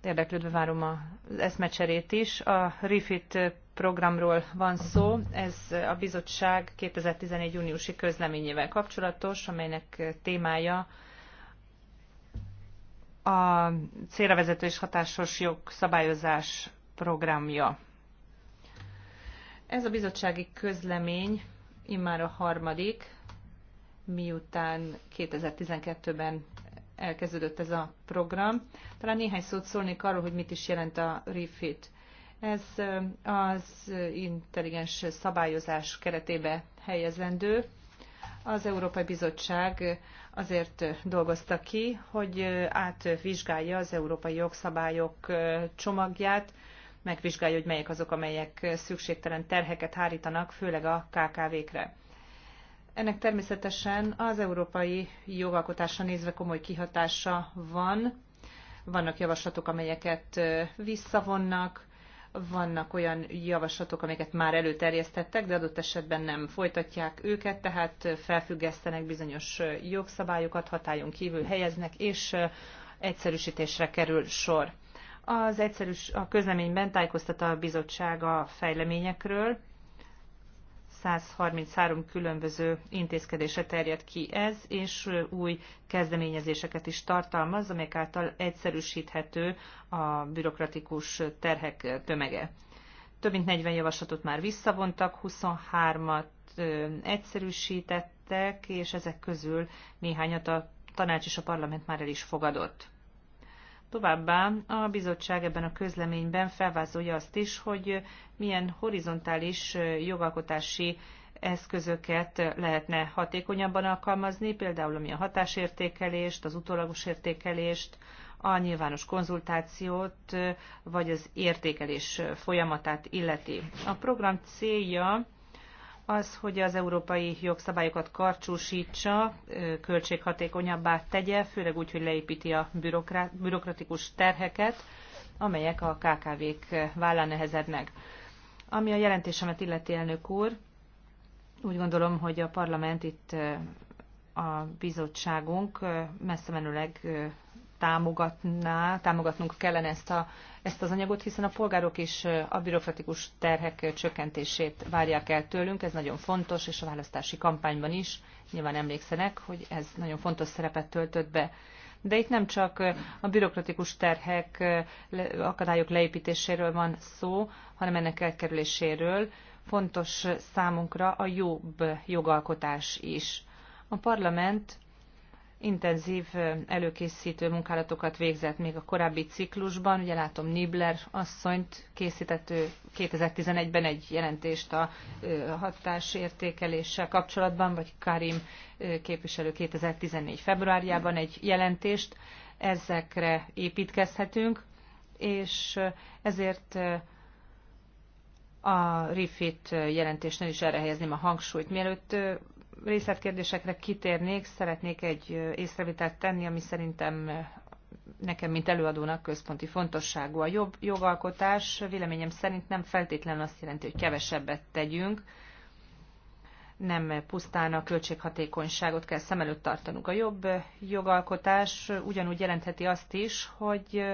érdeklődve várom az eszmecserét is. A RIFIT programról van szó. Ez a bizottság 2014. júniusi közleményével kapcsolatos, amelynek témája a célravezető és hatásos jogszabályozás programja. Ez a bizottsági közlemény immár a harmadik, miután 2012-ben elkezdődött ez a program. Talán néhány szót szólnék arról, hogy mit is jelent a refit. Ez az intelligens szabályozás keretébe helyezendő. Az Európai Bizottság azért dolgozta ki, hogy átvizsgálja az európai jogszabályok csomagját, megvizsgálja, hogy melyek azok, amelyek szükségtelen terheket hárítanak, főleg a KKV-kre. Ennek természetesen az európai jogalkotásra nézve komoly kihatása van. Vannak javaslatok, amelyeket visszavonnak, vannak olyan javaslatok, amelyeket már előterjesztettek, de adott esetben nem folytatják őket, tehát felfüggesztenek bizonyos jogszabályokat, hatályon kívül helyeznek, és egyszerűsítésre kerül sor. Az egyszerűs a közleményben tájékoztat a bizottság a fejleményekről. 133 különböző intézkedése terjed ki ez, és új kezdeményezéseket is tartalmaz, amelyek által egyszerűsíthető a bürokratikus terhek tömege. Több mint 40 javaslatot már visszavontak, 23-at egyszerűsítettek, és ezek közül néhányat a tanács és a parlament már el is fogadott. Továbbá a bizottság ebben a közleményben felvázolja azt is, hogy milyen horizontális jogalkotási eszközöket lehetne hatékonyabban alkalmazni, például ami a hatásértékelést, az utólagos értékelést, a nyilvános konzultációt, vagy az értékelés folyamatát illeti. A program célja az, hogy az európai jogszabályokat karcsúsítsa, költséghatékonyabbá tegye, főleg úgy, hogy leépíti a bürokratikus terheket, amelyek a KKV-k vállán nehezednek. Ami a jelentésemet illeti elnök úr, úgy gondolom, hogy a parlament itt a bizottságunk messze menőleg támogatná, támogatnunk kellene ezt, a, ezt az anyagot, hiszen a polgárok is a bürokratikus terhek csökkentését várják el tőlünk, ez nagyon fontos, és a választási kampányban is nyilván emlékszenek, hogy ez nagyon fontos szerepet töltött be. De itt nem csak a bürokratikus terhek, akadályok leépítéséről van szó, hanem ennek elkerüléséről. Fontos számunkra a jobb jogalkotás is. A parlament intenzív előkészítő munkálatokat végzett még a korábbi ciklusban. Ugye látom Nibler asszonyt készítettő 2011-ben egy jelentést a hatásértékeléssel kapcsolatban, vagy Karim képviselő 2014 februárjában egy jelentést. Ezekre építkezhetünk, és ezért a RIFIT jelentésnél is erre helyezném a hangsúlyt. Mielőtt részletkérdésekre kitérnék, szeretnék egy észrevételt tenni, ami szerintem nekem, mint előadónak központi fontosságú. A jobb jogalkotás véleményem szerint nem feltétlenül azt jelenti, hogy kevesebbet tegyünk, nem pusztán a költséghatékonyságot kell szem előtt tartanunk. A jobb jogalkotás ugyanúgy jelentheti azt is, hogy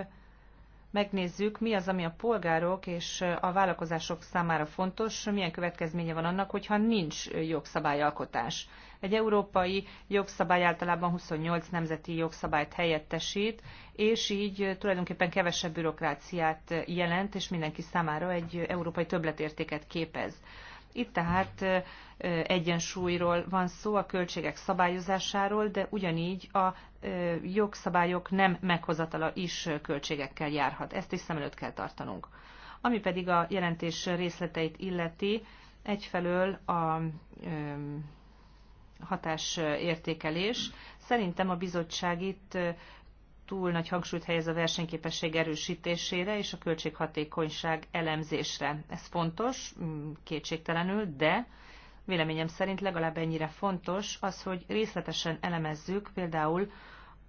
megnézzük, mi az, ami a polgárok és a vállalkozások számára fontos, milyen következménye van annak, hogyha nincs jogszabályalkotás. Egy európai jogszabály általában 28 nemzeti jogszabályt helyettesít, és így tulajdonképpen kevesebb bürokráciát jelent, és mindenki számára egy európai többletértéket képez. Itt tehát egyensúlyról van szó, a költségek szabályozásáról, de ugyanígy a jogszabályok nem meghozatala is költségekkel járhat. Ezt is szem előtt kell tartanunk. Ami pedig a jelentés részleteit illeti, egyfelől a hatásértékelés. Szerintem a bizottság itt túl nagy hangsúlyt helyez a versenyképesség erősítésére és a költséghatékonyság elemzésre. Ez fontos, mm, kétségtelenül, de véleményem szerint legalább ennyire fontos az, hogy részletesen elemezzük például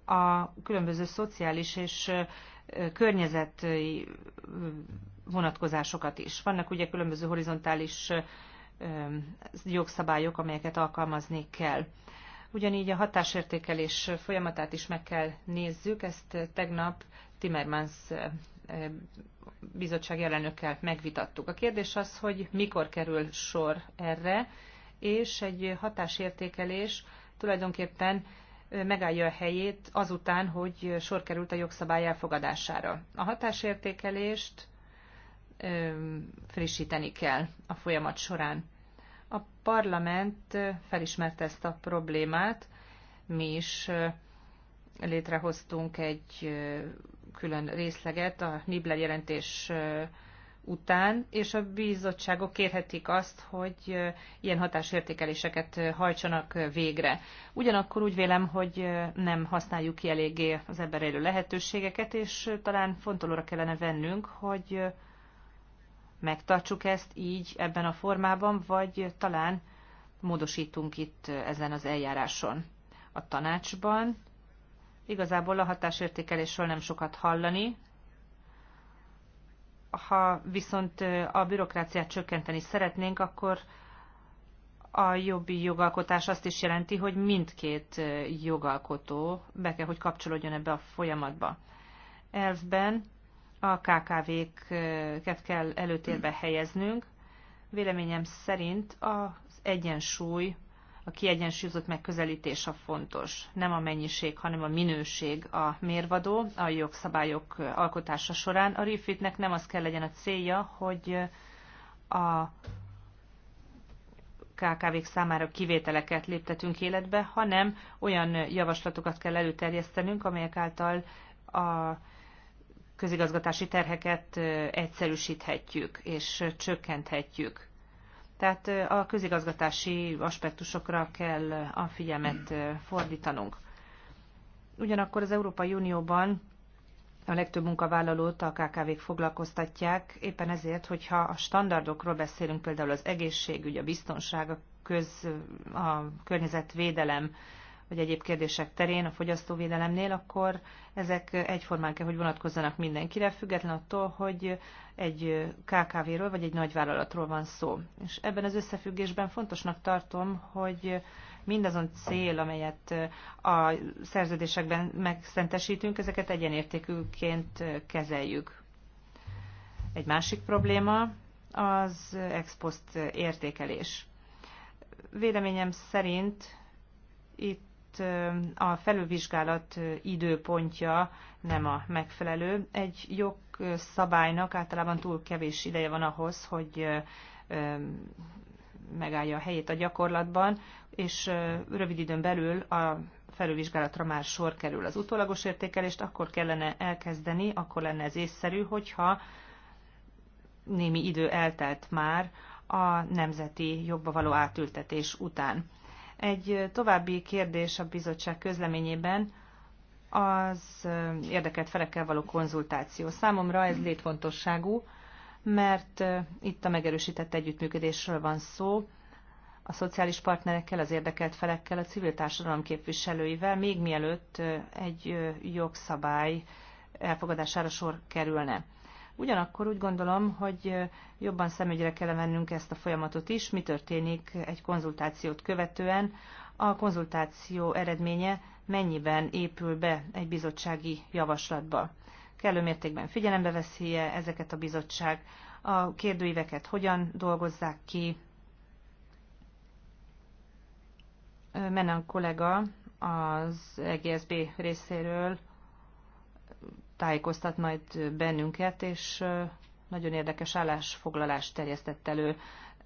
a különböző szociális és környezeti vonatkozásokat is. Vannak ugye különböző horizontális jogszabályok, amelyeket alkalmazni kell. Ugyanígy a hatásértékelés folyamatát is meg kell nézzük, ezt tegnap Timmermans eh, bizottság jelenőkkel megvitattuk. A kérdés az, hogy mikor kerül sor erre, és egy hatásértékelés tulajdonképpen eh, megállja a helyét azután, hogy sor került a jogszabály elfogadására. A hatásértékelést eh, frissíteni kell a folyamat során. A parlament felismerte ezt a problémát, mi is létrehoztunk egy külön részleget a Nibler jelentés után, és a bizottságok kérhetik azt, hogy ilyen hatásértékeléseket hajtsanak végre. Ugyanakkor úgy vélem, hogy nem használjuk ki eléggé az ebben élő lehetőségeket, és talán fontolóra kellene vennünk, hogy megtartsuk ezt így ebben a formában, vagy talán módosítunk itt ezen az eljáráson. A tanácsban igazából a hatásértékelésről nem sokat hallani, ha viszont a bürokráciát csökkenteni szeretnénk, akkor a jobbi jogalkotás azt is jelenti, hogy mindkét jogalkotó be kell, hogy kapcsolódjon ebbe a folyamatba. Elfben a KKV-ket kell előtérbe helyeznünk. Véleményem szerint az egyensúly, a kiegyensúlyozott megközelítés a fontos. Nem a mennyiség, hanem a minőség a mérvadó a jogszabályok alkotása során. A refitnek nem az kell legyen a célja, hogy a KKV-k számára kivételeket léptetünk életbe, hanem olyan javaslatokat kell előterjesztenünk, amelyek által a közigazgatási terheket egyszerűsíthetjük és csökkenthetjük. Tehát a közigazgatási aspektusokra kell a figyelmet fordítanunk. Ugyanakkor az Európai Unióban a legtöbb munkavállalót a KKV-k foglalkoztatják, éppen ezért, hogyha a standardokról beszélünk, például az egészségügy, a biztonság, a, köz, a környezetvédelem, vagy egyéb kérdések terén a fogyasztóvédelemnél, akkor ezek egyformán kell, hogy vonatkozzanak mindenkire, független attól, hogy egy KKV-ről vagy egy nagyvállalatról van szó. És ebben az összefüggésben fontosnak tartom, hogy mindazon cél, amelyet a szerződésekben megszentesítünk, ezeket egyenértékűként kezeljük. Egy másik probléma az ex post értékelés. Véleményem szerint itt a felülvizsgálat időpontja nem a megfelelő. Egy jogszabálynak általában túl kevés ideje van ahhoz, hogy megállja a helyét a gyakorlatban, és rövid időn belül a felülvizsgálatra már sor kerül. Az utólagos értékelést akkor kellene elkezdeni, akkor lenne ez észszerű, hogyha némi idő eltelt már a nemzeti jogba való átültetés után. Egy további kérdés a bizottság közleményében az érdekelt felekkel való konzultáció. Számomra ez létfontosságú, mert itt a megerősített együttműködésről van szó, a szociális partnerekkel, az érdekelt felekkel, a civil társadalom képviselőivel, még mielőtt egy jogszabály elfogadására sor kerülne. Ugyanakkor úgy gondolom, hogy jobban szemügyre kell vennünk ezt a folyamatot is, mi történik egy konzultációt követően, a konzultáció eredménye mennyiben épül be egy bizottsági javaslatba. Kellő mértékben figyelembe veszi -e ezeket a bizottság, a kérdőíveket hogyan dolgozzák ki. Menem kollega az EGSB részéről tájékoztat majd bennünket, és nagyon érdekes állásfoglalást terjesztett elő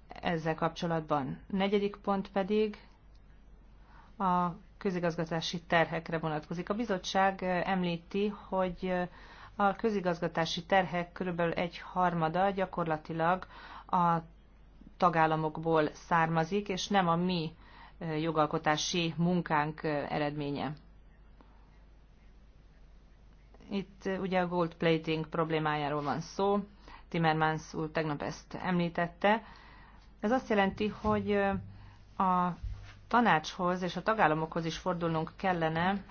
ezzel kapcsolatban. Negyedik pont pedig a közigazgatási terhekre vonatkozik. A bizottság említi, hogy a közigazgatási terhek körülbelül egy harmada gyakorlatilag a tagállamokból származik, és nem a mi jogalkotási munkánk eredménye. Itt eh, ugye a gold plating problémájáról van szó. Timmermans úr tegnap ezt említette. Ez azt jelenti, hogy eh, a tanácshoz és a tagállamokhoz is fordulnunk kellene,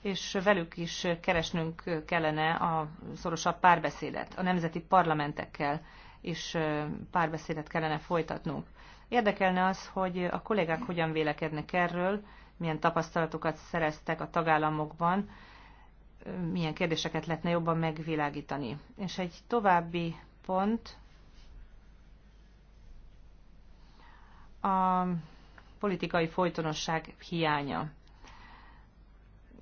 és velük is keresnünk kellene a szorosabb párbeszédet. A nemzeti parlamentekkel is eh, párbeszédet kellene folytatnunk. Érdekelne az, hogy a kollégák hogyan vélekednek erről, milyen tapasztalatokat szereztek a tagállamokban, milyen kérdéseket lehetne jobban megvilágítani. És egy további pont a politikai folytonosság hiánya.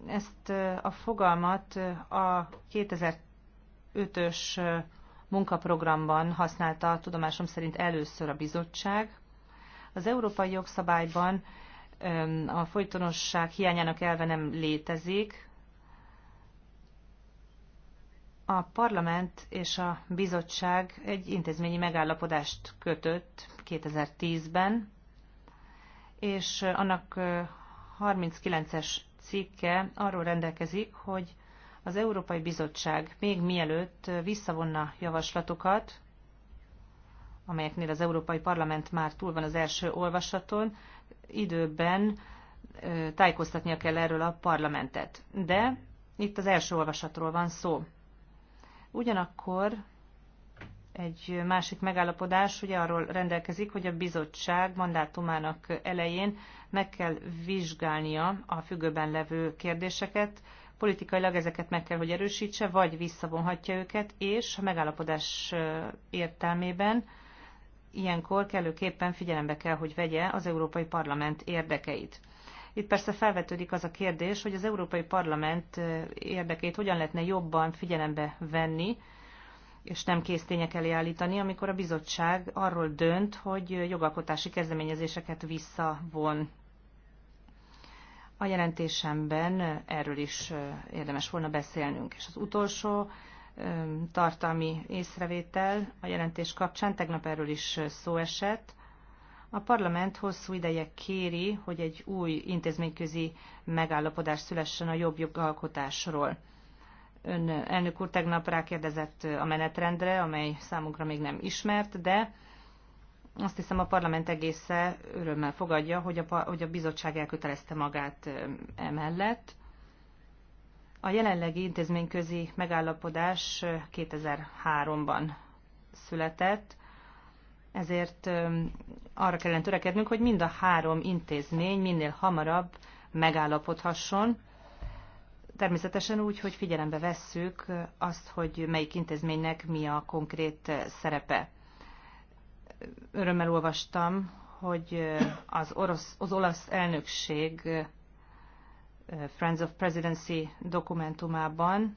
Ezt a fogalmat a 2005-ös munkaprogramban használta tudomásom szerint először a bizottság. Az európai jogszabályban a folytonosság hiányának elve nem létezik, a parlament és a bizottság egy intézményi megállapodást kötött 2010-ben, és annak 39-es cikke arról rendelkezik, hogy az Európai Bizottság még mielőtt visszavonna javaslatokat, amelyeknél az Európai Parlament már túl van az első olvasaton, időben tájékoztatnia kell erről a parlamentet. De itt az első olvasatról van szó. Ugyanakkor egy másik megállapodás ugye arról rendelkezik, hogy a bizottság mandátumának elején meg kell vizsgálnia a függőben levő kérdéseket, politikailag ezeket meg kell, hogy erősítse, vagy visszavonhatja őket, és a megállapodás értelmében ilyenkor kellőképpen figyelembe kell, hogy vegye az Európai Parlament érdekeit. Itt persze felvetődik az a kérdés, hogy az Európai Parlament érdekét hogyan lehetne jobban figyelembe venni, és nem késztények elé állítani, amikor a bizottság arról dönt, hogy jogalkotási kezdeményezéseket visszavon. A jelentésemben erről is érdemes volna beszélnünk. És az utolsó tartalmi észrevétel a jelentés kapcsán, tegnap erről is szó esett, a parlament hosszú ideje kéri, hogy egy új intézményközi megállapodás szülessen a jobb jogalkotásról. Ön elnök úr tegnap rákérdezett a menetrendre, amely számunkra még nem ismert, de azt hiszem a parlament egésze örömmel fogadja, hogy a, hogy a bizottság elkötelezte magát emellett. A jelenlegi intézményközi megállapodás 2003-ban született, ezért arra kellene törekednünk, hogy mind a három intézmény minél hamarabb megállapodhasson, természetesen úgy, hogy figyelembe vesszük azt, hogy melyik intézménynek mi a konkrét szerepe. Örömmel olvastam, hogy az, orosz, az olasz elnökség Friends of Presidency dokumentumában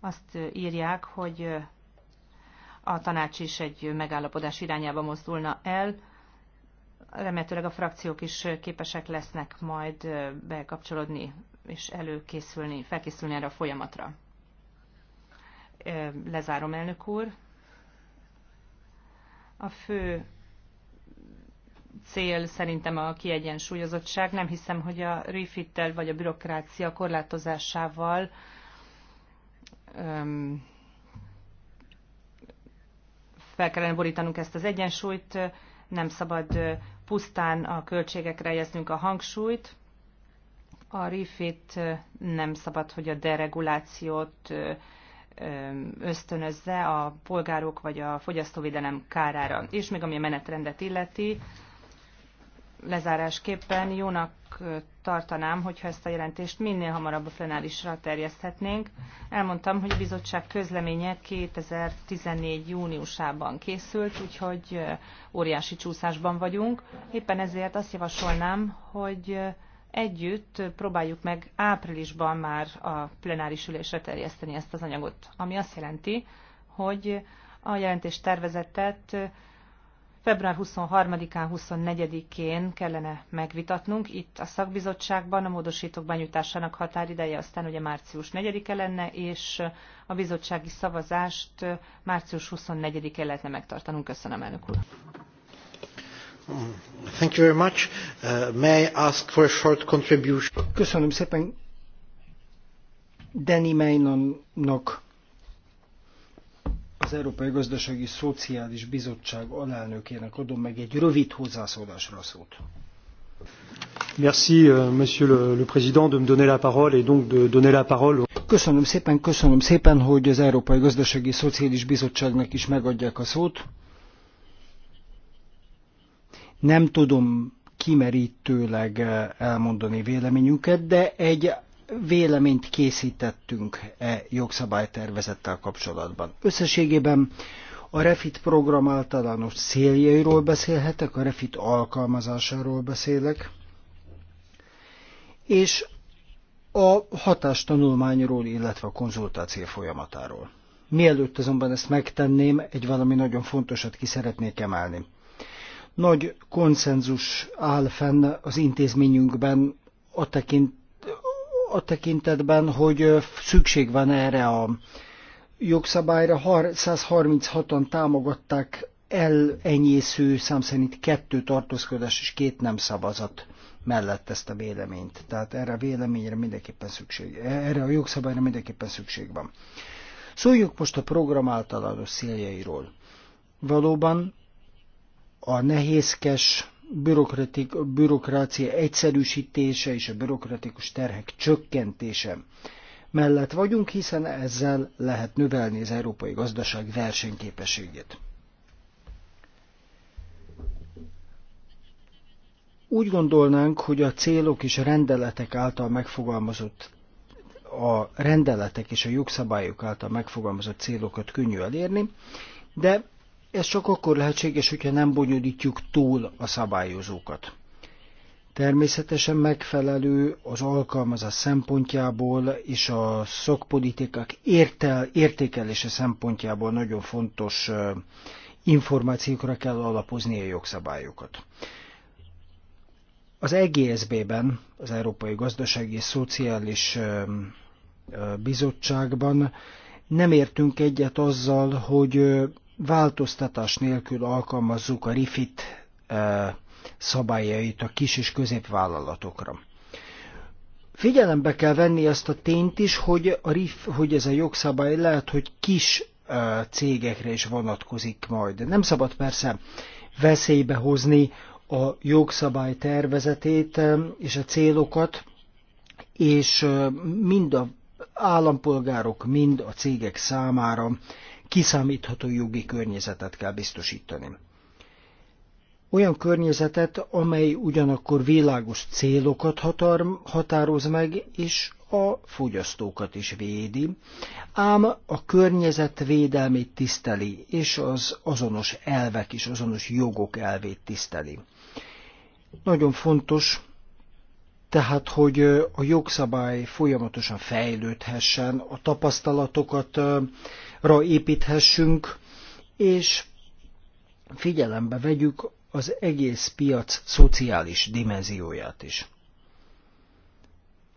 azt írják, hogy a tanács is egy megállapodás irányába mozdulna el. Remélhetőleg a frakciók is képesek lesznek majd bekapcsolódni és előkészülni, felkészülni erre a folyamatra. Lezárom, elnök úr. A fő cél szerintem a kiegyensúlyozottság. Nem hiszem, hogy a refittel vagy a bürokrácia korlátozásával öm, fel kellene borítanunk ezt az egyensúlyt, nem szabad pusztán a költségekre helyeznünk a hangsúlyt. A refit nem szabad, hogy a deregulációt ösztönözze a polgárok vagy a fogyasztóvédelem kárára. És még ami a menetrendet illeti, lezárásképpen jónak tartanám, hogyha ezt a jelentést minél hamarabb a plenárisra terjeszthetnénk. Elmondtam, hogy a bizottság közleménye 2014. júniusában készült, úgyhogy óriási csúszásban vagyunk. Éppen ezért azt javasolnám, hogy együtt próbáljuk meg áprilisban már a plenáris ülésre terjeszteni ezt az anyagot, ami azt jelenti, hogy a jelentés tervezetet február 23-án, 24-én kellene megvitatnunk. Itt a szakbizottságban a módosítók benyújtásának határideje aztán ugye március 4-e lenne, és a bizottsági szavazást március 24-e lehetne megtartanunk. Köszönöm, elnök úr. Thank you very much. Uh, may I ask for a short contribution? Köszönöm szépen. Danny Maynonnak Európai Gazdasági Szociális Bizottság alelnökének adom meg egy rövid hozzászólásra szót. Merci, euh, Monsieur le, le Président, de me donner la parole et donc de donner la parole. Köszönöm szépen, köszönöm szépen, hogy az Európai Gazdasági Szociális Bizottságnak is megadják a szót. Nem tudom kimerítőleg eh, elmondani véleményünket, de egy véleményt készítettünk e jogszabálytervezettel kapcsolatban. Összességében a REFIT program általános céljairól beszélhetek, a REFIT alkalmazásáról beszélek, és a hatástanulmányról, illetve a konzultáció folyamatáról. Mielőtt azonban ezt megtenném, egy valami nagyon fontosat ki szeretnék emelni. Nagy konszenzus áll fenn az intézményünkben a tekint a tekintetben, hogy szükség van erre a jogszabályra. 136-an támogatták elenyésző szám szerint kettő tartózkodás és két nem szavazat mellett ezt a véleményt. Tehát erre a véleményre mindenképpen szükség, erre a jogszabályra mindenképpen szükség van. Szóljuk most a program általános céljairól. Valóban a nehézkes bürokratik, bürokrácia egyszerűsítése és a bürokratikus terhek csökkentése mellett vagyunk, hiszen ezzel lehet növelni az európai gazdaság versenyképességét. Úgy gondolnánk, hogy a célok és a rendeletek által megfogalmazott a rendeletek és a jogszabályok által megfogalmazott célokat könnyű elérni, de ez csak akkor lehetséges, hogyha nem bonyolítjuk túl a szabályozókat. Természetesen megfelelő az alkalmazás szempontjából és a szakpolitikák értel, értékelése szempontjából nagyon fontos információkra kell alapozni a jogszabályokat. Az EGSB-ben, az Európai Gazdasági és Szociális Bizottságban nem értünk egyet azzal, hogy változtatás nélkül alkalmazzuk a RIFIT eh, szabályait a kis és középvállalatokra. Figyelembe kell venni azt a tényt is, hogy, a RIF, hogy ez a jogszabály lehet, hogy kis eh, cégekre is vonatkozik majd. Nem szabad persze veszélybe hozni a jogszabály tervezetét eh, és a célokat, és mind a állampolgárok, mind a cégek számára kiszámítható jogi környezetet kell biztosítani. Olyan környezetet, amely ugyanakkor világos célokat határ, határoz meg, és a fogyasztókat is védi, ám a környezet védelmét tiszteli, és az azonos elvek és azonos jogok elvét tiszteli. Nagyon fontos, tehát hogy a jogszabály folyamatosan fejlődhessen, a tapasztalatokat ra építhessünk, és figyelembe vegyük az egész piac szociális dimenzióját is.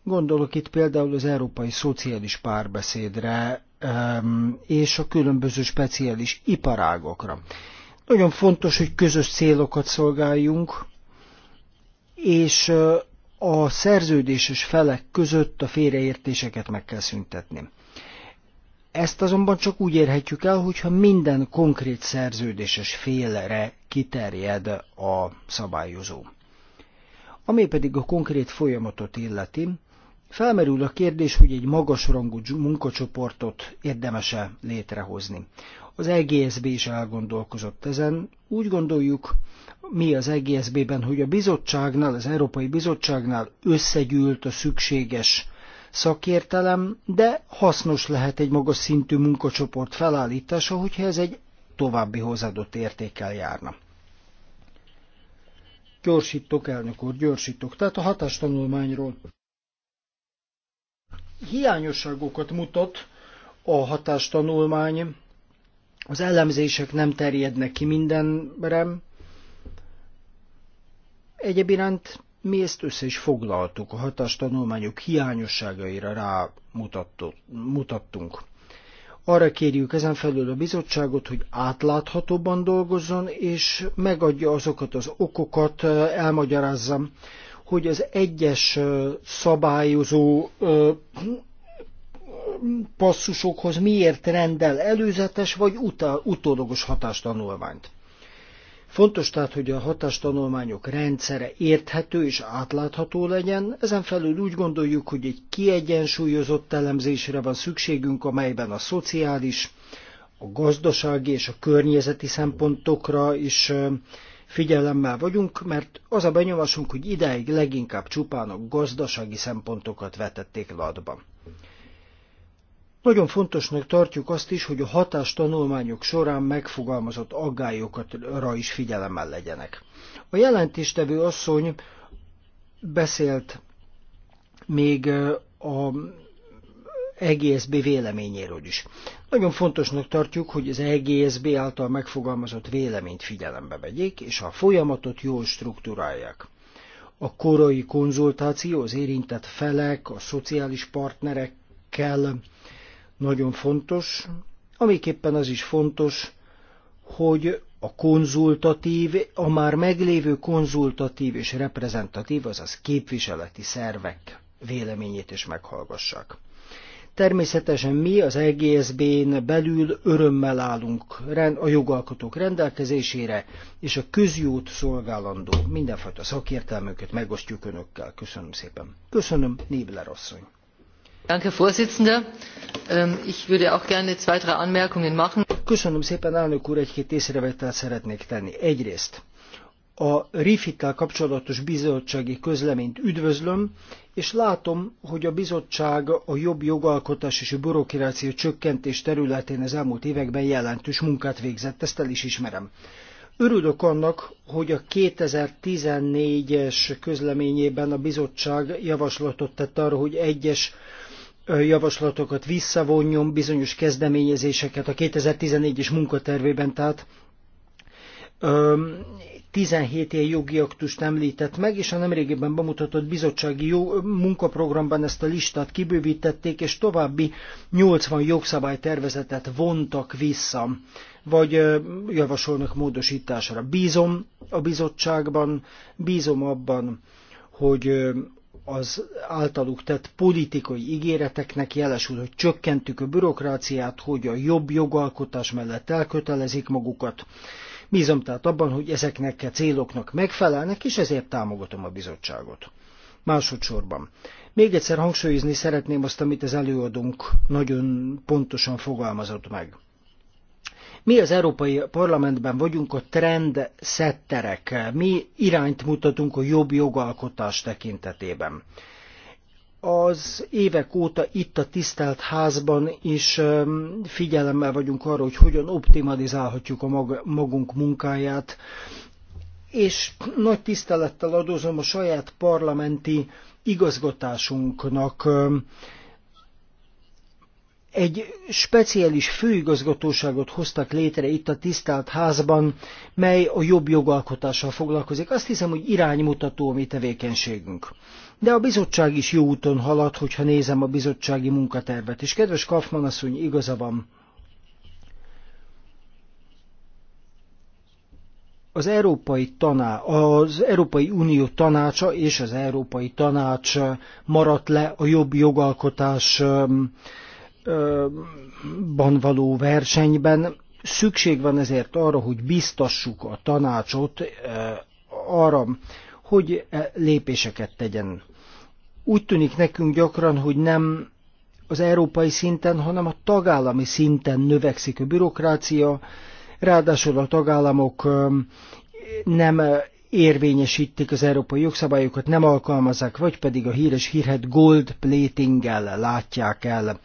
Gondolok itt például az európai szociális párbeszédre és a különböző speciális iparágokra. Nagyon fontos, hogy közös célokat szolgáljunk, és a szerződéses felek között a félreértéseket meg kell szüntetni. Ezt azonban csak úgy érhetjük el, hogyha minden konkrét szerződéses félre kiterjed a szabályozó. Ami pedig a konkrét folyamatot illeti, felmerül a kérdés, hogy egy magasrangú munkacsoportot érdemese létrehozni. Az EGSB is elgondolkozott ezen. Úgy gondoljuk, mi az EGSB-ben, hogy a bizottságnál, az Európai Bizottságnál összegyűlt a szükséges szakértelem, de hasznos lehet egy magas szintű munkacsoport felállítása, hogyha ez egy további hozzáadott értékkel járna. Gyorsítok, elnök úr, gyorsítok. Tehát a hatástanulmányról. Hiányosságokat mutat a hatástanulmány, az elemzések nem terjednek ki mindenre, Egyebiránt mi ezt össze is foglaltuk, a hatástanulmányok hiányosságaira rámutattunk. Mutattunk. Arra kérjük ezen felül a bizottságot, hogy átláthatóban dolgozzon, és megadja azokat az okokat, elmagyarázzam, hogy az egyes szabályozó passzusokhoz miért rendel előzetes vagy utólagos hatástanulmányt. Fontos tehát, hogy a hatástanulmányok rendszere érthető és átlátható legyen, ezen felül úgy gondoljuk, hogy egy kiegyensúlyozott elemzésre van szükségünk, amelyben a szociális, a gazdasági és a környezeti szempontokra is figyelemmel vagyunk, mert az a benyomásunk, hogy idáig leginkább csupán a gazdasági szempontokat vetették ladba. Nagyon fontosnak tartjuk azt is, hogy a hatástanulmányok során megfogalmazott aggályokra is figyelemmel legyenek. A jelentéstevő asszony beszélt még a EGSB véleményéről is. Nagyon fontosnak tartjuk, hogy az EGSB által megfogalmazott véleményt figyelembe vegyék, és a folyamatot jól struktúrálják. A korai konzultáció az érintett felek, a szociális partnerekkel, nagyon fontos, amiképpen az is fontos, hogy a konzultatív, a már meglévő konzultatív és reprezentatív, azaz képviseleti szervek véleményét is meghallgassák. Természetesen mi az EGSB-n belül örömmel állunk a jogalkotók rendelkezésére, és a közjót szolgálandó mindenfajta szakértelmüket megosztjuk önökkel. Köszönöm szépen. Köszönöm, Nébler asszony herr präsident! Ähm, ich würde auch gerne zwei drei anmerkungen machen. köszönöm szépen elnök úr egy két észrevételt szeretnék tenni. egyrészt a refit tel kapcsolatos bizottsági közleményt üdvözlöm és látom hogy a bizottság a jobb jogalkotás és a bürokrácia csökkentés területén az elmúlt években jelentős munkát végzett ezt el is ismerem. Örülök annak, hogy a 2014-es közleményében a bizottság javaslatot tett arra, hogy egyes javaslatokat visszavonjon, bizonyos kezdeményezéseket a 2014-es munkatervében, tehát 17 ilyen jogi aktust említett meg, és a nemrégiben bemutatott bizottsági jó munkaprogramban ezt a listát kibővítették, és további 80 jogszabálytervezetet vontak vissza, vagy javasolnak módosításra. Bízom a bizottságban, bízom abban, hogy az általuk tett politikai ígéreteknek jelesül, hogy csökkentük a bürokráciát, hogy a jobb jogalkotás mellett elkötelezik magukat. Bízom tehát abban, hogy ezeknek a céloknak megfelelnek, és ezért támogatom a bizottságot. Másodszorban. Még egyszer hangsúlyozni szeretném azt, amit az előadónk nagyon pontosan fogalmazott meg. Mi az Európai Parlamentben vagyunk a trendsetterek? mi irányt mutatunk a jobb jogalkotás tekintetében. Az évek óta itt a tisztelt házban is figyelemmel vagyunk arra, hogy hogyan optimalizálhatjuk a magunk munkáját, és nagy tisztelettel adózom a saját parlamenti igazgatásunknak, egy speciális főigazgatóságot hoztak létre itt a tisztelt házban, mely a jobb jogalkotással foglalkozik. Azt hiszem, hogy iránymutató a mi tevékenységünk. De a bizottság is jó úton halad, hogyha nézem a bizottsági munkatervet. És kedves Kaufmann asszony, igaza van. az Európai, taná, az Európai Unió tanácsa és az Európai Tanács maradt le a jobb jogalkotás ban való versenyben. Szükség van ezért arra, hogy biztassuk a tanácsot eh, arra, hogy e lépéseket tegyen. Úgy tűnik nekünk gyakran, hogy nem az európai szinten, hanem a tagállami szinten növekszik a bürokrácia, ráadásul a tagállamok eh, nem eh, érvényesítik az európai jogszabályokat, nem alkalmazzák, vagy pedig a híres hírhet gold plating látják el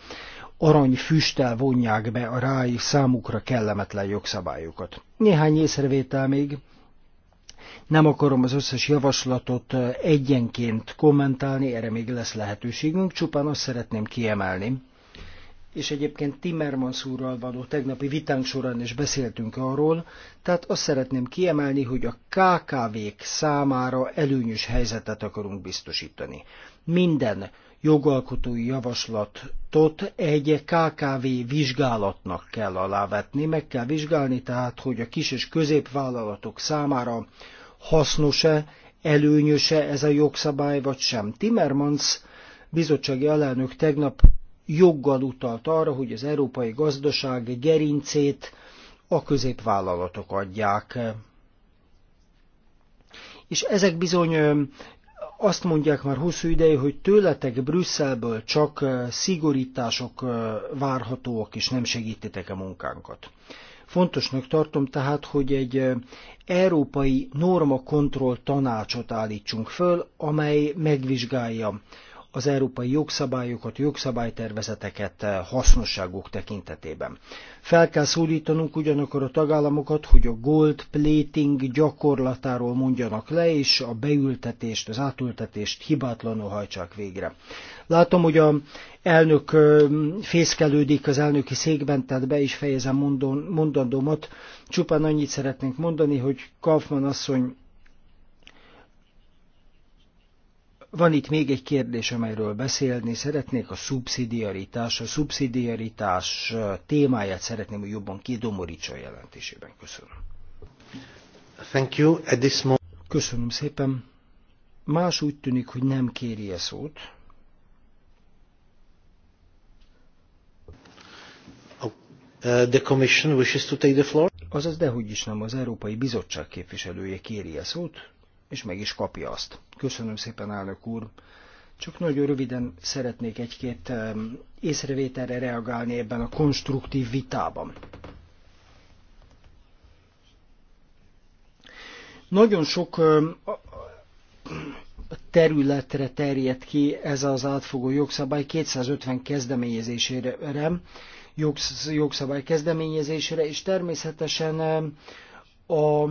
füsttel vonják be a ráj számukra kellemetlen jogszabályokat. Néhány észrevétel még. Nem akarom az összes javaslatot egyenként kommentálni, erre még lesz lehetőségünk, csupán azt szeretném kiemelni. És egyébként Timmermans úrral való tegnapi vitánk során is beszéltünk arról, tehát azt szeretném kiemelni, hogy a KKV-k számára előnyös helyzetet akarunk biztosítani. Minden jogalkotói javaslatot egy KKV vizsgálatnak kell alávetni. Meg kell vizsgálni tehát, hogy a kis és középvállalatok számára hasznos-e, előnyöse ez a jogszabály, vagy sem. Timmermans bizottsági alelnök tegnap joggal utalt arra, hogy az európai gazdaság gerincét a középvállalatok adják. És ezek bizony azt mondják már hosszú ideje, hogy tőletek Brüsszelből csak szigorítások várhatóak, és nem segítitek a munkánkat. Fontosnak tartom tehát, hogy egy európai normakontroll tanácsot állítsunk föl, amely megvizsgálja az európai jogszabályokat, jogszabálytervezeteket eh, hasznosságok tekintetében. Fel kell szólítanunk ugyanakkor a tagállamokat, hogy a gold plating gyakorlatáról mondjanak le, és a beültetést, az átültetést hibátlanul hajtsák végre. Látom, hogy a elnök eh, fészkelődik az elnöki székben, tehát be is fejezem mondandómat. Csupán annyit szeretnénk mondani, hogy Kaufmann asszony Van itt még egy kérdés, amelyről beszélni szeretnék, a szubszidiaritás. A szubszidiaritás témáját szeretném, hogy jobban kidomorítsa a jelentésében. Köszönöm. Thank you. At this moment... Köszönöm szépen. Más úgy tűnik, hogy nem kéri a szót. Oh, uh, the commission wishes to take the floor. Azaz dehogy is nem, az Európai Bizottság képviselője kéri a szót és meg is kapja azt. Köszönöm szépen, állok úr! Csak nagyon röviden szeretnék egy-két észrevételre reagálni ebben a konstruktív vitában. Nagyon sok területre terjed ki ez az átfogó jogszabály 250 kezdeményezésére, jogsz, jogszabály kezdeményezésére, és természetesen a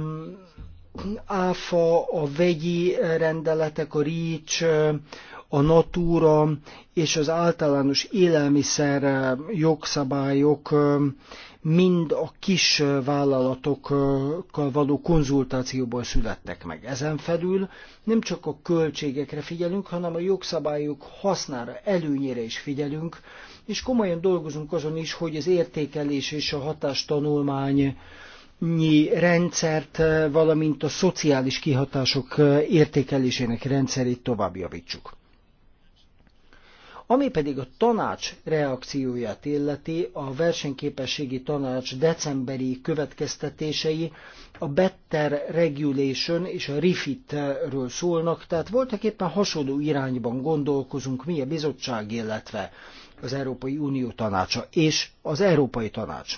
áfa, a vegyi rendeletek, a REACH, a natúra és az általános élelmiszer jogszabályok mind a kis vállalatokkal való konzultációból születtek meg. Ezen felül nem csak a költségekre figyelünk, hanem a jogszabályok hasznára, előnyére is figyelünk, és komolyan dolgozunk azon is, hogy az értékelés és a hatástanulmány rendszert, valamint a szociális kihatások értékelésének rendszerét tovább javítsuk. Ami pedig a tanács reakcióját illeti, a versenyképességi tanács decemberi következtetései a Better Regulation és a Refit-ről szólnak, tehát voltak éppen hasonló irányban gondolkozunk mi a bizottság, illetve az Európai Unió tanácsa és az Európai Tanács.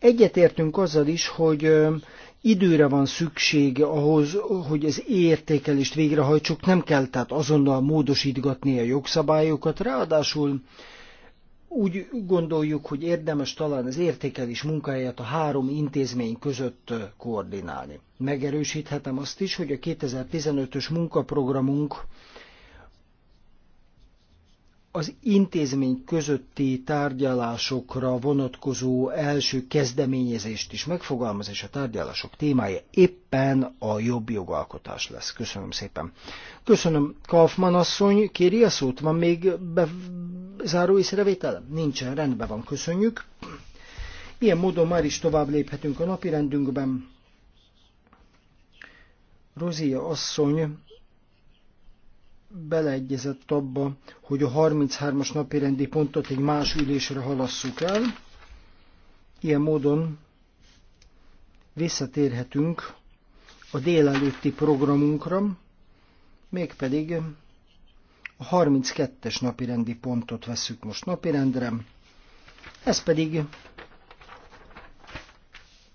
Egyetértünk azzal is, hogy időre van szükség ahhoz, hogy az értékelést végrehajtsuk, nem kell tehát azonnal módosítgatni a jogszabályokat, ráadásul úgy gondoljuk, hogy érdemes talán az értékelés munkáját a három intézmény között koordinálni. Megerősíthetem azt is, hogy a 2015-ös munkaprogramunk az intézmény közötti tárgyalásokra vonatkozó első kezdeményezést is megfogalmaz, és a tárgyalások témája éppen a jobb jogalkotás lesz. Köszönöm szépen. Köszönöm. Kaufmann asszony, kéri a szót? Van még bezáró észrevétel? Nincsen, rendben van, köszönjük. Ilyen módon már is tovább léphetünk a napirendünkben. Rozia asszony beleegyezett abba, hogy a 33-as napirendi pontot egy más ülésre halasszuk el. Ilyen módon visszatérhetünk a délelőtti programunkra, mégpedig a 32-es napirendi pontot veszük most napirendre, ez pedig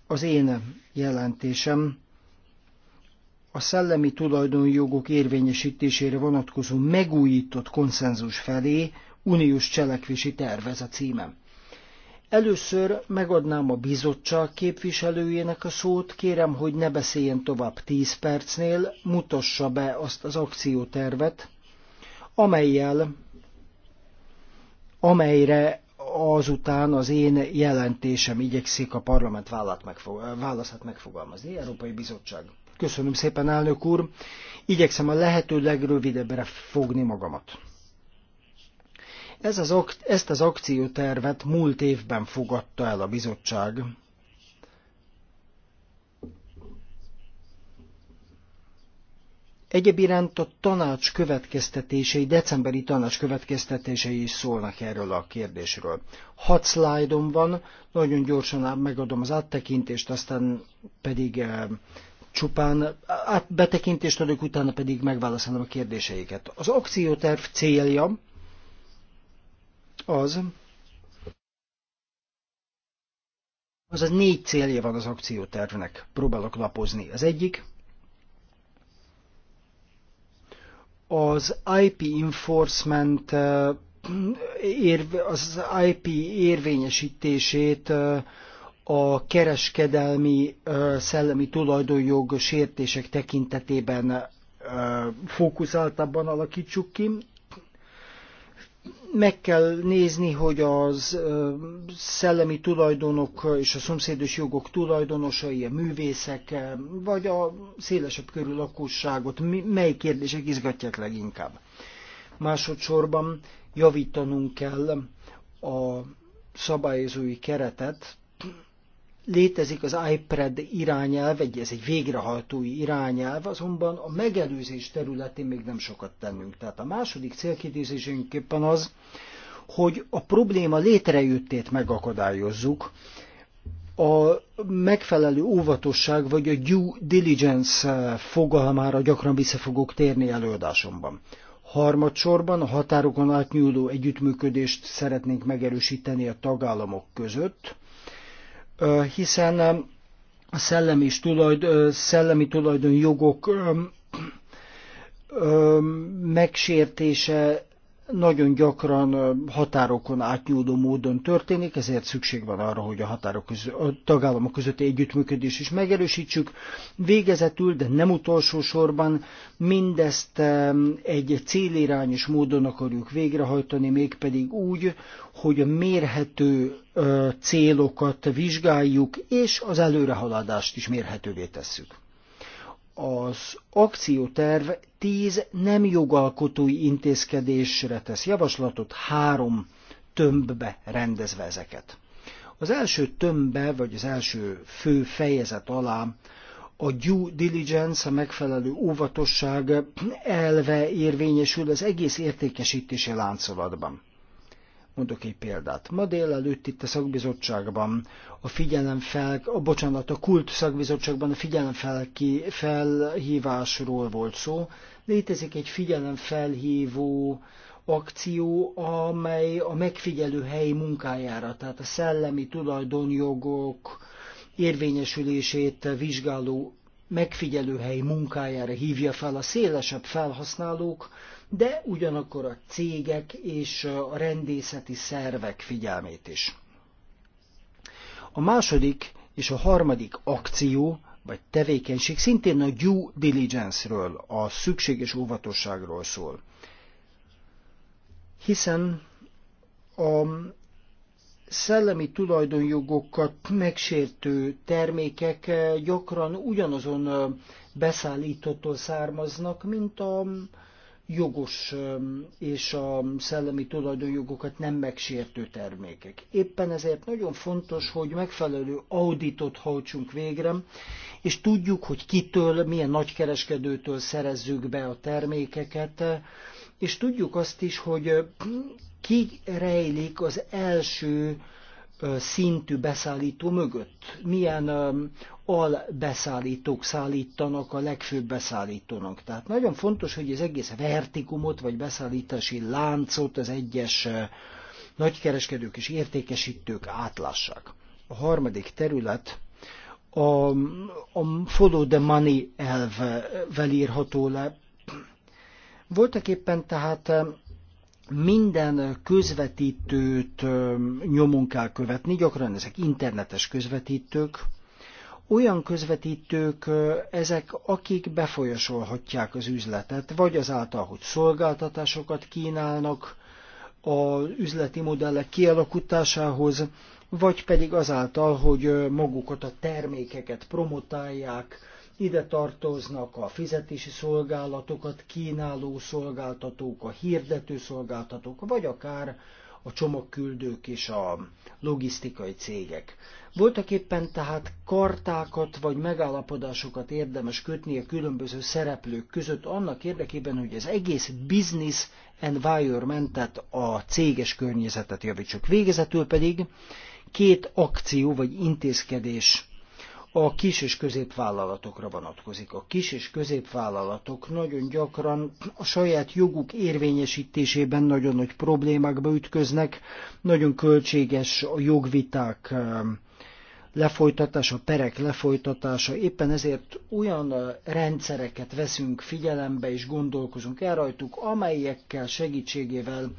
az én jelentésem a szellemi tulajdonjogok érvényesítésére vonatkozó megújított konszenzus felé uniós cselekvési tervez a címem. Először megadnám a bizottság képviselőjének a szót, kérem, hogy ne beszéljen tovább 10 percnél, mutassa be azt az akciótervet, amelyel, amelyre azután az én jelentésem igyekszik a parlament válaszát megfogalmazni. Európai Bizottság. Köszönöm szépen, elnök úr. Igyekszem a lehető legrövidebbre fogni magamat. Ez az, ezt az akciótervet múlt évben fogadta el a bizottság. Egyéb iránt a tanács következtetései, decemberi tanács következtetései is szólnak erről a kérdésről. Hat szlájdom van, nagyon gyorsan megadom az áttekintést, aztán pedig eh, csupán betekintést adok, utána pedig megválaszolom a kérdéseiket. Az akcióterv célja az, azaz négy célja van az akciótervnek. Próbálok lapozni. Az egyik, az IP enforcement eh, az IP érvényesítését eh, a kereskedelmi szellemi tulajdonjog sértések tekintetében fókuszáltabban alakítsuk ki. Meg kell nézni, hogy az szellemi tulajdonok és a szomszédos jogok tulajdonosai, a művészek, vagy a szélesebb körű lakosságot, mely kérdések izgatják leginkább. Másodszorban javítanunk kell a szabályozói keretet, Létezik az iPred irányelv, egy, ez egy végrehajtói irányelv, azonban a megelőzés területén még nem sokat tennünk. Tehát a második célkitűzésünk éppen az, hogy a probléma létrejöttét megakadályozzuk, a megfelelő óvatosság vagy a due diligence eh, fogalmára gyakran vissza fogok térni előadásomban. Harmadsorban a határokon átnyúló együttműködést szeretnénk megerősíteni a tagállamok között, hiszen a szellemi, és szellemi tulajdonjogok megsértése nagyon gyakran határokon átnyúló módon történik, ezért szükség van arra, hogy a, határok közö, a tagállamok közötti együttműködés is megerősítsük. Végezetül, de nem utolsó sorban, mindezt egy célirányos módon akarjuk végrehajtani, mégpedig úgy, hogy a mérhető célokat vizsgáljuk, és az előrehaladást is mérhetővé tesszük az akcióterv tíz nem jogalkotói intézkedésre tesz javaslatot, három tömbbe rendezve ezeket. Az első tömbbe, vagy az első fő fejezet alá a due diligence, a megfelelő óvatosság elve érvényesül az egész értékesítési láncolatban. Mondok egy példát. Ma délelőtt itt a szakbizottságban a figyelem fel, a bocsánat, a kult szakbizottságban a figyelem fel, ki, felhívásról volt szó. Létezik egy figyelem felhívó akció, amely a megfigyelő helyi munkájára, tehát a szellemi tulajdonjogok érvényesülését vizsgáló megfigyelő helyi munkájára hívja fel a szélesebb felhasználók, de ugyanakkor a cégek és a rendészeti szervek figyelmét is. A második és a harmadik akció vagy tevékenység szintén a due diligence-ről, a szükséges óvatosságról szól. Hiszen a szellemi tulajdonjogokat megsértő termékek eh, gyakran ugyanazon eh, beszállítótól származnak, mint a jogos és a szellemi tulajdonjogokat nem megsértő termékek. Éppen ezért nagyon fontos, hogy megfelelő auditot hajtsunk végre, és tudjuk, hogy kitől, milyen nagykereskedőtől szerezzük be a termékeket, és tudjuk azt is, hogy ki rejlik az első szintű beszállító mögött? Milyen albeszállítók szállítanak a legfőbb beszállítónak? Tehát nagyon fontos, hogy az egész vertikumot vagy beszállítási láncot az egyes nagykereskedők és értékesítők átlássák. A harmadik terület a, a follow the money elvvel írható le. Voltak éppen tehát minden közvetítőt nyomon kell követni, gyakran ezek internetes közvetítők, olyan közvetítők ezek, akik befolyásolhatják az üzletet, vagy azáltal, hogy szolgáltatásokat kínálnak az üzleti modellek kialakításához, vagy pedig azáltal, hogy magukat a termékeket promotálják, ide tartoznak a fizetési szolgálatokat kínáló szolgáltatók, a hirdető szolgáltatók, vagy akár a csomagküldők és a logisztikai cégek. Voltak éppen tehát kartákat vagy megállapodásokat érdemes kötni a különböző szereplők között annak érdekében, hogy az egész business environmentet, a céges környezetet javítsuk. Végezetül pedig két akció vagy intézkedés a kis és középvállalatokra vonatkozik. A kis és középvállalatok nagyon gyakran a saját joguk érvényesítésében nagyon nagy problémákba ütköznek, nagyon költséges a jogviták lefolytatása, perek lefolytatása. Éppen ezért olyan rendszereket veszünk figyelembe és gondolkozunk el rajtuk, amelyekkel segítségével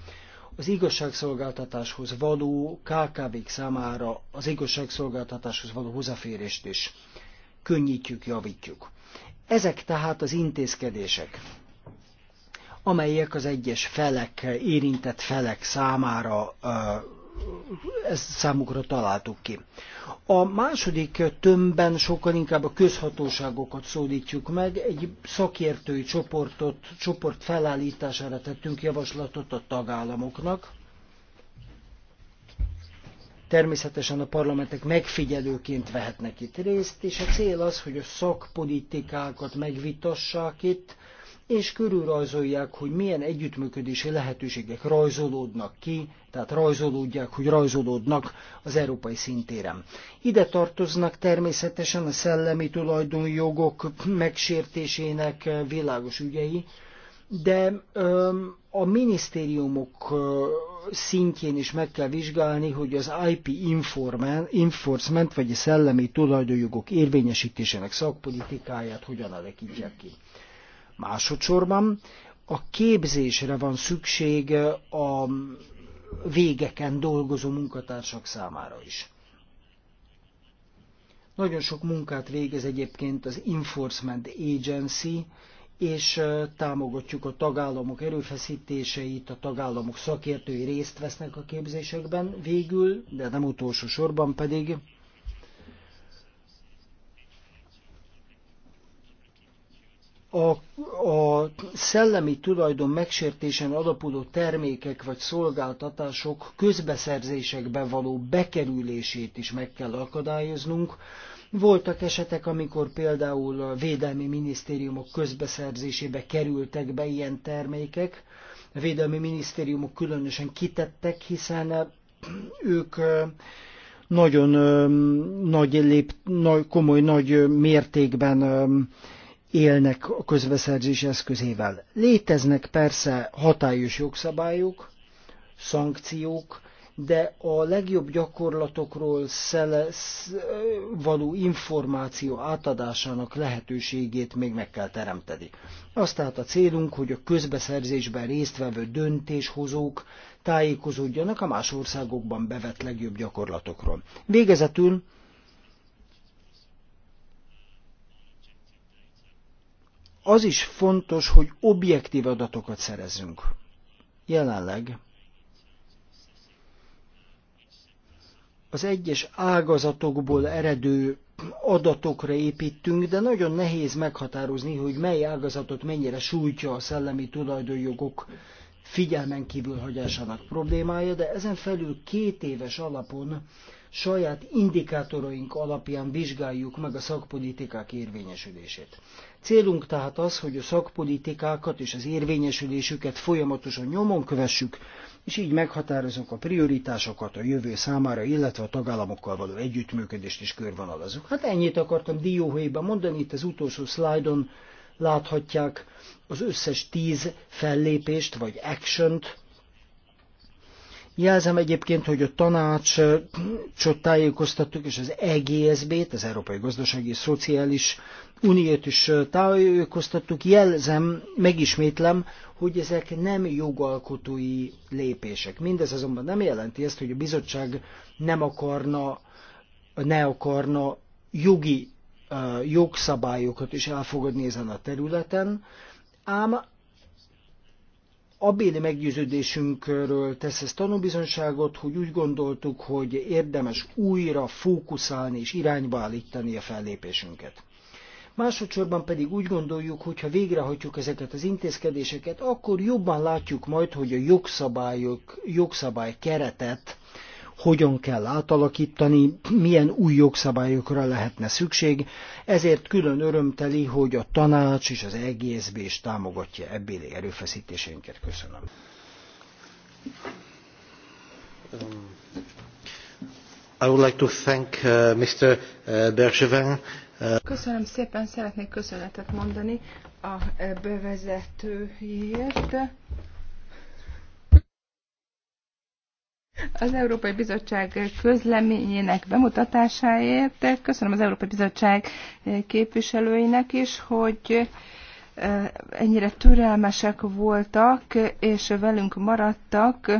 az igazságszolgáltatáshoz való KKV-k számára az igazságszolgáltatáshoz való hozzáférést is könnyítjük, javítjuk. Ezek tehát az intézkedések, amelyek az egyes felek, érintett felek számára ezt számukra találtuk ki. A második tömbben sokkal inkább a közhatóságokat szólítjuk meg, egy szakértői csoportot, csoport felállítására tettünk javaslatot a tagállamoknak. Természetesen a parlamentek megfigyelőként vehetnek itt részt, és a cél az, hogy a szakpolitikákat megvitassák itt, és körülrajzolják, hogy milyen együttműködési lehetőségek rajzolódnak ki, tehát rajzolódják, hogy rajzolódnak az európai szintéren. Ide tartoznak természetesen a szellemi tulajdonjogok megsértésének világos ügyei, de a minisztériumok szintjén is meg kell vizsgálni, hogy az IP enforcement, vagy a szellemi tulajdonjogok érvényesítésének szakpolitikáját hogyan alakítják ki. Másodszorban a képzésre van szükség a végeken dolgozó munkatársak számára is. Nagyon sok munkát végez egyébként az Enforcement Agency, és támogatjuk a tagállamok erőfeszítéseit, a tagállamok szakértői részt vesznek a képzésekben végül, de nem utolsó sorban pedig a, a szellemi tulajdon megsértésen alapuló termékek vagy szolgáltatások közbeszerzésekbe való bekerülését is meg kell akadályoznunk. Voltak esetek, amikor például a védelmi minisztériumok közbeszerzésébe kerültek be ilyen termékek. A védelmi minisztériumok különösen kitettek, hiszen ők nagyon nagy, lép, nagy komoly, nagy mértékben élnek a közbeszerzés eszközével. Léteznek persze hatályos jogszabályok, szankciók, de a legjobb gyakorlatokról szelesz, való információ átadásának lehetőségét még meg kell teremteni. Azt tehát a célunk, hogy a közbeszerzésben résztvevő döntéshozók tájékozódjanak a más országokban bevett legjobb gyakorlatokról. Végezetül az is fontos, hogy objektív adatokat szerezünk. Jelenleg az egyes ágazatokból eredő adatokra építünk, de nagyon nehéz meghatározni, hogy mely ágazatot mennyire sújtja a szellemi tulajdonjogok figyelmen kívül hagyásának problémája, de ezen felül két éves alapon saját indikátoraink alapján vizsgáljuk meg a szakpolitikák érvényesülését. Célunk tehát az, hogy a szakpolitikákat és az érvényesülésüket folyamatosan nyomon kövessük, és így meghatározunk a prioritásokat a jövő számára, illetve a tagállamokkal való együttműködést is körvonalazunk. Hát ennyit akartam dióhéjban mondani, itt az utolsó szlájdon láthatják az összes tíz fellépést, vagy action-t, Jelzem egyébként, hogy a tanácsot tájékoztattuk, és az EGSB-t, az Európai Gazdasági és Szociális Uniót is tájékoztattuk. Jelzem, megismétlem, hogy ezek nem jogalkotói lépések. Mindez azonban nem jelenti ezt, hogy a bizottság nem akarna, ne akarna jogi jogszabályokat is elfogadni ezen a területen, ám Abéli meggyőződésünkről tesz ez tanúbizonságot, hogy úgy gondoltuk, hogy érdemes újra fókuszálni és irányba állítani a fellépésünket. Másodszorban pedig úgy gondoljuk, hogy ha végrehajtjuk ezeket az intézkedéseket, akkor jobban látjuk majd, hogy a jogszabályok, jogszabály keretet hogyan kell átalakítani, milyen új jogszabályokra lehetne szükség, ezért külön örömteli, hogy a tanács és az EGSB is támogatja ebbéli erőfeszítéseinket. Köszönöm. Um, I would like to thank uh, Mr. Uh, Bergevin. Uh, Köszönöm szépen, szeretnék köszönetet mondani a uh, bevezetőjét. az Európai Bizottság közleményének bemutatásáért. Köszönöm az Európai Bizottság képviselőinek is, hogy ennyire türelmesek voltak, és velünk maradtak.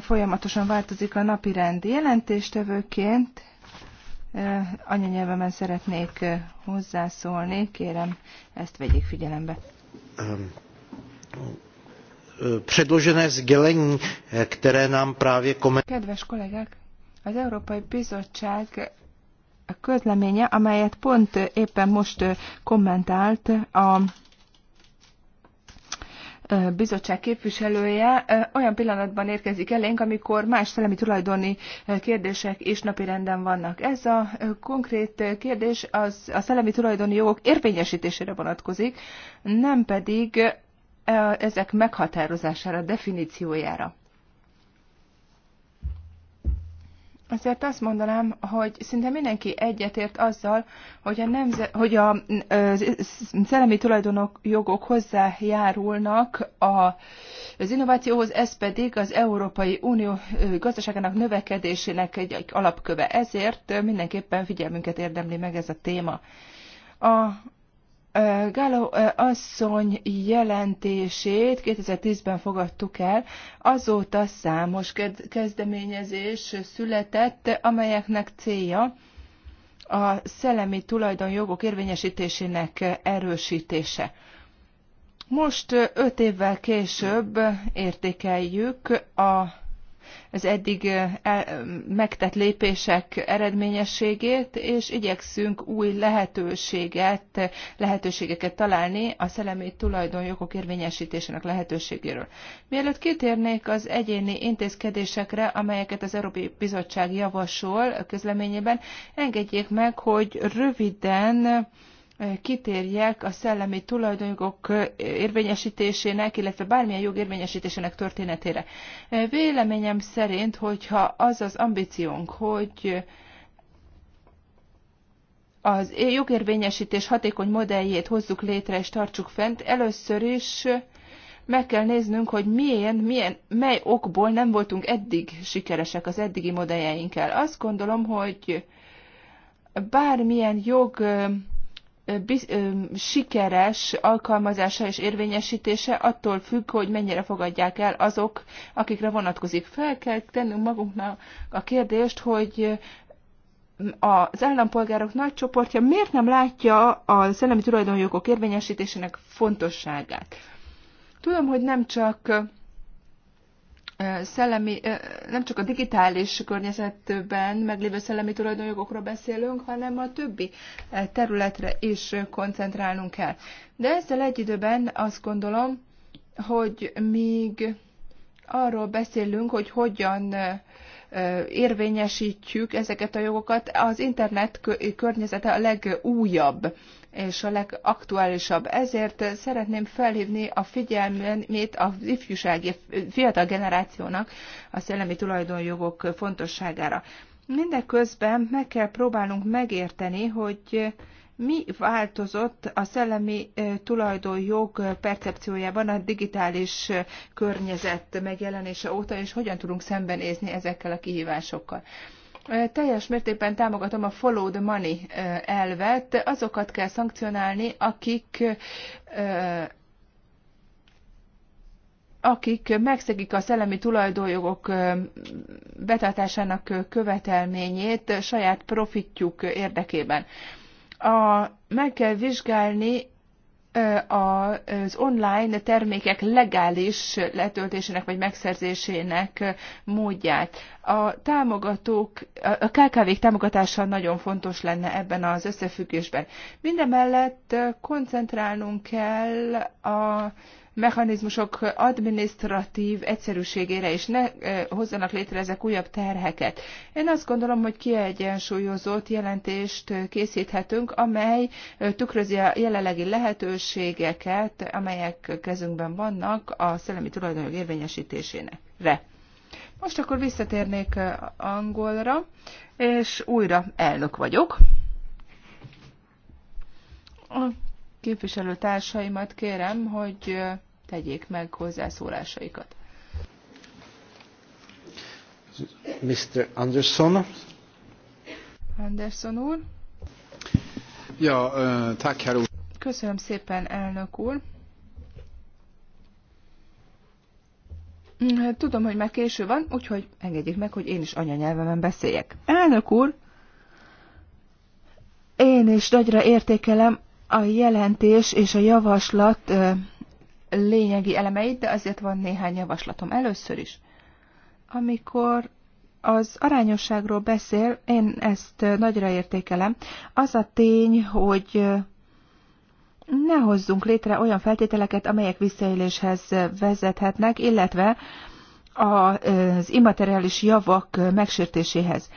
Folyamatosan változik a napi rendi jelentéstevőként. Anyanyelvemen szeretnék hozzászólni, kérem ezt vegyék figyelembe. Um, E, předložené sdělení, e, které nám právě komentuje. Kedves kollégák, az Európai Bizottság a közleménye, amelyet pont éppen most e, kommentált a bizottság képviselője olyan pillanatban érkezik elénk, amikor más szellemi tulajdoni kérdések is napirenden vannak. Ez a konkrét kérdés az a szellemi tulajdoni jogok érvényesítésére vonatkozik, nem pedig ezek meghatározására, definíciójára. Azért azt mondanám, hogy szinte mindenki egyetért azzal, hogy a, nemze, hogy a szellemi tulajdonok jogok hozzájárulnak a, az innovációhoz, ez pedig az Európai Unió gazdaságának növekedésének egy, egy alapköve. Ezért mindenképpen figyelmünket érdemli meg ez a téma. A Gáló asszony jelentését 2010-ben fogadtuk el, azóta számos kezdeményezés született, amelyeknek célja a szellemi tulajdonjogok érvényesítésének erősítése. Most öt évvel később értékeljük a az eddig megtett lépések eredményességét, és igyekszünk új lehetőséget, lehetőségeket találni a szellemi tulajdonjogok érvényesítésének lehetőségéről. Mielőtt kitérnék az egyéni intézkedésekre, amelyeket az Európai Bizottság javasol a közleményében, engedjék meg, hogy röviden kitérjek a szellemi tulajdonjogok érvényesítésének, illetve bármilyen jog érvényesítésének történetére. Véleményem szerint, hogyha az az ambíciónk, hogy az jogérvényesítés hatékony modelljét hozzuk létre és tartsuk fent, először is meg kell néznünk, hogy milyen, milyen, mely okból nem voltunk eddig sikeresek az eddigi modelljeinkkel. Azt gondolom, hogy bármilyen jog sikeres alkalmazása és érvényesítése attól függ, hogy mennyire fogadják el azok, akikre vonatkozik. Fel kell tennünk magunknak a kérdést, hogy az állampolgárok nagy csoportja miért nem látja a szellemi tulajdonjogok érvényesítésének fontosságát. Tudom, hogy nem csak szellemi, nem csak a digitális környezetben meglévő szellemi tulajdonjogokról beszélünk, hanem a többi területre is koncentrálnunk kell. De ezzel egy időben azt gondolom, hogy még arról beszélünk, hogy hogyan érvényesítjük ezeket a jogokat, az internet környezete a legújabb és a legaktuálisabb. Ezért szeretném felhívni a figyelmét a ifjúsági fiatal generációnak a szellemi tulajdonjogok fontosságára. Mindeközben meg kell próbálnunk megérteni, hogy mi változott a szellemi tulajdonjog percepciójában a digitális környezet megjelenése óta, és hogyan tudunk szembenézni ezekkel a kihívásokkal. Teljes mértékben támogatom a follow the money elvet. Azokat kell szankcionálni, akik akik megszegik a szellemi tulajdonjogok betartásának követelményét saját profitjuk érdekében. A, meg kell vizsgálni az online termékek legális letöltésének vagy megszerzésének módját. A támogatók, a kkv támogatása nagyon fontos lenne ebben az összefüggésben. Mindemellett koncentrálnunk kell a mechanizmusok administratív egyszerűségére, is ne hozzanak létre ezek újabb terheket. Én azt gondolom, hogy kiegyensúlyozott jelentést készíthetünk, amely tükrözi a jelenlegi lehetőségeket, amelyek kezünkben vannak a szellemi tulajdonjog érvényesítésére. Most akkor visszatérnék angolra, és újra elnök vagyok képviselőtársaimat kérem, hogy tegyék meg hozzászólásaikat. Mr. Anderson. Anderson úr. Ja, uh, Köszönöm szépen, elnök úr. Hát tudom, hogy már késő van, úgyhogy engedjék meg, hogy én is anyanyelvemen beszéljek. Elnök úr, én is nagyra értékelem a jelentés és a javaslat lényegi elemeit, de azért van néhány javaslatom. Először is, amikor az arányosságról beszél, én ezt nagyra értékelem. Az a tény, hogy ne hozzunk létre olyan feltételeket, amelyek visszaéléshez vezethetnek, illetve az immateriális javak megsértéséhez.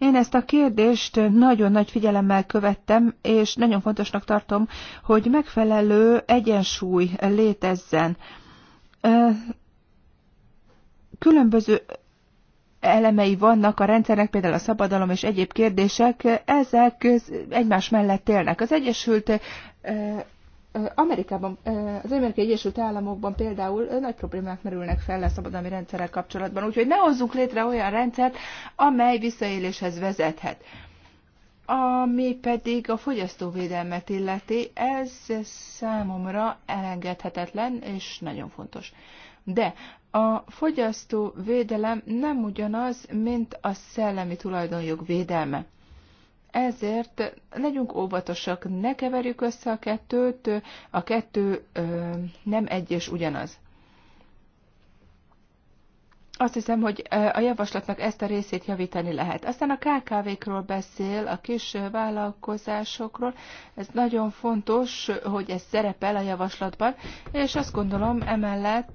Én ezt a kérdést nagyon nagy figyelemmel követtem, és nagyon fontosnak tartom, hogy megfelelő egyensúly létezzen. Különböző elemei vannak a rendszernek, például a szabadalom és egyéb kérdések, ezek egymás mellett élnek. Az Egyesült Amerikában, az Amerikai Egyesült Államokban például nagy problémák merülnek fel a szabadalmi rendszerrel kapcsolatban, úgyhogy ne hozzunk létre olyan rendszert, amely visszaéléshez vezethet. Ami pedig a fogyasztóvédelmet illeti, ez számomra elengedhetetlen és nagyon fontos. De a fogyasztóvédelem nem ugyanaz, mint a szellemi tulajdonjog védelme. Ezért legyünk óvatosak, ne keverjük össze a kettőt, a kettő nem egy és ugyanaz. Azt hiszem, hogy a javaslatnak ezt a részét javítani lehet. Aztán a KKV-król beszél, a kis vállalkozásokról. Ez nagyon fontos, hogy ez szerepel a javaslatban, és azt gondolom emellett,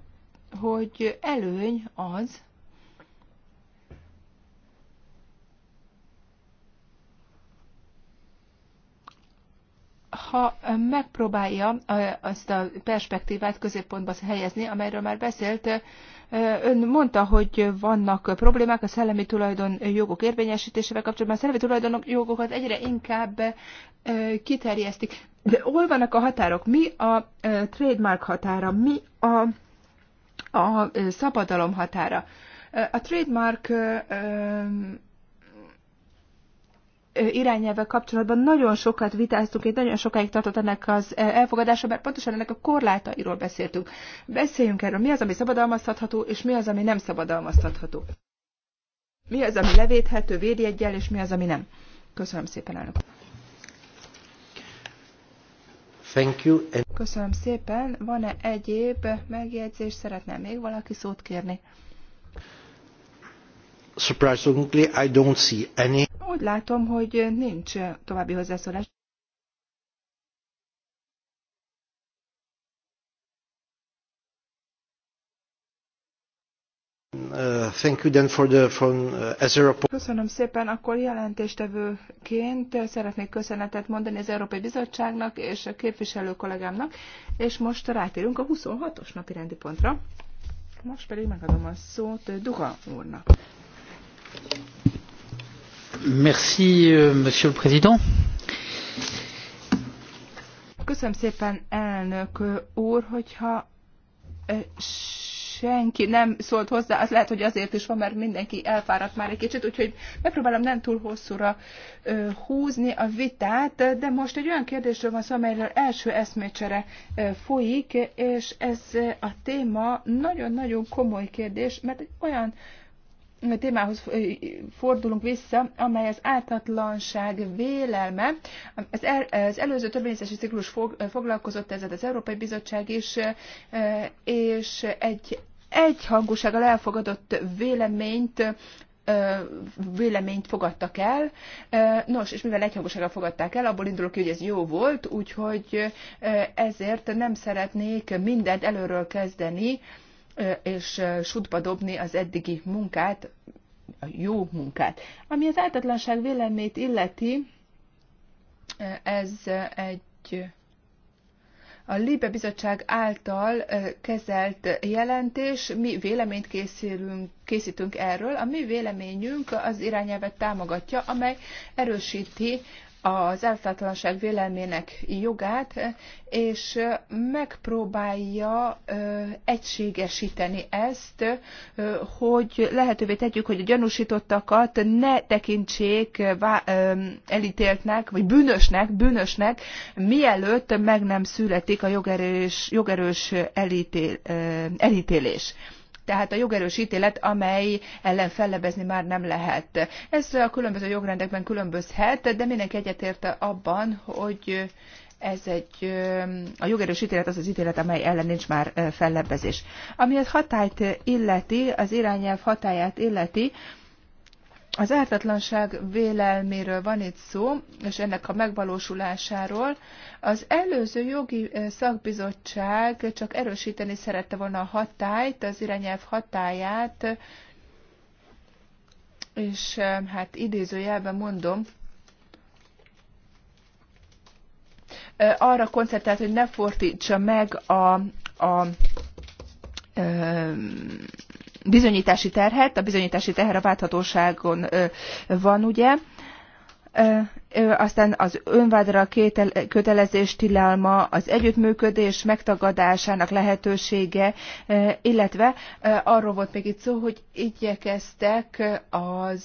hogy előny az, ha megpróbálja azt a perspektívát középpontba helyezni, amelyről már beszélt, Ön mondta, hogy vannak problémák a szellemi tulajdon jogok érvényesítésével kapcsolatban. A szellemi tulajdon jogokat egyre inkább kiterjesztik. De hol vannak a határok? Mi a trademark határa? Mi a, a szabadalom határa? A trademark irányelvvel kapcsolatban nagyon sokat vitáztunk, itt nagyon sokáig tartott ennek az e, elfogadása, mert pontosan ennek a korlátairól beszéltünk. Beszéljünk erről, mi az, ami szabadalmaztatható, és mi az, ami nem szabadalmaztatható. Mi az, ami védi egyel, és mi az, ami nem. Köszönöm szépen, elnök. Thank you. Köszönöm szépen. Van-e egyéb megjegyzés? Szeretne még valaki szót kérni? surprisingly, I don't see any. Úgy látom, hogy nincs további hozzászólás. Köszönöm szépen, akkor jelentéstevőként szeretnék köszönetet mondani az Európai Bizottságnak és a képviselő kollégámnak, és most rátérünk a 26-os napi rendi pontra. Most pedig megadom a szót Duha úrnak. Euh, Monsieur le Président. Köszönöm szépen, elnök úr, hogyha senki nem szólt hozzá, az lehet, hogy azért is van, mert mindenki elfáradt már egy kicsit, úgyhogy megpróbálom nem túl hosszúra húzni a vitát, de most egy olyan kérdésről van szó, amelyről első eszmécsere folyik, és ez a téma nagyon-nagyon komoly kérdés, mert egy olyan témához fordulunk vissza, amely az ártatlanság vélelme. Az, el, az előző törvényzési ciklus fog, foglalkozott ezzel az Európai Bizottság is, és egy egyhangúsággal elfogadott véleményt véleményt fogadtak el. Nos, és mivel egyhangosággal fogadták el, abból indulok ki, hogy ez jó volt, úgyhogy ezért nem szeretnék mindent előről kezdeni, és sutba dobni az eddigi munkát, a jó munkát. Ami az áltatlanság vélemét illeti, ez egy a Libe Bizottság által kezelt jelentés, mi véleményt készülünk, készítünk erről. A mi véleményünk az irányelvet támogatja, amely erősíti az elfátalanság vélelmének jogát, és megpróbálja egységesíteni ezt, hogy lehetővé tegyük, hogy a gyanúsítottakat ne tekintsék elítéltnek, vagy bűnösnek, bűnösnek, mielőtt meg nem születik a jogerős, jogerős elítél, elítélés tehát a jogerős ítélet, amely ellen fellebezni már nem lehet. Ez a különböző jogrendekben különbözhet, de mindenki egyetért abban, hogy ez egy, a jogerős ítélet az az ítélet, amely ellen nincs már fellebbezés. Ami a hatályt illeti, az irányelv hatáját illeti, az ártatlanság vélelméről van itt szó, és ennek a megvalósulásáról. Az előző jogi szakbizottság csak erősíteni szerette volna a hatályt, az irányelv hatáját, és hát idézőjelben mondom, arra koncentrált, hogy ne fordítsa meg a, a bizonyítási terhet, a bizonyítási teher a válthatóságon van, ugye, aztán az önvádra kötelezés tilalma, az együttműködés megtagadásának lehetősége, illetve arról volt még itt szó, hogy igyekeztek az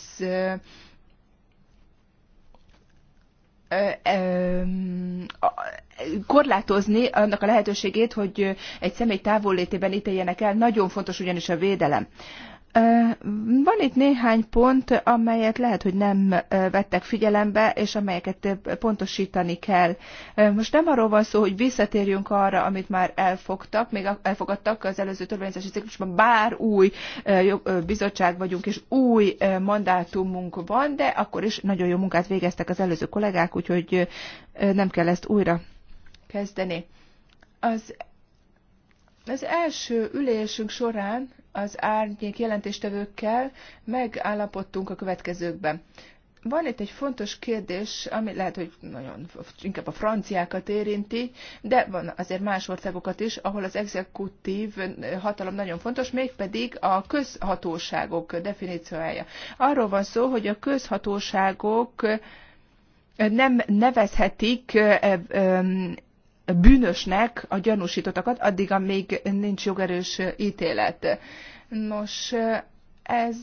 korlátozni annak a lehetőségét, hogy egy személy távollétében ítéljenek el. Nagyon fontos ugyanis a védelem. Van itt néhány pont, amelyet lehet, hogy nem vettek figyelembe, és amelyeket pontosítani kell. Most nem arról van szó, hogy visszatérjünk arra, amit már elfogtak, még elfogadtak az előző törvényzési ciklusban, bár új bizottság vagyunk, és új mandátumunk van, de akkor is nagyon jó munkát végeztek az előző kollégák, úgyhogy nem kell ezt újra kezdeni. Az az első ülésünk során az árnyék jelentéstevőkkel megállapodtunk a következőkben. Van itt egy fontos kérdés, ami lehet, hogy nagyon inkább a franciákat érinti, de van azért más országokat is, ahol az exekutív hatalom nagyon fontos, mégpedig a közhatóságok definíciója. Arról van szó, hogy a közhatóságok nem nevezhetik bűnösnek a gyanúsítottakat, addig, amíg nincs jogerős ítélet. Nos, ez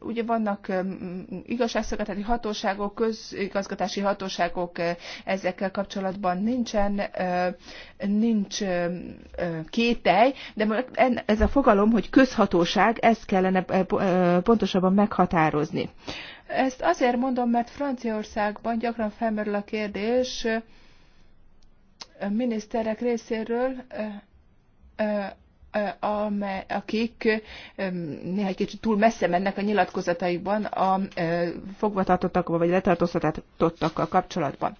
ugye vannak mm, igazságszolgáltatási hatóságok, közigazgatási hatóságok, ezekkel kapcsolatban nincsen, nincs kételj, de ez a fogalom, hogy közhatóság, ezt kellene pontosabban meghatározni. Ezt azért mondom, mert Franciaországban gyakran felmerül a kérdés, miniszterek részéről, akik néha egy kicsit túl messze mennek a nyilatkozataikban a fogvatartottakkal vagy letartóztatottakkal kapcsolatban.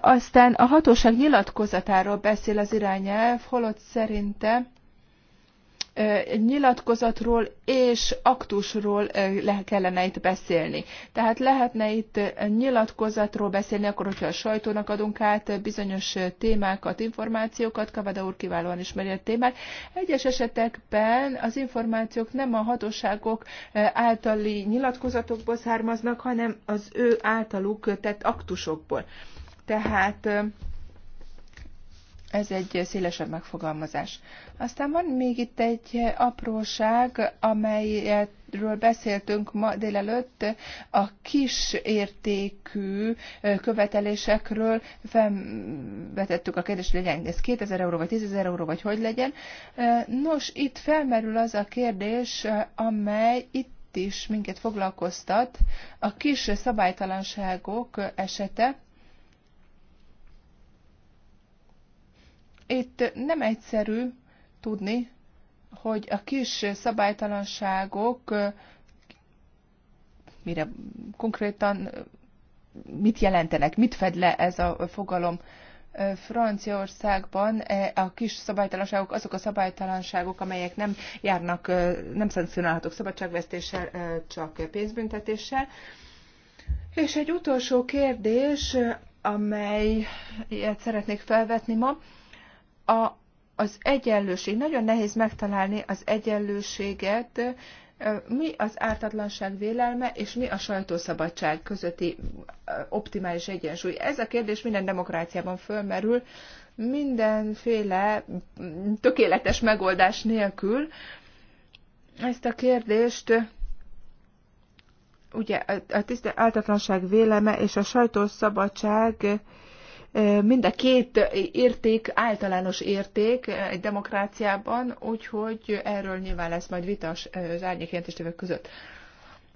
Aztán a hatóság nyilatkozatáról beszél az irányelv, holott szerinte? nyilatkozatról és aktusról kellene itt beszélni. Tehát lehetne itt nyilatkozatról beszélni, akkor, hogyha a sajtónak adunk át bizonyos témákat, információkat, Kavada úr kiválóan ismeri a témát. Egyes esetekben az információk nem a hatóságok általi nyilatkozatokból származnak, hanem az ő általuk tett aktusokból. Tehát ez egy szélesebb megfogalmazás. Aztán van még itt egy apróság, amelyről beszéltünk ma délelőtt, a kis értékű követelésekről felvetettük a kérdést, legyen ez 2000 euró, vagy 10 euró, vagy hogy legyen. Nos, itt felmerül az a kérdés, amely itt is minket foglalkoztat, a kis szabálytalanságok esete, Itt nem egyszerű tudni, hogy a kis szabálytalanságok mire konkrétan mit jelentenek, mit fed le ez a fogalom. Franciaországban e, a kis szabálytalanságok azok a szabálytalanságok, amelyek nem járnak, nem szankcionálhatók szabadságvesztéssel, csak pénzbüntetéssel. És egy utolsó kérdés, amelyet szeretnék felvetni ma, a, az egyenlőség, nagyon nehéz megtalálni az egyenlőséget, mi az ártatlanság vélelme és mi a sajtószabadság közötti optimális egyensúly. Ez a kérdés minden demokráciában fölmerül, mindenféle mm, tökéletes megoldás nélkül. Ezt a kérdést ugye a tisztelet áltatlanság véleme és a sajtószabadság szabadság mind a két érték általános érték egy demokráciában, úgyhogy erről nyilván lesz majd vita az árnyék jelentéstévek között.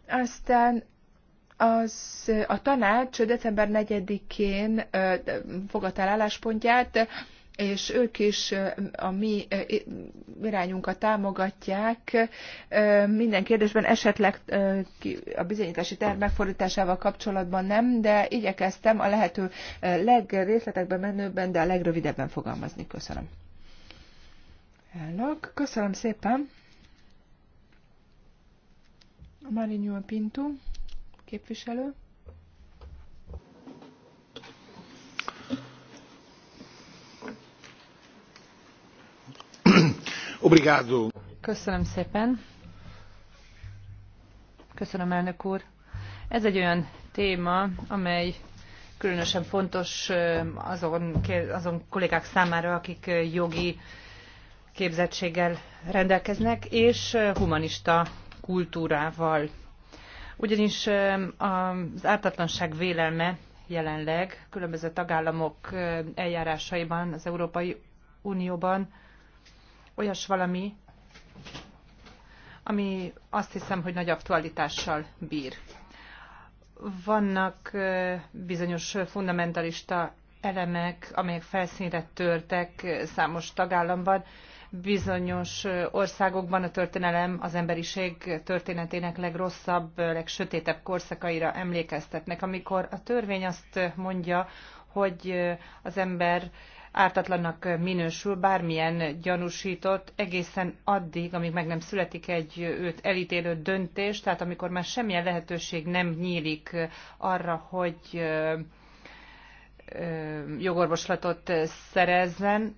Aztán az, a tanács december 4-én fogadta el álláspontját, és ők is a mi irányunkat támogatják. Minden kérdésben esetleg a bizonyítási terv megfordításával kapcsolatban nem, de igyekeztem a lehető legrészletekben menőbben, de a legrövidebben fogalmazni. Köszönöm. Elnök, köszönöm szépen. Marinho Pinto, képviselő. Köszönöm szépen. Köszönöm, elnök úr. Ez egy olyan téma, amely különösen fontos azon, azon kollégák számára, akik jogi képzettséggel rendelkeznek, és humanista kultúrával. Ugyanis az ártatlanság vélelme jelenleg különböző tagállamok eljárásaiban az Európai Unióban olyas valami, ami azt hiszem, hogy nagy aktualitással bír. Vannak bizonyos fundamentalista elemek, amelyek felszínre törtek számos tagállamban. Bizonyos országokban a történelem az emberiség történetének legrosszabb, legsötétebb korszakaira emlékeztetnek, amikor a törvény azt mondja, hogy az ember ártatlannak minősül bármilyen gyanúsított egészen addig, amíg meg nem születik egy őt elítélő döntés, tehát amikor már semmilyen lehetőség nem nyílik arra, hogy jogorvoslatot szerezzen,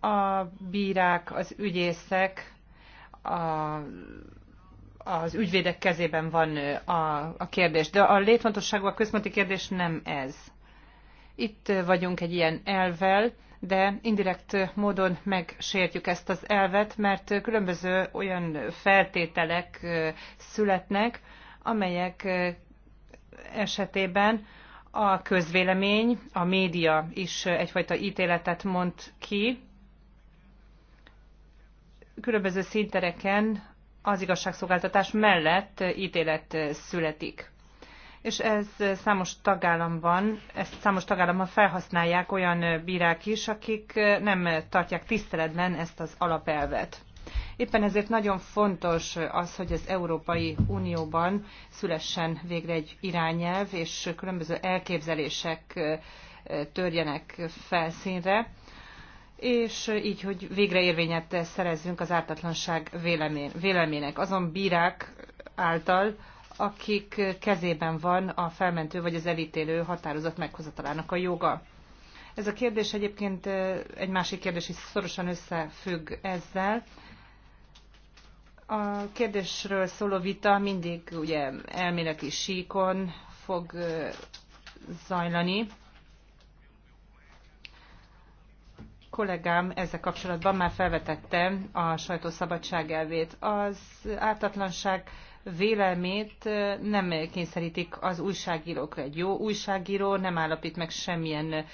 a bírák, az ügyészek, a az ügyvédek kezében van a, a kérdés. De a létfontosságú a központi kérdés nem ez. Itt vagyunk egy ilyen elvel, de indirekt módon megsértjük ezt az elvet, mert különböző olyan feltételek születnek, amelyek esetében a közvélemény, a média is egyfajta ítéletet mond ki. Különböző szintereken az igazságszolgáltatás mellett ítélet születik és ez számos tagállamban, ezt számos tagállamban felhasználják olyan bírák is, akik nem tartják tiszteletben ezt az alapelvet. Éppen ezért nagyon fontos az, hogy az Európai Unióban szülessen végre egy irányelv, és különböző elképzelések törjenek felszínre, és így, hogy végre érvényet szerezzünk az ártatlanság vélemének. Azon bírák által, akik kezében van a felmentő vagy az elítélő határozat meghozatalának a joga. Ez a kérdés egyébként egy másik kérdés is szorosan összefügg ezzel. A kérdésről szóló vita mindig ugye elméleti síkon fog zajlani. kollégám ezzel kapcsolatban már felvetette a sajtószabadság elvét. Az ártatlanság vélelmét nem kényszerítik az újságírókra. Egy jó újságíró nem állapít meg semmilyen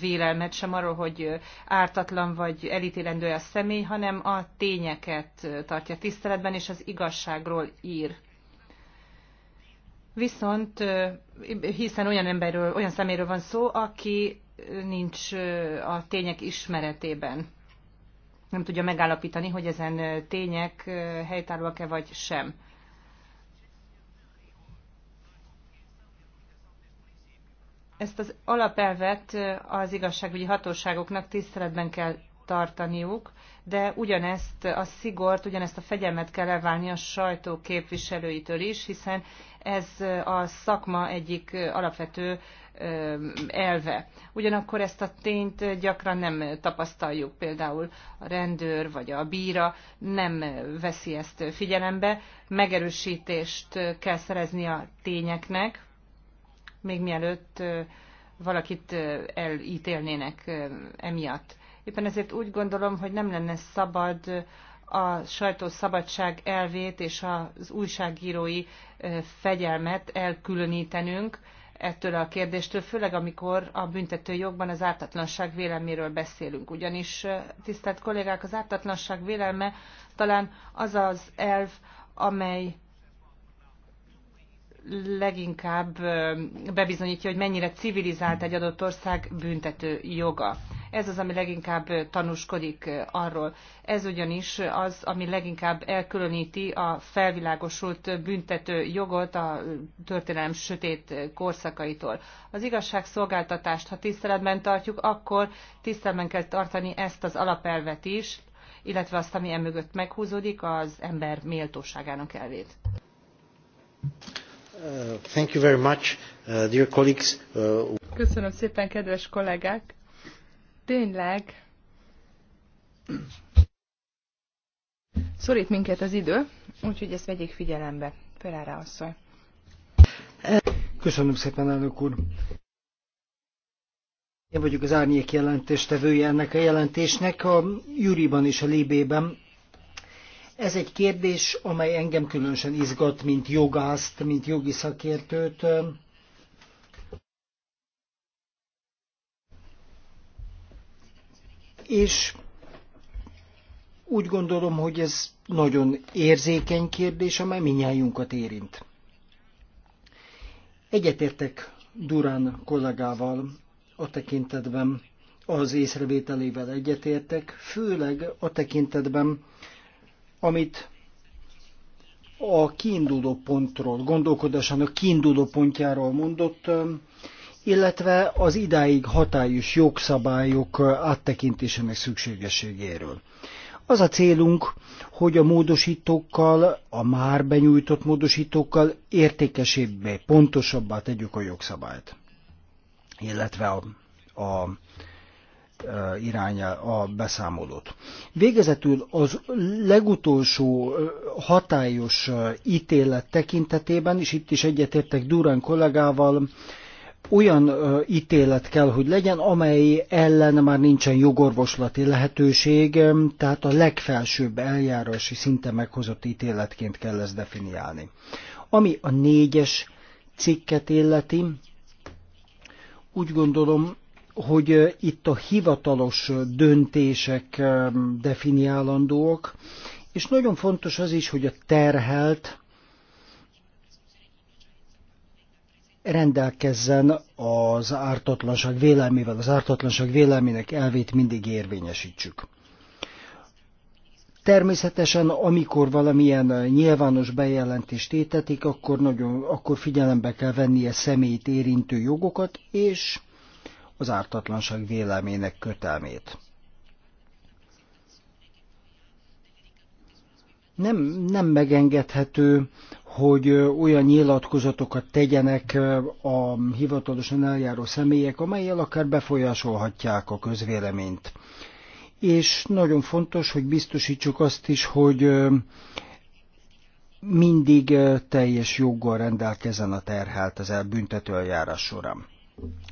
vélelmet sem arról, hogy ártatlan vagy elítélendő a személy, hanem a tényeket tartja tiszteletben, és az igazságról ír. Viszont hiszen olyan emberről, olyan szeméről van szó, aki nincs a tények ismeretében nem tudja megállapítani, hogy ezen tények helytállóak-e vagy sem. Ezt az alapelvet az igazságügyi hatóságoknak tiszteletben kell tartaniuk, de ugyanezt a szigort, ugyanezt a fegyelmet kell elválni a sajtó képviselőitől is, hiszen ez a szakma egyik alapvető elve. Ugyanakkor ezt a tényt gyakran nem tapasztaljuk, például a rendőr vagy a bíra nem veszi ezt figyelembe, megerősítést kell szerezni a tényeknek, még mielőtt valakit elítélnének emiatt. Éppen ezért úgy gondolom, hogy nem lenne szabad a sajtószabadság elvét és az újságírói fegyelmet elkülönítenünk, ettől a kérdéstől, főleg amikor a büntető jogban az ártatlanság véleméről beszélünk. Ugyanis, tisztelt kollégák, az ártatlanság vélelme talán az az elv, amely leginkább bebizonyítja, hogy mennyire civilizált egy adott ország büntető joga. Ez az, ami leginkább tanúskodik arról. Ez ugyanis az, ami leginkább elkülöníti a felvilágosult büntető jogot a történelem sötét korszakaitól. Az igazságszolgáltatást, ha tiszteletben tartjuk, akkor tiszteletben kell tartani ezt az alapelvet is, illetve azt, ami emögött meghúzódik, az ember méltóságának elvét. Uh, uh, uh, Köszönöm szépen, kedves kollégák. Tényleg szorít minket az idő, úgyhogy ezt vegyék figyelembe. Ferrara asszony. Köszönöm szépen, elnök úr. Én vagyok az árnyék jelentéstevője ennek a jelentésnek, a Juriban és a Libében ez egy kérdés, amely engem különösen izgat, mint jogászt, mint jogi szakértőt. És úgy gondolom, hogy ez nagyon érzékeny kérdés, amely minnyájunkat érint. Egyetértek Durán kollégával a tekintetben, az észrevételével egyetértek, főleg a tekintetben, amit a kiinduló pontról, gondolkodásának kiinduló pontjáról mondott, illetve az idáig hatályos jogszabályok áttekintésének szükségességéről. Az a célunk, hogy a módosítókkal, a már benyújtott módosítókkal értékesebbé, pontosabbá tegyük a jogszabályt, illetve a, a iránya a beszámolót. Végezetül az legutolsó hatályos ítélet tekintetében, és itt is egyetértek Durán kollégával, olyan ítélet kell, hogy legyen, amely ellen már nincsen jogorvoslati lehetőség, tehát a legfelsőbb eljárási szinten meghozott ítéletként kell ezt definiálni. Ami a négyes cikket illeti, úgy gondolom, hogy itt a hivatalos döntések definiálandóak, és nagyon fontos az is, hogy a terhelt rendelkezzen az ártatlanság vélelmével, az ártatlanság vélelmének elvét mindig érvényesítsük. Természetesen, amikor valamilyen nyilvános bejelentést étetik, akkor, nagyon, akkor figyelembe kell vennie személyt érintő jogokat, és az ártatlanság vélemének kötelmét. Nem, nem megengedhető, hogy olyan nyilatkozatokat tegyenek a hivatalosan eljáró személyek, amelyel akár befolyásolhatják a közvéleményt. És nagyon fontos, hogy biztosítsuk azt is, hogy mindig teljes joggal rendelkezzen a terhelt az elbüntető eljárás során.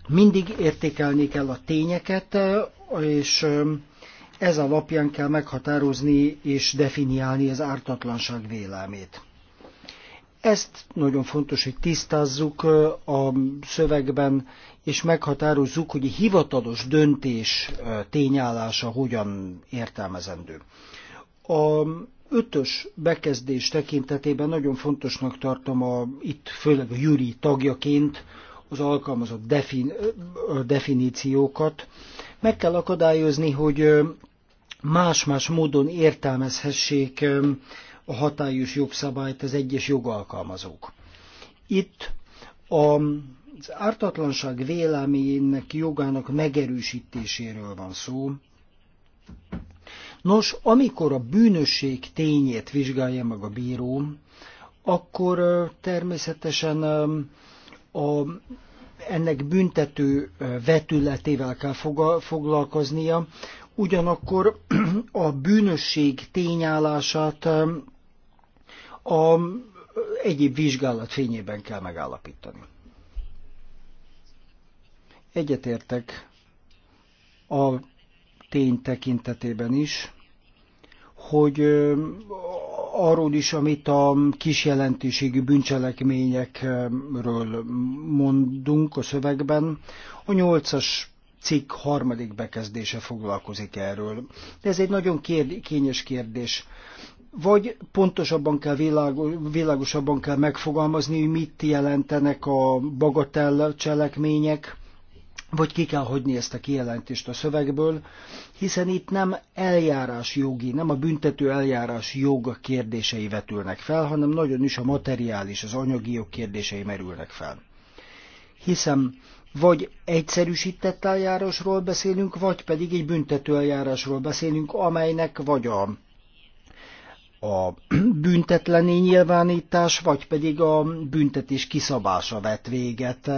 Mindig értékelni kell a tényeket, és ez alapján kell meghatározni és definiálni az ártatlanság vélelmét. Ezt nagyon fontos, hogy tisztázzuk a szövegben, és meghatározzuk, hogy a hivatalos döntés tényállása hogyan értelmezendő. A ötös bekezdés tekintetében nagyon fontosnak tartom a, itt főleg a júri tagjaként, az alkalmazott defin, definíciókat. Meg kell akadályozni, hogy más-más módon értelmezhessék a hatályos jogszabályt az egyes jogalkalmazók. Itt az ártatlanság véleményének jogának megerősítéséről van szó. Nos, amikor a bűnösség tényét vizsgálja meg a bíró, akkor természetesen a, ennek büntető vetületével kell foglalkoznia, ugyanakkor a bűnösség tényállását a egyéb vizsgálat fényében kell megállapítani. Egyetértek a tény tekintetében is, hogy arról is, amit a kis jelentőségű bűncselekményekről mondunk a szövegben. A nyolcas cikk harmadik bekezdése foglalkozik erről. De ez egy nagyon kérd, kényes kérdés. Vagy pontosabban kell, világosabban kell megfogalmazni, hogy mit jelentenek a bagatell cselekmények, vagy ki kell hagyni ezt a kijelentést a szövegből, hiszen itt nem eljárás jogi, nem a büntető eljárás jog kérdései vetülnek fel, hanem nagyon is a materiális, az anyagi jog kérdései merülnek fel. Hiszen vagy egyszerűsített eljárásról beszélünk, vagy pedig egy büntető eljárásról beszélünk, amelynek vagy a, a büntetlené nyilvánítás, vagy pedig a büntetés kiszabása vet véget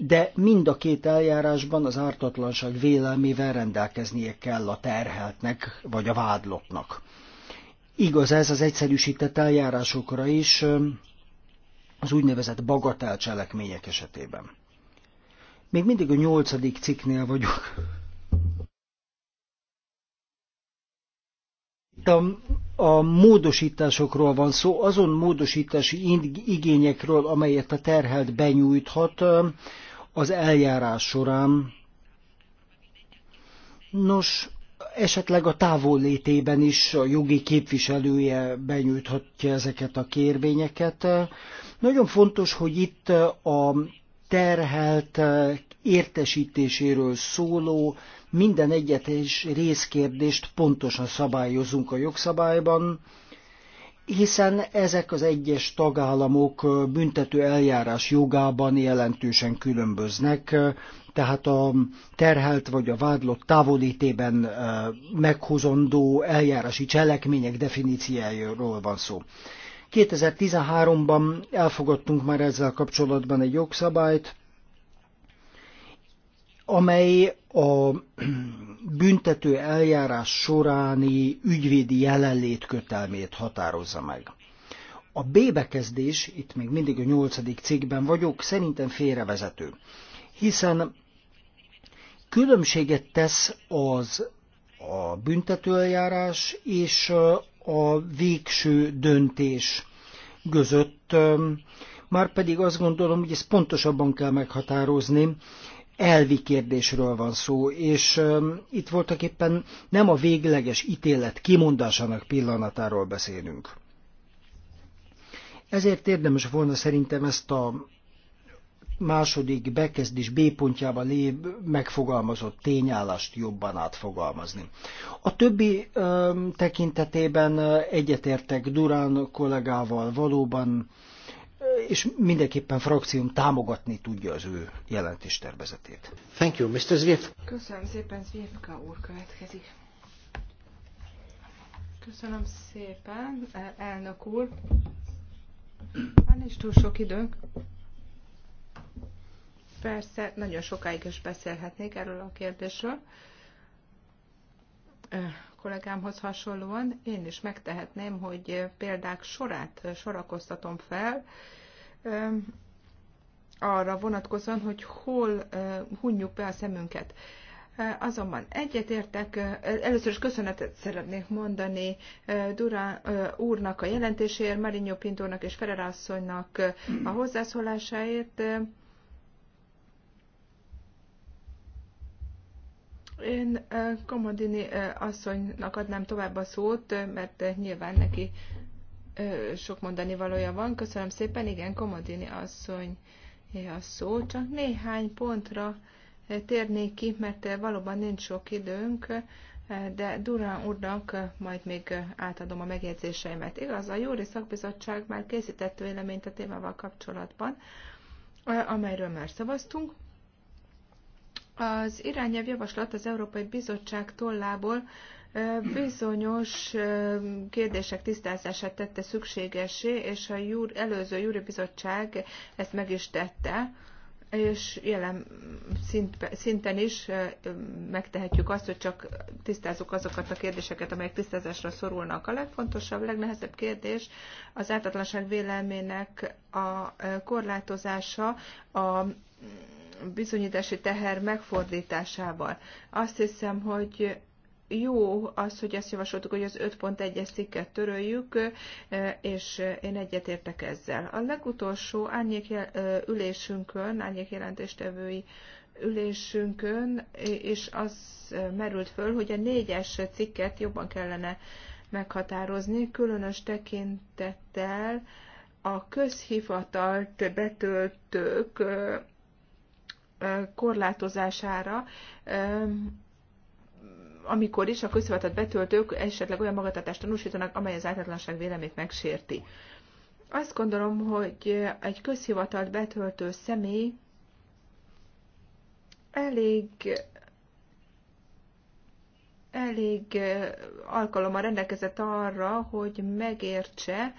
de mind a két eljárásban az ártatlanság vélelmével rendelkeznie kell a terheltnek vagy a vádlottnak. Igaz ez az egyszerűsített eljárásokra is, az úgynevezett bagatel cselekmények esetében. Még mindig a nyolcadik cikknél vagyok. Itt a, a módosításokról van szó, azon módosítási igényekről, amelyet a terhelt benyújthat, az eljárás során. Nos, esetleg a távollétében is a jogi képviselője benyújthatja ezeket a kérvényeket. Nagyon fontos, hogy itt a terhelt értesítéséről szóló minden egyetes részkérdést pontosan szabályozunk a jogszabályban, hiszen ezek az egyes tagállamok büntető eljárás jogában jelentősen különböznek, tehát a terhelt vagy a vádlott távolítében meghozandó eljárási cselekmények definíciájáról van szó. 2013-ban elfogadtunk már ezzel kapcsolatban egy jogszabályt, amely a büntető eljárás soráni ügyvédi jelenlét kötelmét határozza meg. A B bekezdés, itt még mindig a nyolcadik cikkben vagyok, szerintem félrevezető, hiszen különbséget tesz az a büntetőeljárás és a végső döntés között, már pedig azt gondolom, hogy ezt pontosabban kell meghatározni, elvi kérdésről van szó, és itt voltak éppen nem a végleges ítélet kimondásának pillanatáról beszélünk. Ezért érdemes volna szerintem ezt a második bekezdés B pontjában lév megfogalmazott tényállást jobban átfogalmazni. A többi ö, tekintetében egyetértek Durán kollégával valóban és mindenképpen frakcióm támogatni tudja az ő tervezetét. Thank you, Mr. Zvief. Köszönöm szépen, Zvievka úr következik. Köszönöm szépen, elnök úr. Már nincs túl sok időnk. Persze, nagyon sokáig is beszélhetnék erről a kérdésről kollégámhoz hasonlóan én is megtehetném, hogy példák sorát sorakoztatom fel, arra vonatkozóan, hogy hol hunjuk be a szemünket. Azonban egyetértek, először is köszönetet szeretnék mondani Durán úrnak a jelentéséért, Marinho Pintónak és Ferrer asszonynak a hozzászólásáért. Én Komodini asszonynak adnám tovább a szót, mert nyilván neki sok mondani valója van. Köszönöm szépen, igen, Komodini asszony a szó. Csak néhány pontra térnék ki, mert valóban nincs sok időnk, de Durán úrnak majd még átadom a megjegyzéseimet. Igaz, a Júri Szakbizottság már készített véleményt a témával kapcsolatban, amelyről már szavaztunk, az irányelv javaslat az Európai Bizottság tollából bizonyos kérdések tisztázását tette szükségesé, és a júr, előző júri bizottság ezt meg is tette, és jelen szinten is megtehetjük azt, hogy csak tisztázzuk azokat a kérdéseket, amelyek tisztázásra szorulnak. A legfontosabb, legnehezebb kérdés az ártatlanság vélelmének a korlátozása, a bizonyítási teher megfordításával. Azt hiszem, hogy jó az, hogy ezt javasoltuk, hogy az 5.1-es cikket töröljük, és én egyetértek ezzel. A legutolsó árnyék ülésünkön, árnyék jelentéstevői ülésünkön, és az merült föl, hogy a négyes cikket jobban kellene meghatározni, különös tekintettel a közhivatalt betöltők korlátozására, amikor is a közszolgáltat betöltők esetleg olyan magatartást tanúsítanak, amely az ártatlanság vélemét megsérti. Azt gondolom, hogy egy közhivatalt betöltő személy elég elég alkalommal rendelkezett arra, hogy megértse,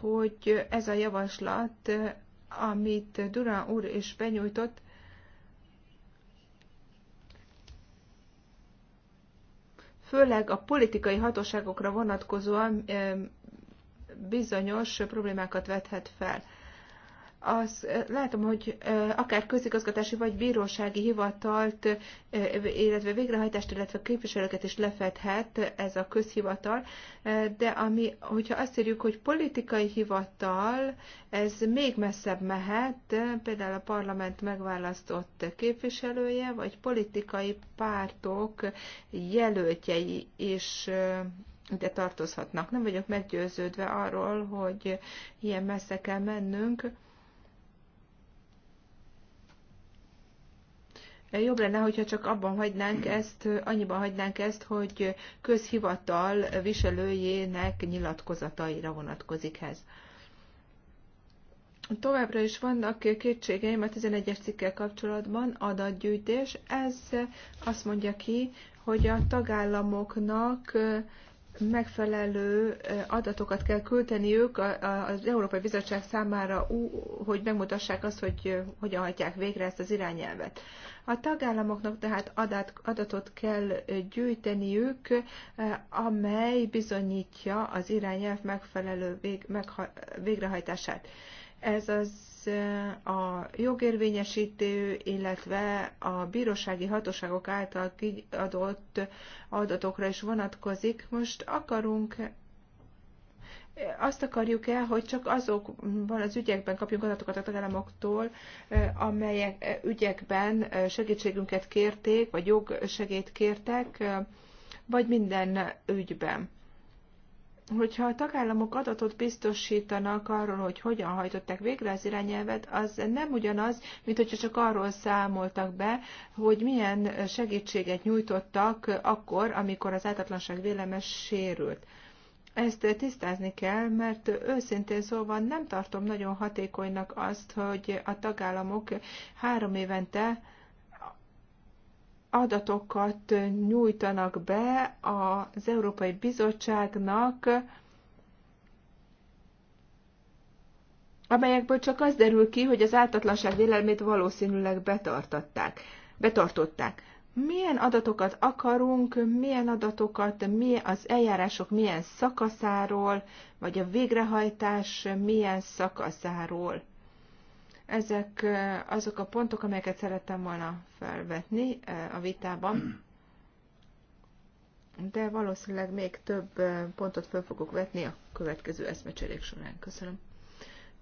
hogy ez a javaslat, amit Durán úr is benyújtott, főleg a politikai hatóságokra vonatkozóan bizonyos problémákat vethet fel az, látom, hogy akár közigazgatási vagy bírósági hivatalt, illetve végrehajtást, illetve képviselőket is lefedhet ez a közhivatal, de ami, hogyha azt írjuk, hogy politikai hivatal, ez még messzebb mehet, például a parlament megválasztott képviselője, vagy politikai pártok jelöltjei is ide tartozhatnak. Nem vagyok meggyőződve arról, hogy ilyen messze kell mennünk Jobb lenne, hogyha csak abban hagynánk ezt, annyiban hagynánk ezt, hogy közhivatal viselőjének nyilatkozataira vonatkozik ez. Továbbra is vannak kétségeim a 11-es cikkel kapcsolatban, adatgyűjtés. Ez azt mondja ki, hogy a tagállamoknak megfelelő adatokat kell küldeniük az Európai Bizottság számára, hogy megmutassák azt, hogy hogyan hajtják végre ezt az irányelvet. A tagállamoknak tehát adatot kell gyűjteniük, amely bizonyítja az irányelv megfelelő végrehajtását. Ez az Eh, a jogérvényesítő, illetve a bírósági hatóságok által kiadott adatokra is vonatkozik. Most akarunk eh, azt akarjuk el, hogy csak azokban az ügyekben kapjunk adatokat a tagállamoktól, eh, amelyek ügyekben segítségünket kérték, vagy jogsegét kértek, vagy minden ügyben hogyha a tagállamok adatot biztosítanak arról, hogy hogyan hajtották végre az irányelvet, az nem ugyanaz, mint hogyha csak arról számoltak be, hogy milyen segítséget nyújtottak akkor, amikor az ártatlanság véleme sérült. Ezt tisztázni kell, mert őszintén szóval nem tartom nagyon hatékonynak azt, hogy a tagállamok három évente adatokat nyújtanak be az Európai Bizottságnak, amelyekből csak az derül ki, hogy az áltatlanság vélelmét valószínűleg betartatták, betartották. Milyen adatokat akarunk, milyen adatokat, mi az eljárások milyen szakaszáról, vagy a végrehajtás milyen szakaszáról. Ezek azok a pontok, amelyeket szerettem volna felvetni a vitában, de valószínűleg még több pontot fel fogok vetni a következő eszmecserék során. Köszönöm.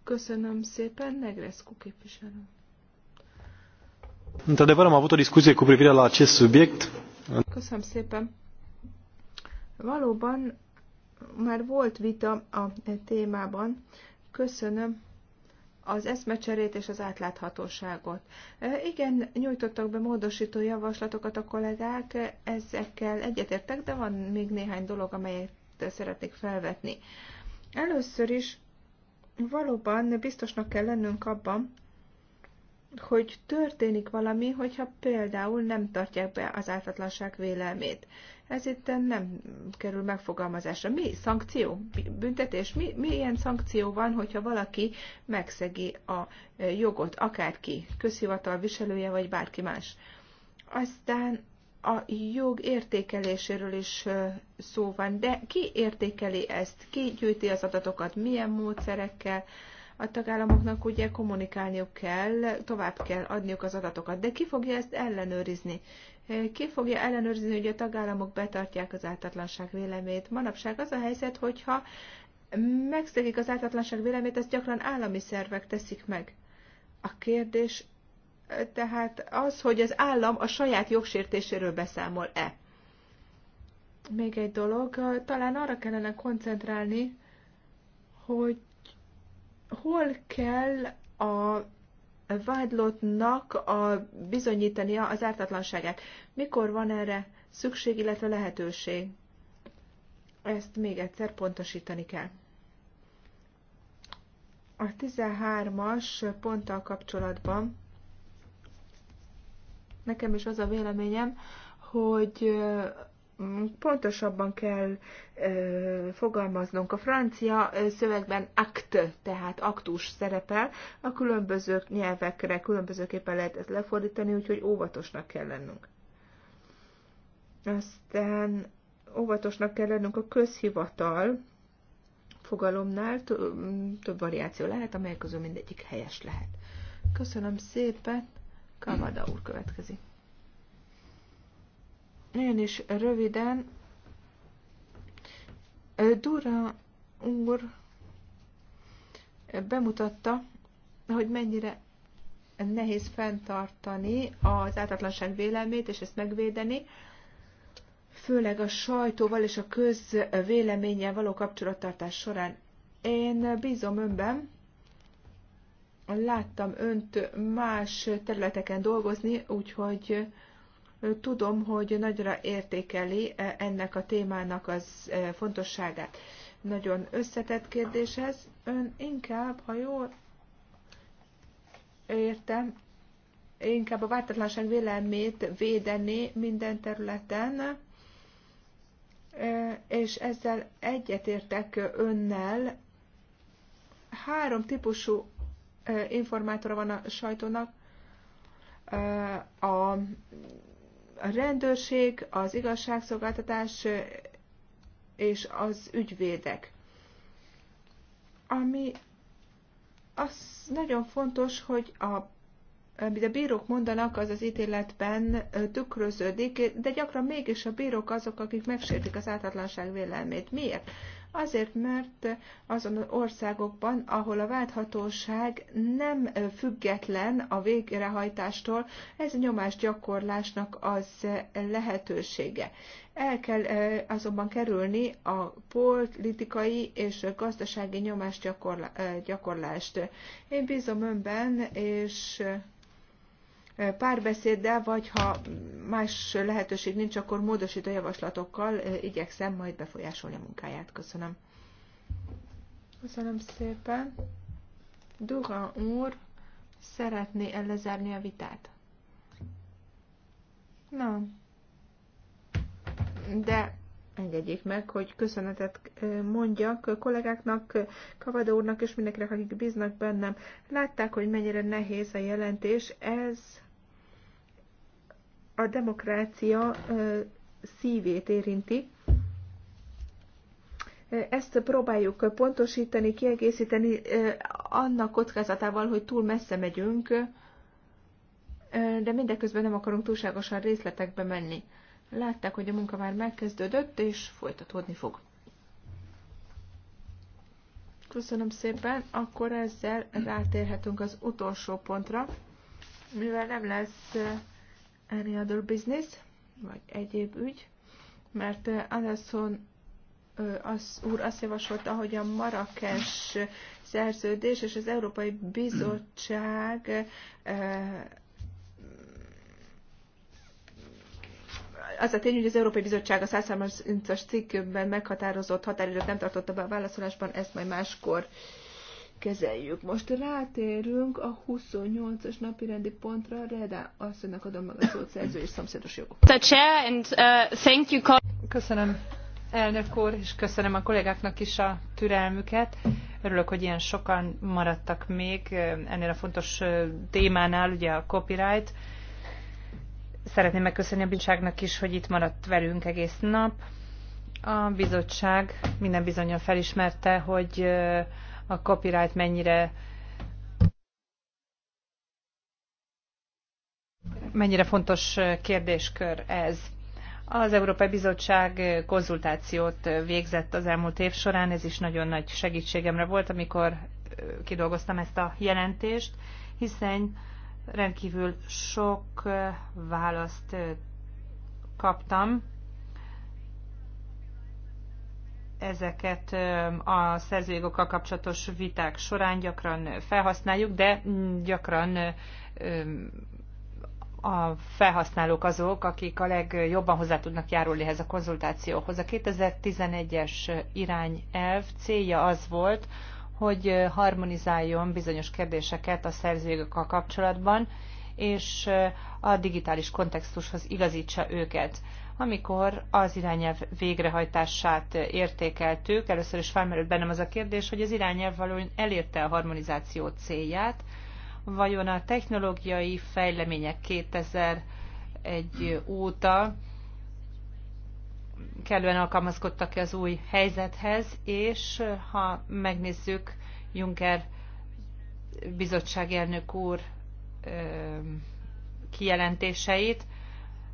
Köszönöm szépen, Negrescu képviselő. Într-adevăr, am avut o discuție cu privire la acest subiect. Köszönöm szépen. Valóban már volt vita a témában. Köszönöm az eszmecserét és az átláthatóságot. Igen, nyújtottak be módosító javaslatokat a kollégák, ezekkel egyetértek, de van még néhány dolog, amelyet szeretnék felvetni. Először is valóban biztosnak kell lennünk abban, hogy történik valami, hogyha például nem tartják be az ártatlanság vélelmét ez itt nem kerül megfogalmazásra. Mi szankció, büntetés, mi, milyen szankció van, hogyha valaki megszegi a jogot, akárki, közhivatal viselője, vagy bárki más. Aztán a jog értékeléséről is szó van, de ki értékeli ezt, ki gyűjti az adatokat, milyen módszerekkel, a tagállamoknak ugye kommunikálniuk kell, tovább kell adniuk az adatokat, de ki fogja ezt ellenőrizni? Ki fogja ellenőrizni, hogy a tagállamok betartják az ártatlanság vélemét? Manapság az a helyzet, hogyha megszegik az ártatlanság vélemét, ezt gyakran állami szervek teszik meg. A kérdés tehát az, hogy az állam a saját jogsértéséről beszámol-e. Még egy dolog, talán arra kellene koncentrálni, hogy hol kell a vádlottnak a bizonyítani, az ártatlanságát. Mikor van erre szükség, illetve lehetőség? Ezt még egyszer pontosítani kell. A 13-as ponttal kapcsolatban nekem is az a véleményem, hogy pontosabban kell ö, fogalmaznunk. A francia szövegben act, tehát aktus szerepel, a különböző nyelvekre különbözőképpen lehet ezt lefordítani, úgyhogy óvatosnak kell lennünk. Aztán óvatosnak kell lennünk a közhivatal fogalomnál, több variáció lehet, amely közül mindegyik helyes lehet. Köszönöm szépen, Kavada úr következik. Én is röviden. Dura úr bemutatta, hogy mennyire nehéz fenntartani az ártatlanság vélemét, és ezt megvédeni, főleg a sajtóval és a közvéleménnyel való kapcsolattartás során. Én bízom önben, láttam önt más területeken dolgozni, úgyhogy Tudom, hogy nagyra értékeli e, ennek a témának az e, fontosságát. Nagyon összetett kérdés ez. Ön inkább, ha jól értem, inkább a vártatlanság vélemét védeni minden területen, e, és ezzel egyetértek önnel. Három típusú informátora van a sajtónak, a a rendőrség, az igazságszolgáltatás és az ügyvédek. Ami az nagyon fontos, hogy a amit a bírók mondanak, az az ítéletben tükröződik, de gyakran mégis a bírók azok, akik megsértik az áltatlanság vélelmét. Miért? Azért, mert azon az országokban, ahol a válthatóság nem független a végrehajtástól, ez a nyomásgyakorlásnak az lehetősége. El kell azonban kerülni a politikai és gazdasági nyomásgyakorlást. Én bízom önben, és párbeszéddel, vagy ha más lehetőség nincs, akkor módosító javaslatokkal igyekszem majd befolyásolni a munkáját. Köszönöm. Köszönöm szépen. Duha úr szeretné ellezárni a vitát. Na, de engedjék meg, hogy köszönetet mondjak kollégáknak, Kavada úrnak és mindenkinek, akik bíznak bennem. Látták, hogy mennyire nehéz a jelentés. Ez a demokrácia szívét érinti. Ezt próbáljuk pontosítani, kiegészíteni annak kockázatával, hogy túl messze megyünk, de mindeközben nem akarunk túlságosan részletekbe menni. Látták, hogy a munka már megkezdődött, és folytatódni fog. Köszönöm szépen, akkor ezzel rátérhetünk az utolsó pontra, mivel nem lesz any other business, vagy egyéb ügy, mert eh, Anderson az úr azt javasolta, hogy a Marrakes szerződés és az Európai Bizottság eh, az a tény, hogy az Európai Bizottság a 130-as cikkben meghatározott határidőt nem tartotta be a válaszolásban, ezt majd máskor kezeljük. Most rátérünk a 28-as napi rendi pontra, Reda asszonynak adom meg a szót szerző és szomszédos jogok. Uh, köszönöm elnök úr, és köszönöm a kollégáknak is a türelmüket. Örülök, hogy ilyen sokan maradtak még ennél a fontos témánál, ugye a copyright. Szeretném megköszönni a bizottságnak is, hogy itt maradt velünk egész nap. A bizottság minden bizonyal felismerte, hogy a copyright mennyire mennyire fontos kérdéskör ez. Az Európai Bizottság konzultációt végzett az elmúlt év során, ez is nagyon nagy segítségemre volt, amikor kidolgoztam ezt a jelentést, hiszen rendkívül sok választ kaptam ezeket a szerzőjogokkal kapcsolatos viták során gyakran felhasználjuk, de gyakran a felhasználók azok, akik a legjobban hozzá tudnak járulni ehhez a konzultációhoz. A 2011-es irányelv célja az volt, hogy harmonizáljon bizonyos kérdéseket a szerzőjogokkal kapcsolatban, és a digitális kontextushoz igazítsa őket. Amikor az irányelv végrehajtását értékeltük, először is felmerült bennem az a kérdés, hogy az irányelv valójában elérte a harmonizáció célját, vajon a technológiai fejlemények 2001 óta kellően alkalmazkodtak az új helyzethez, és ha megnézzük Juncker bizottságelnök úr kijelentéseit,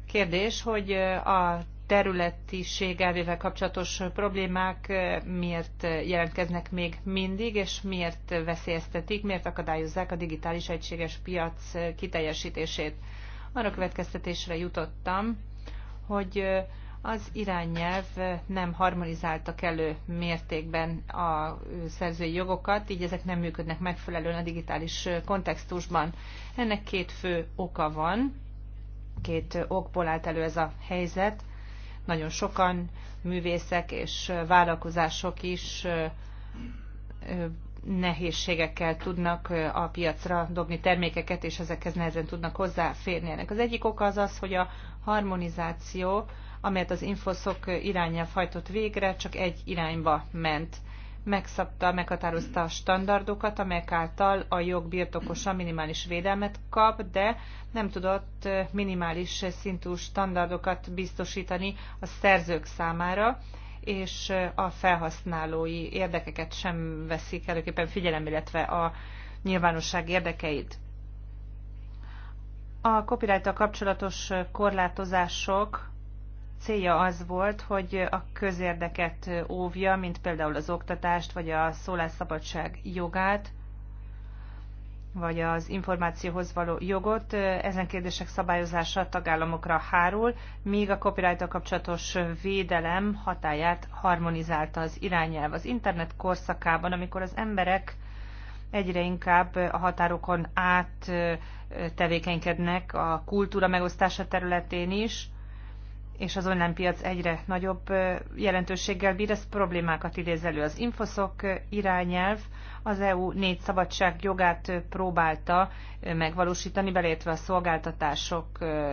Kérdés, hogy a területiség elvével kapcsolatos problémák miért jelentkeznek még mindig, és miért veszélyeztetik, miért akadályozzák a digitális egységes piac kiteljesítését. Arra következtetésre jutottam, hogy az irányelv nem harmonizálta kellő mértékben a szerzői jogokat, így ezek nem működnek megfelelően a digitális kontextusban. Ennek két fő oka van két okból állt elő ez a helyzet. Nagyon sokan művészek és vállalkozások is nehézségekkel tudnak a piacra dobni termékeket, és ezekhez nehezen tudnak hozzáférni. Ennek az egyik oka az az, hogy a harmonizáció, amelyet az infoszok irányjal hajtott végre, csak egy irányba ment megszabta, meghatározta a standardokat, amelyek által a jog birtokosa minimális védelmet kap, de nem tudott eh, minimális szintű standardokat biztosítani a szerzők számára, és eh, a felhasználói érdekeket sem veszik előképpen figyelem, illetve a nyilvánosság érdekeit. A copyright kapcsolatos eh, korlátozások célja az volt, hogy a közérdeket óvja, mint például az oktatást, vagy a szólásszabadság jogát, vagy az információhoz való jogot. Ezen kérdések szabályozása a tagállamokra hárul, míg a copyright kapcsolatos védelem hatáját harmonizálta az irányelv. Az internet korszakában, amikor az emberek egyre inkább a határokon át tevékenykednek a kultúra megosztása területén is, és az online piac egyre nagyobb jelentőséggel bír, ez problémákat idéz elő. Az infoszok irányelv az EU négy szabadság jogát próbálta megvalósítani, beleértve a szolgáltatások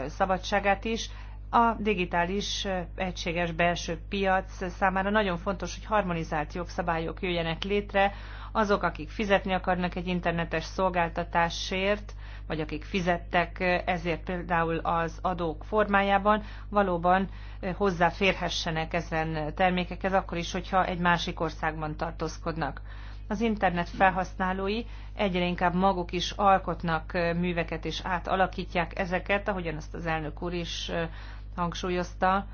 szabadságát is. A digitális egységes belső piac számára nagyon fontos, hogy harmonizált jogszabályok jöjjenek létre. Azok, akik fizetni akarnak egy internetes szolgáltatásért, vagy akik fizettek ezért például az adók formájában, valóban hozzáférhessenek ezen termékekhez, akkor is, hogyha egy másik országban tartózkodnak az internet felhasználói egyre inkább maguk is alkotnak műveket és átalakítják ezeket, ahogyan ezt az elnök úr is hangsúlyozta.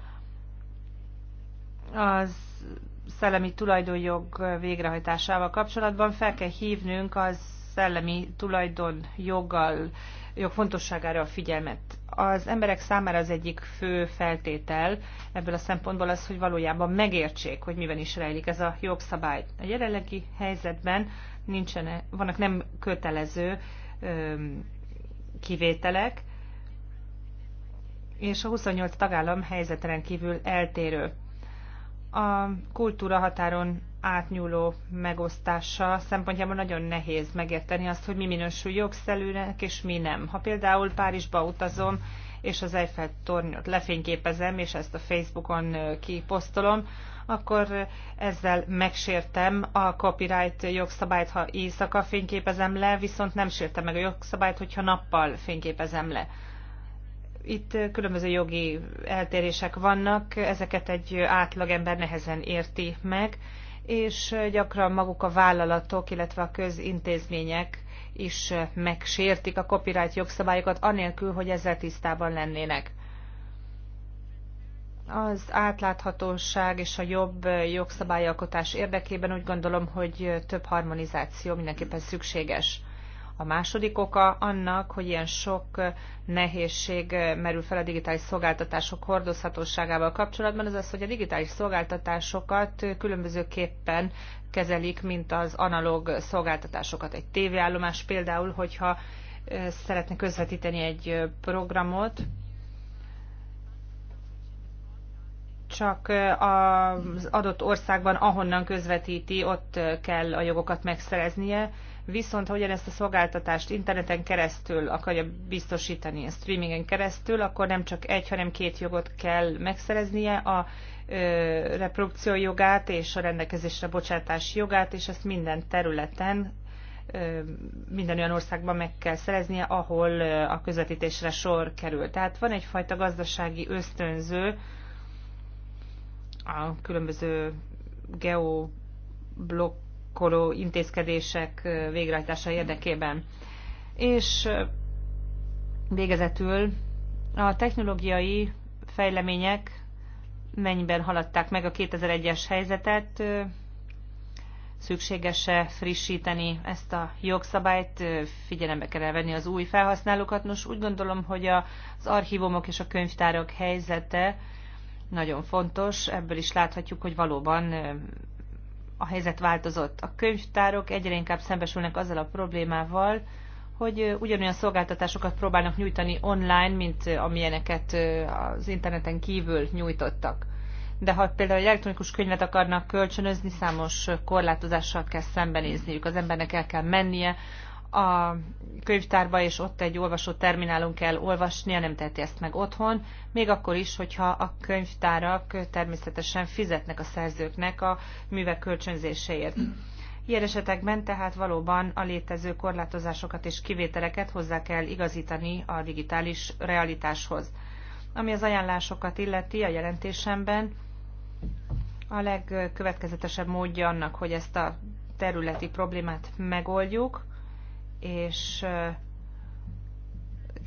Az szellemi tulajdonjog végrehajtásával kapcsolatban fel kell hívnünk az szellemi tulajdon joggal, jog fontosságára a figyelmet. Az emberek számára az egyik fő feltétel ebből a szempontból az, hogy valójában megértsék, hogy miben is rejlik ez a jogszabály. A jelenlegi helyzetben nincsen, vannak nem kötelező öm, kivételek, és a 28 tagállam helyzeten kívül eltérő. A kultúra határon átnyúló megosztása szempontjából nagyon nehéz megérteni azt, hogy mi minősül jogszerűnek és mi nem. Ha például Párizsba utazom, és az Eiffel tornyot lefényképezem, és ezt a Facebookon kiposztolom, akkor ezzel megsértem a copyright jogszabályt, ha éjszaka fényképezem le, viszont nem sértem meg a jogszabályt, hogyha nappal fényképezem le. Itt különböző jogi eltérések vannak, ezeket egy átlagember nehezen érti meg, és gyakran maguk a vállalatok, illetve a közintézmények is megsértik a copyright jogszabályokat, anélkül, hogy ezzel tisztában lennének. Az átláthatóság és a jobb jogszabályalkotás érdekében úgy gondolom, hogy több harmonizáció mindenképpen szükséges. A második oka annak, hogy ilyen sok nehézség merül fel a digitális szolgáltatások hordozhatóságával kapcsolatban, az az, hogy a digitális szolgáltatásokat különbözőképpen kezelik, mint az analóg szolgáltatásokat. Egy tévéállomás például, hogyha szeretne közvetíteni egy programot, csak az adott országban, ahonnan közvetíti, ott kell a jogokat megszereznie, viszont hogyan ezt a szolgáltatást interneten keresztül akarja biztosítani, a streamingen keresztül, akkor nem csak egy, hanem két jogot kell megszereznie, a ö, reprodukció jogát és a rendelkezésre bocsátás jogát, és ezt minden területen, ö, minden olyan országban meg kell szereznie, ahol ö, a közvetítésre sor kerül. Tehát van egyfajta gazdasági ösztönző a különböző geoblokk sarkoló intézkedések végrehajtása érdekében. És végezetül a technológiai fejlemények mennyiben haladták meg a 2001-es helyzetet, szükséges-e frissíteni ezt a jogszabályt, figyelembe kell venni az új felhasználókat. Nos, úgy gondolom, hogy az archívumok és a könyvtárok helyzete nagyon fontos, ebből is láthatjuk, hogy valóban a helyzet változott. A könyvtárok egyre inkább szembesülnek azzal a problémával, hogy ugyanolyan szolgáltatásokat próbálnak nyújtani online, mint amilyeneket az interneten kívül nyújtottak. De ha például egy elektronikus könyvet akarnak kölcsönözni, számos korlátozással kell szembenézniük. Az embernek el kell mennie a könyvtárba, és ott egy olvasó terminálon kell olvasnia, nem teheti ezt meg otthon, még akkor is, hogyha a könyvtárak természetesen fizetnek a szerzőknek a művek kölcsönzéséért. Ilyen esetekben tehát valóban a létező korlátozásokat és kivételeket hozzá kell igazítani a digitális realitáshoz. Ami az ajánlásokat illeti a jelentésemben, a legkövetkezetesebb módja annak, hogy ezt a területi problémát megoldjuk, és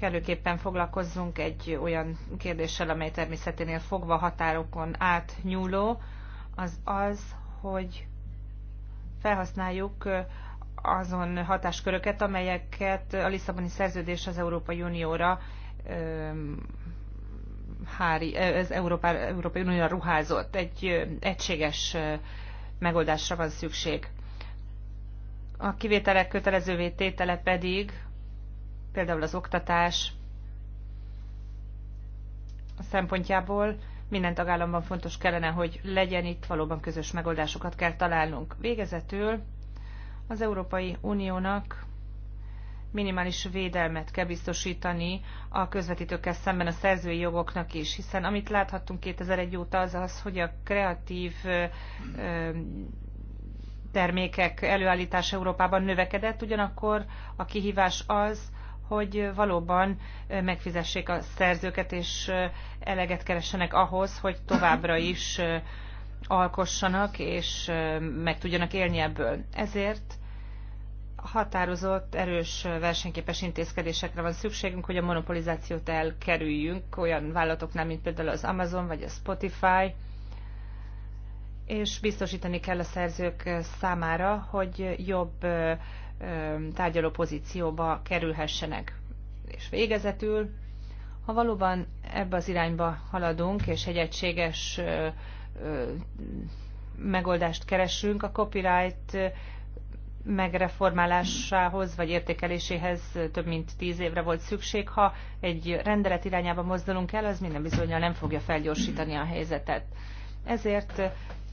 kellőképpen foglalkozzunk egy olyan kérdéssel, amely természeténél fogva határokon átnyúló, az az, hogy felhasználjuk azon hatásköröket, amelyeket a Lisszaboni szerződés az Európai Unióra hári, az Európa, Európai Unióra ruházott. Egy egységes megoldásra van szükség. A kivételek kötelezővé tétele pedig például az oktatás a szempontjából minden tagállamban fontos kellene, hogy legyen itt valóban közös megoldásokat kell találnunk. Végezetül az Európai Uniónak minimális védelmet kell biztosítani a közvetítőkkel szemben a szerzői jogoknak is, hiszen amit láthattunk 2001 óta az az, hogy a kreatív termékek előállítása Európában növekedett, ugyanakkor a kihívás az, hogy valóban megfizessék a szerzőket, és eleget keressenek ahhoz, hogy továbbra is alkossanak, és meg tudjanak élni ebből. Ezért határozott, erős versenyképes intézkedésekre van szükségünk, hogy a monopolizációt elkerüljünk olyan vállalatoknál, mint például az Amazon vagy a Spotify, és biztosítani kell a szerzők számára, hogy jobb tárgyaló pozícióba kerülhessenek. És végezetül, ha valóban ebbe az irányba haladunk, és egy egységes megoldást keresünk, a copyright megreformálásához vagy értékeléséhez több mint tíz évre volt szükség. Ha egy rendelet irányába mozdulunk el, az minden bizonyal nem fogja felgyorsítani a helyzetet. Ezért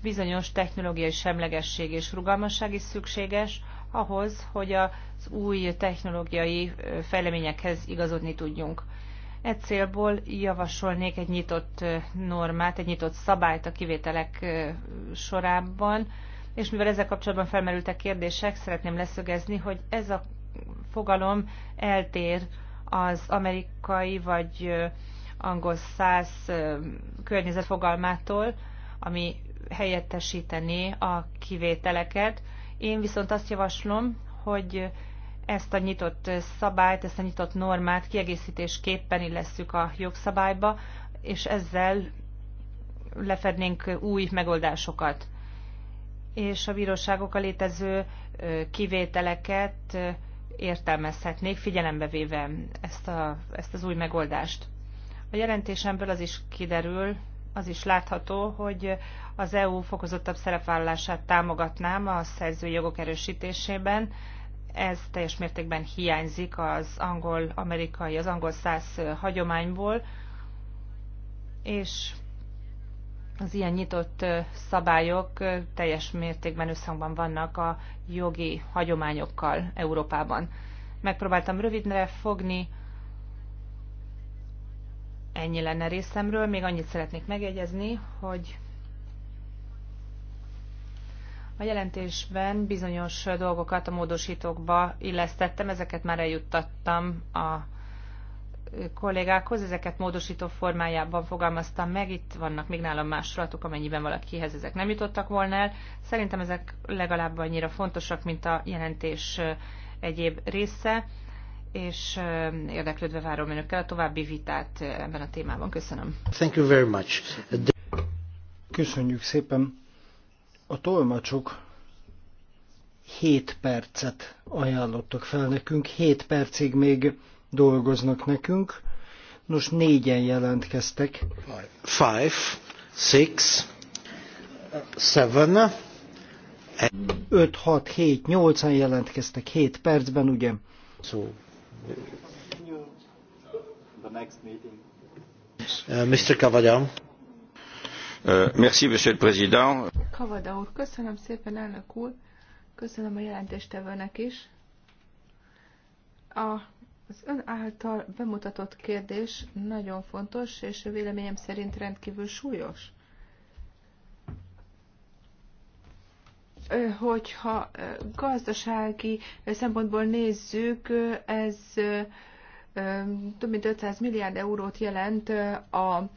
bizonyos technológiai semlegesség és rugalmasság is szükséges ahhoz, hogy az új technológiai fejleményekhez igazodni tudjunk. E célból javasolnék egy nyitott normát, egy nyitott szabályt a kivételek sorában, és mivel ezzel kapcsolatban felmerültek kérdések, szeretném leszögezni, hogy ez a fogalom eltér az amerikai vagy angol száz környezet fogalmától, ami helyettesíteni a kivételeket. Én viszont azt javaslom, hogy ezt a nyitott szabályt, ezt a nyitott normát kiegészítésképpen illesszük a jogszabályba, és ezzel lefednénk új megoldásokat. És a bíróságok a létező kivételeket értelmezhetnék, figyelembe véve ezt, a, ezt az új megoldást. A jelentésemből az is kiderül, az is látható, hogy az EU fokozottabb szerepvállalását támogatnám a szerzői jogok erősítésében. Ez teljes mértékben hiányzik az angol-amerikai, az angol száz hagyományból, és az ilyen nyitott szabályok teljes mértékben összhangban vannak a jogi hagyományokkal Európában. Megpróbáltam rövidre fogni Ennyi lenne részemről. Még annyit szeretnék megjegyezni, hogy a jelentésben bizonyos dolgokat a módosítókba illesztettem, ezeket már eljuttattam a kollégákhoz, ezeket módosító formájában fogalmaztam meg, itt vannak még nálam másolatok, amennyiben valakihez ezek nem jutottak volna el. Szerintem ezek legalább annyira fontosak, mint a jelentés egyéb része és érdeklődve várom önökkel a további vitát ebben a témában. Köszönöm. Thank you very much. De... Köszönjük szépen. A tolmacsok 7 percet ajánlottak fel nekünk, 7 percig még dolgoznak nekünk. Nos, négyen jelentkeztek. Five, six, seven, 5, 6, 7, 8-an jelentkeztek 7 percben, ugye? So Uh, Mr. Kavada. Uh, merci, Monsieur le Président. Kavada úr, köszönöm szépen, elnök úr. Köszönöm a jelentéstevőnek is. A az ön által bemutatott kérdés nagyon fontos, és véleményem szerint rendkívül súlyos. hogyha gazdasági szempontból nézzük, ez több mint 500 milliárd eurót jelent a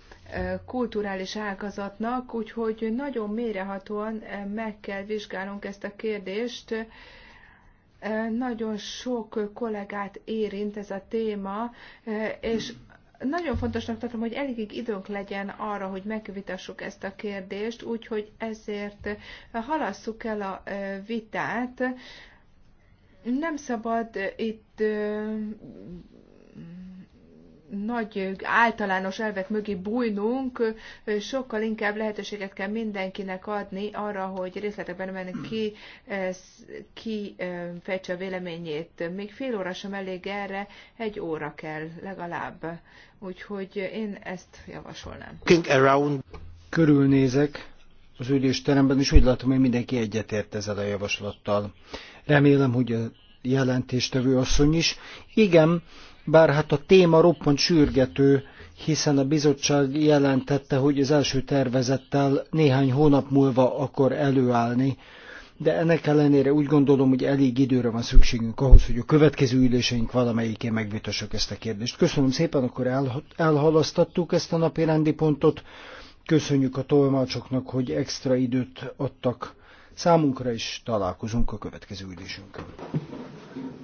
kulturális ágazatnak, úgyhogy nagyon mérehatóan meg kell vizsgálnunk ezt a kérdést. Nagyon sok kollégát érint ez a téma, és nagyon fontosnak tartom, hogy elég időnk legyen arra, hogy megvitassuk ezt a kérdést, úgyhogy ezért halasszuk el a vitát. Nem szabad itt nagy általános elvek mögé bújnunk, sokkal inkább lehetőséget kell mindenkinek adni arra, hogy részletekben menni ki, ki fejtse a véleményét. Még fél óra sem elég erre, egy óra kell legalább. Úgyhogy én ezt javasolnám. Körülnézek az ülésteremben, és úgy látom, hogy mindenki egyetért ezzel a javaslattal. Remélem, hogy a jelentéstevő asszony is. Igen, bár hát a téma roppant sürgető, hiszen a bizottság jelentette, hogy az első tervezettel néhány hónap múlva akar előállni, de ennek ellenére úgy gondolom, hogy elég időre van szükségünk ahhoz, hogy a következő üléseink valamelyikén megvitassuk ezt a kérdést. Köszönöm szépen, akkor elhalasztattuk ezt a napi rendi pontot. Köszönjük a tolmácsoknak, hogy extra időt adtak számunkra, és találkozunk a következő ülésünkön.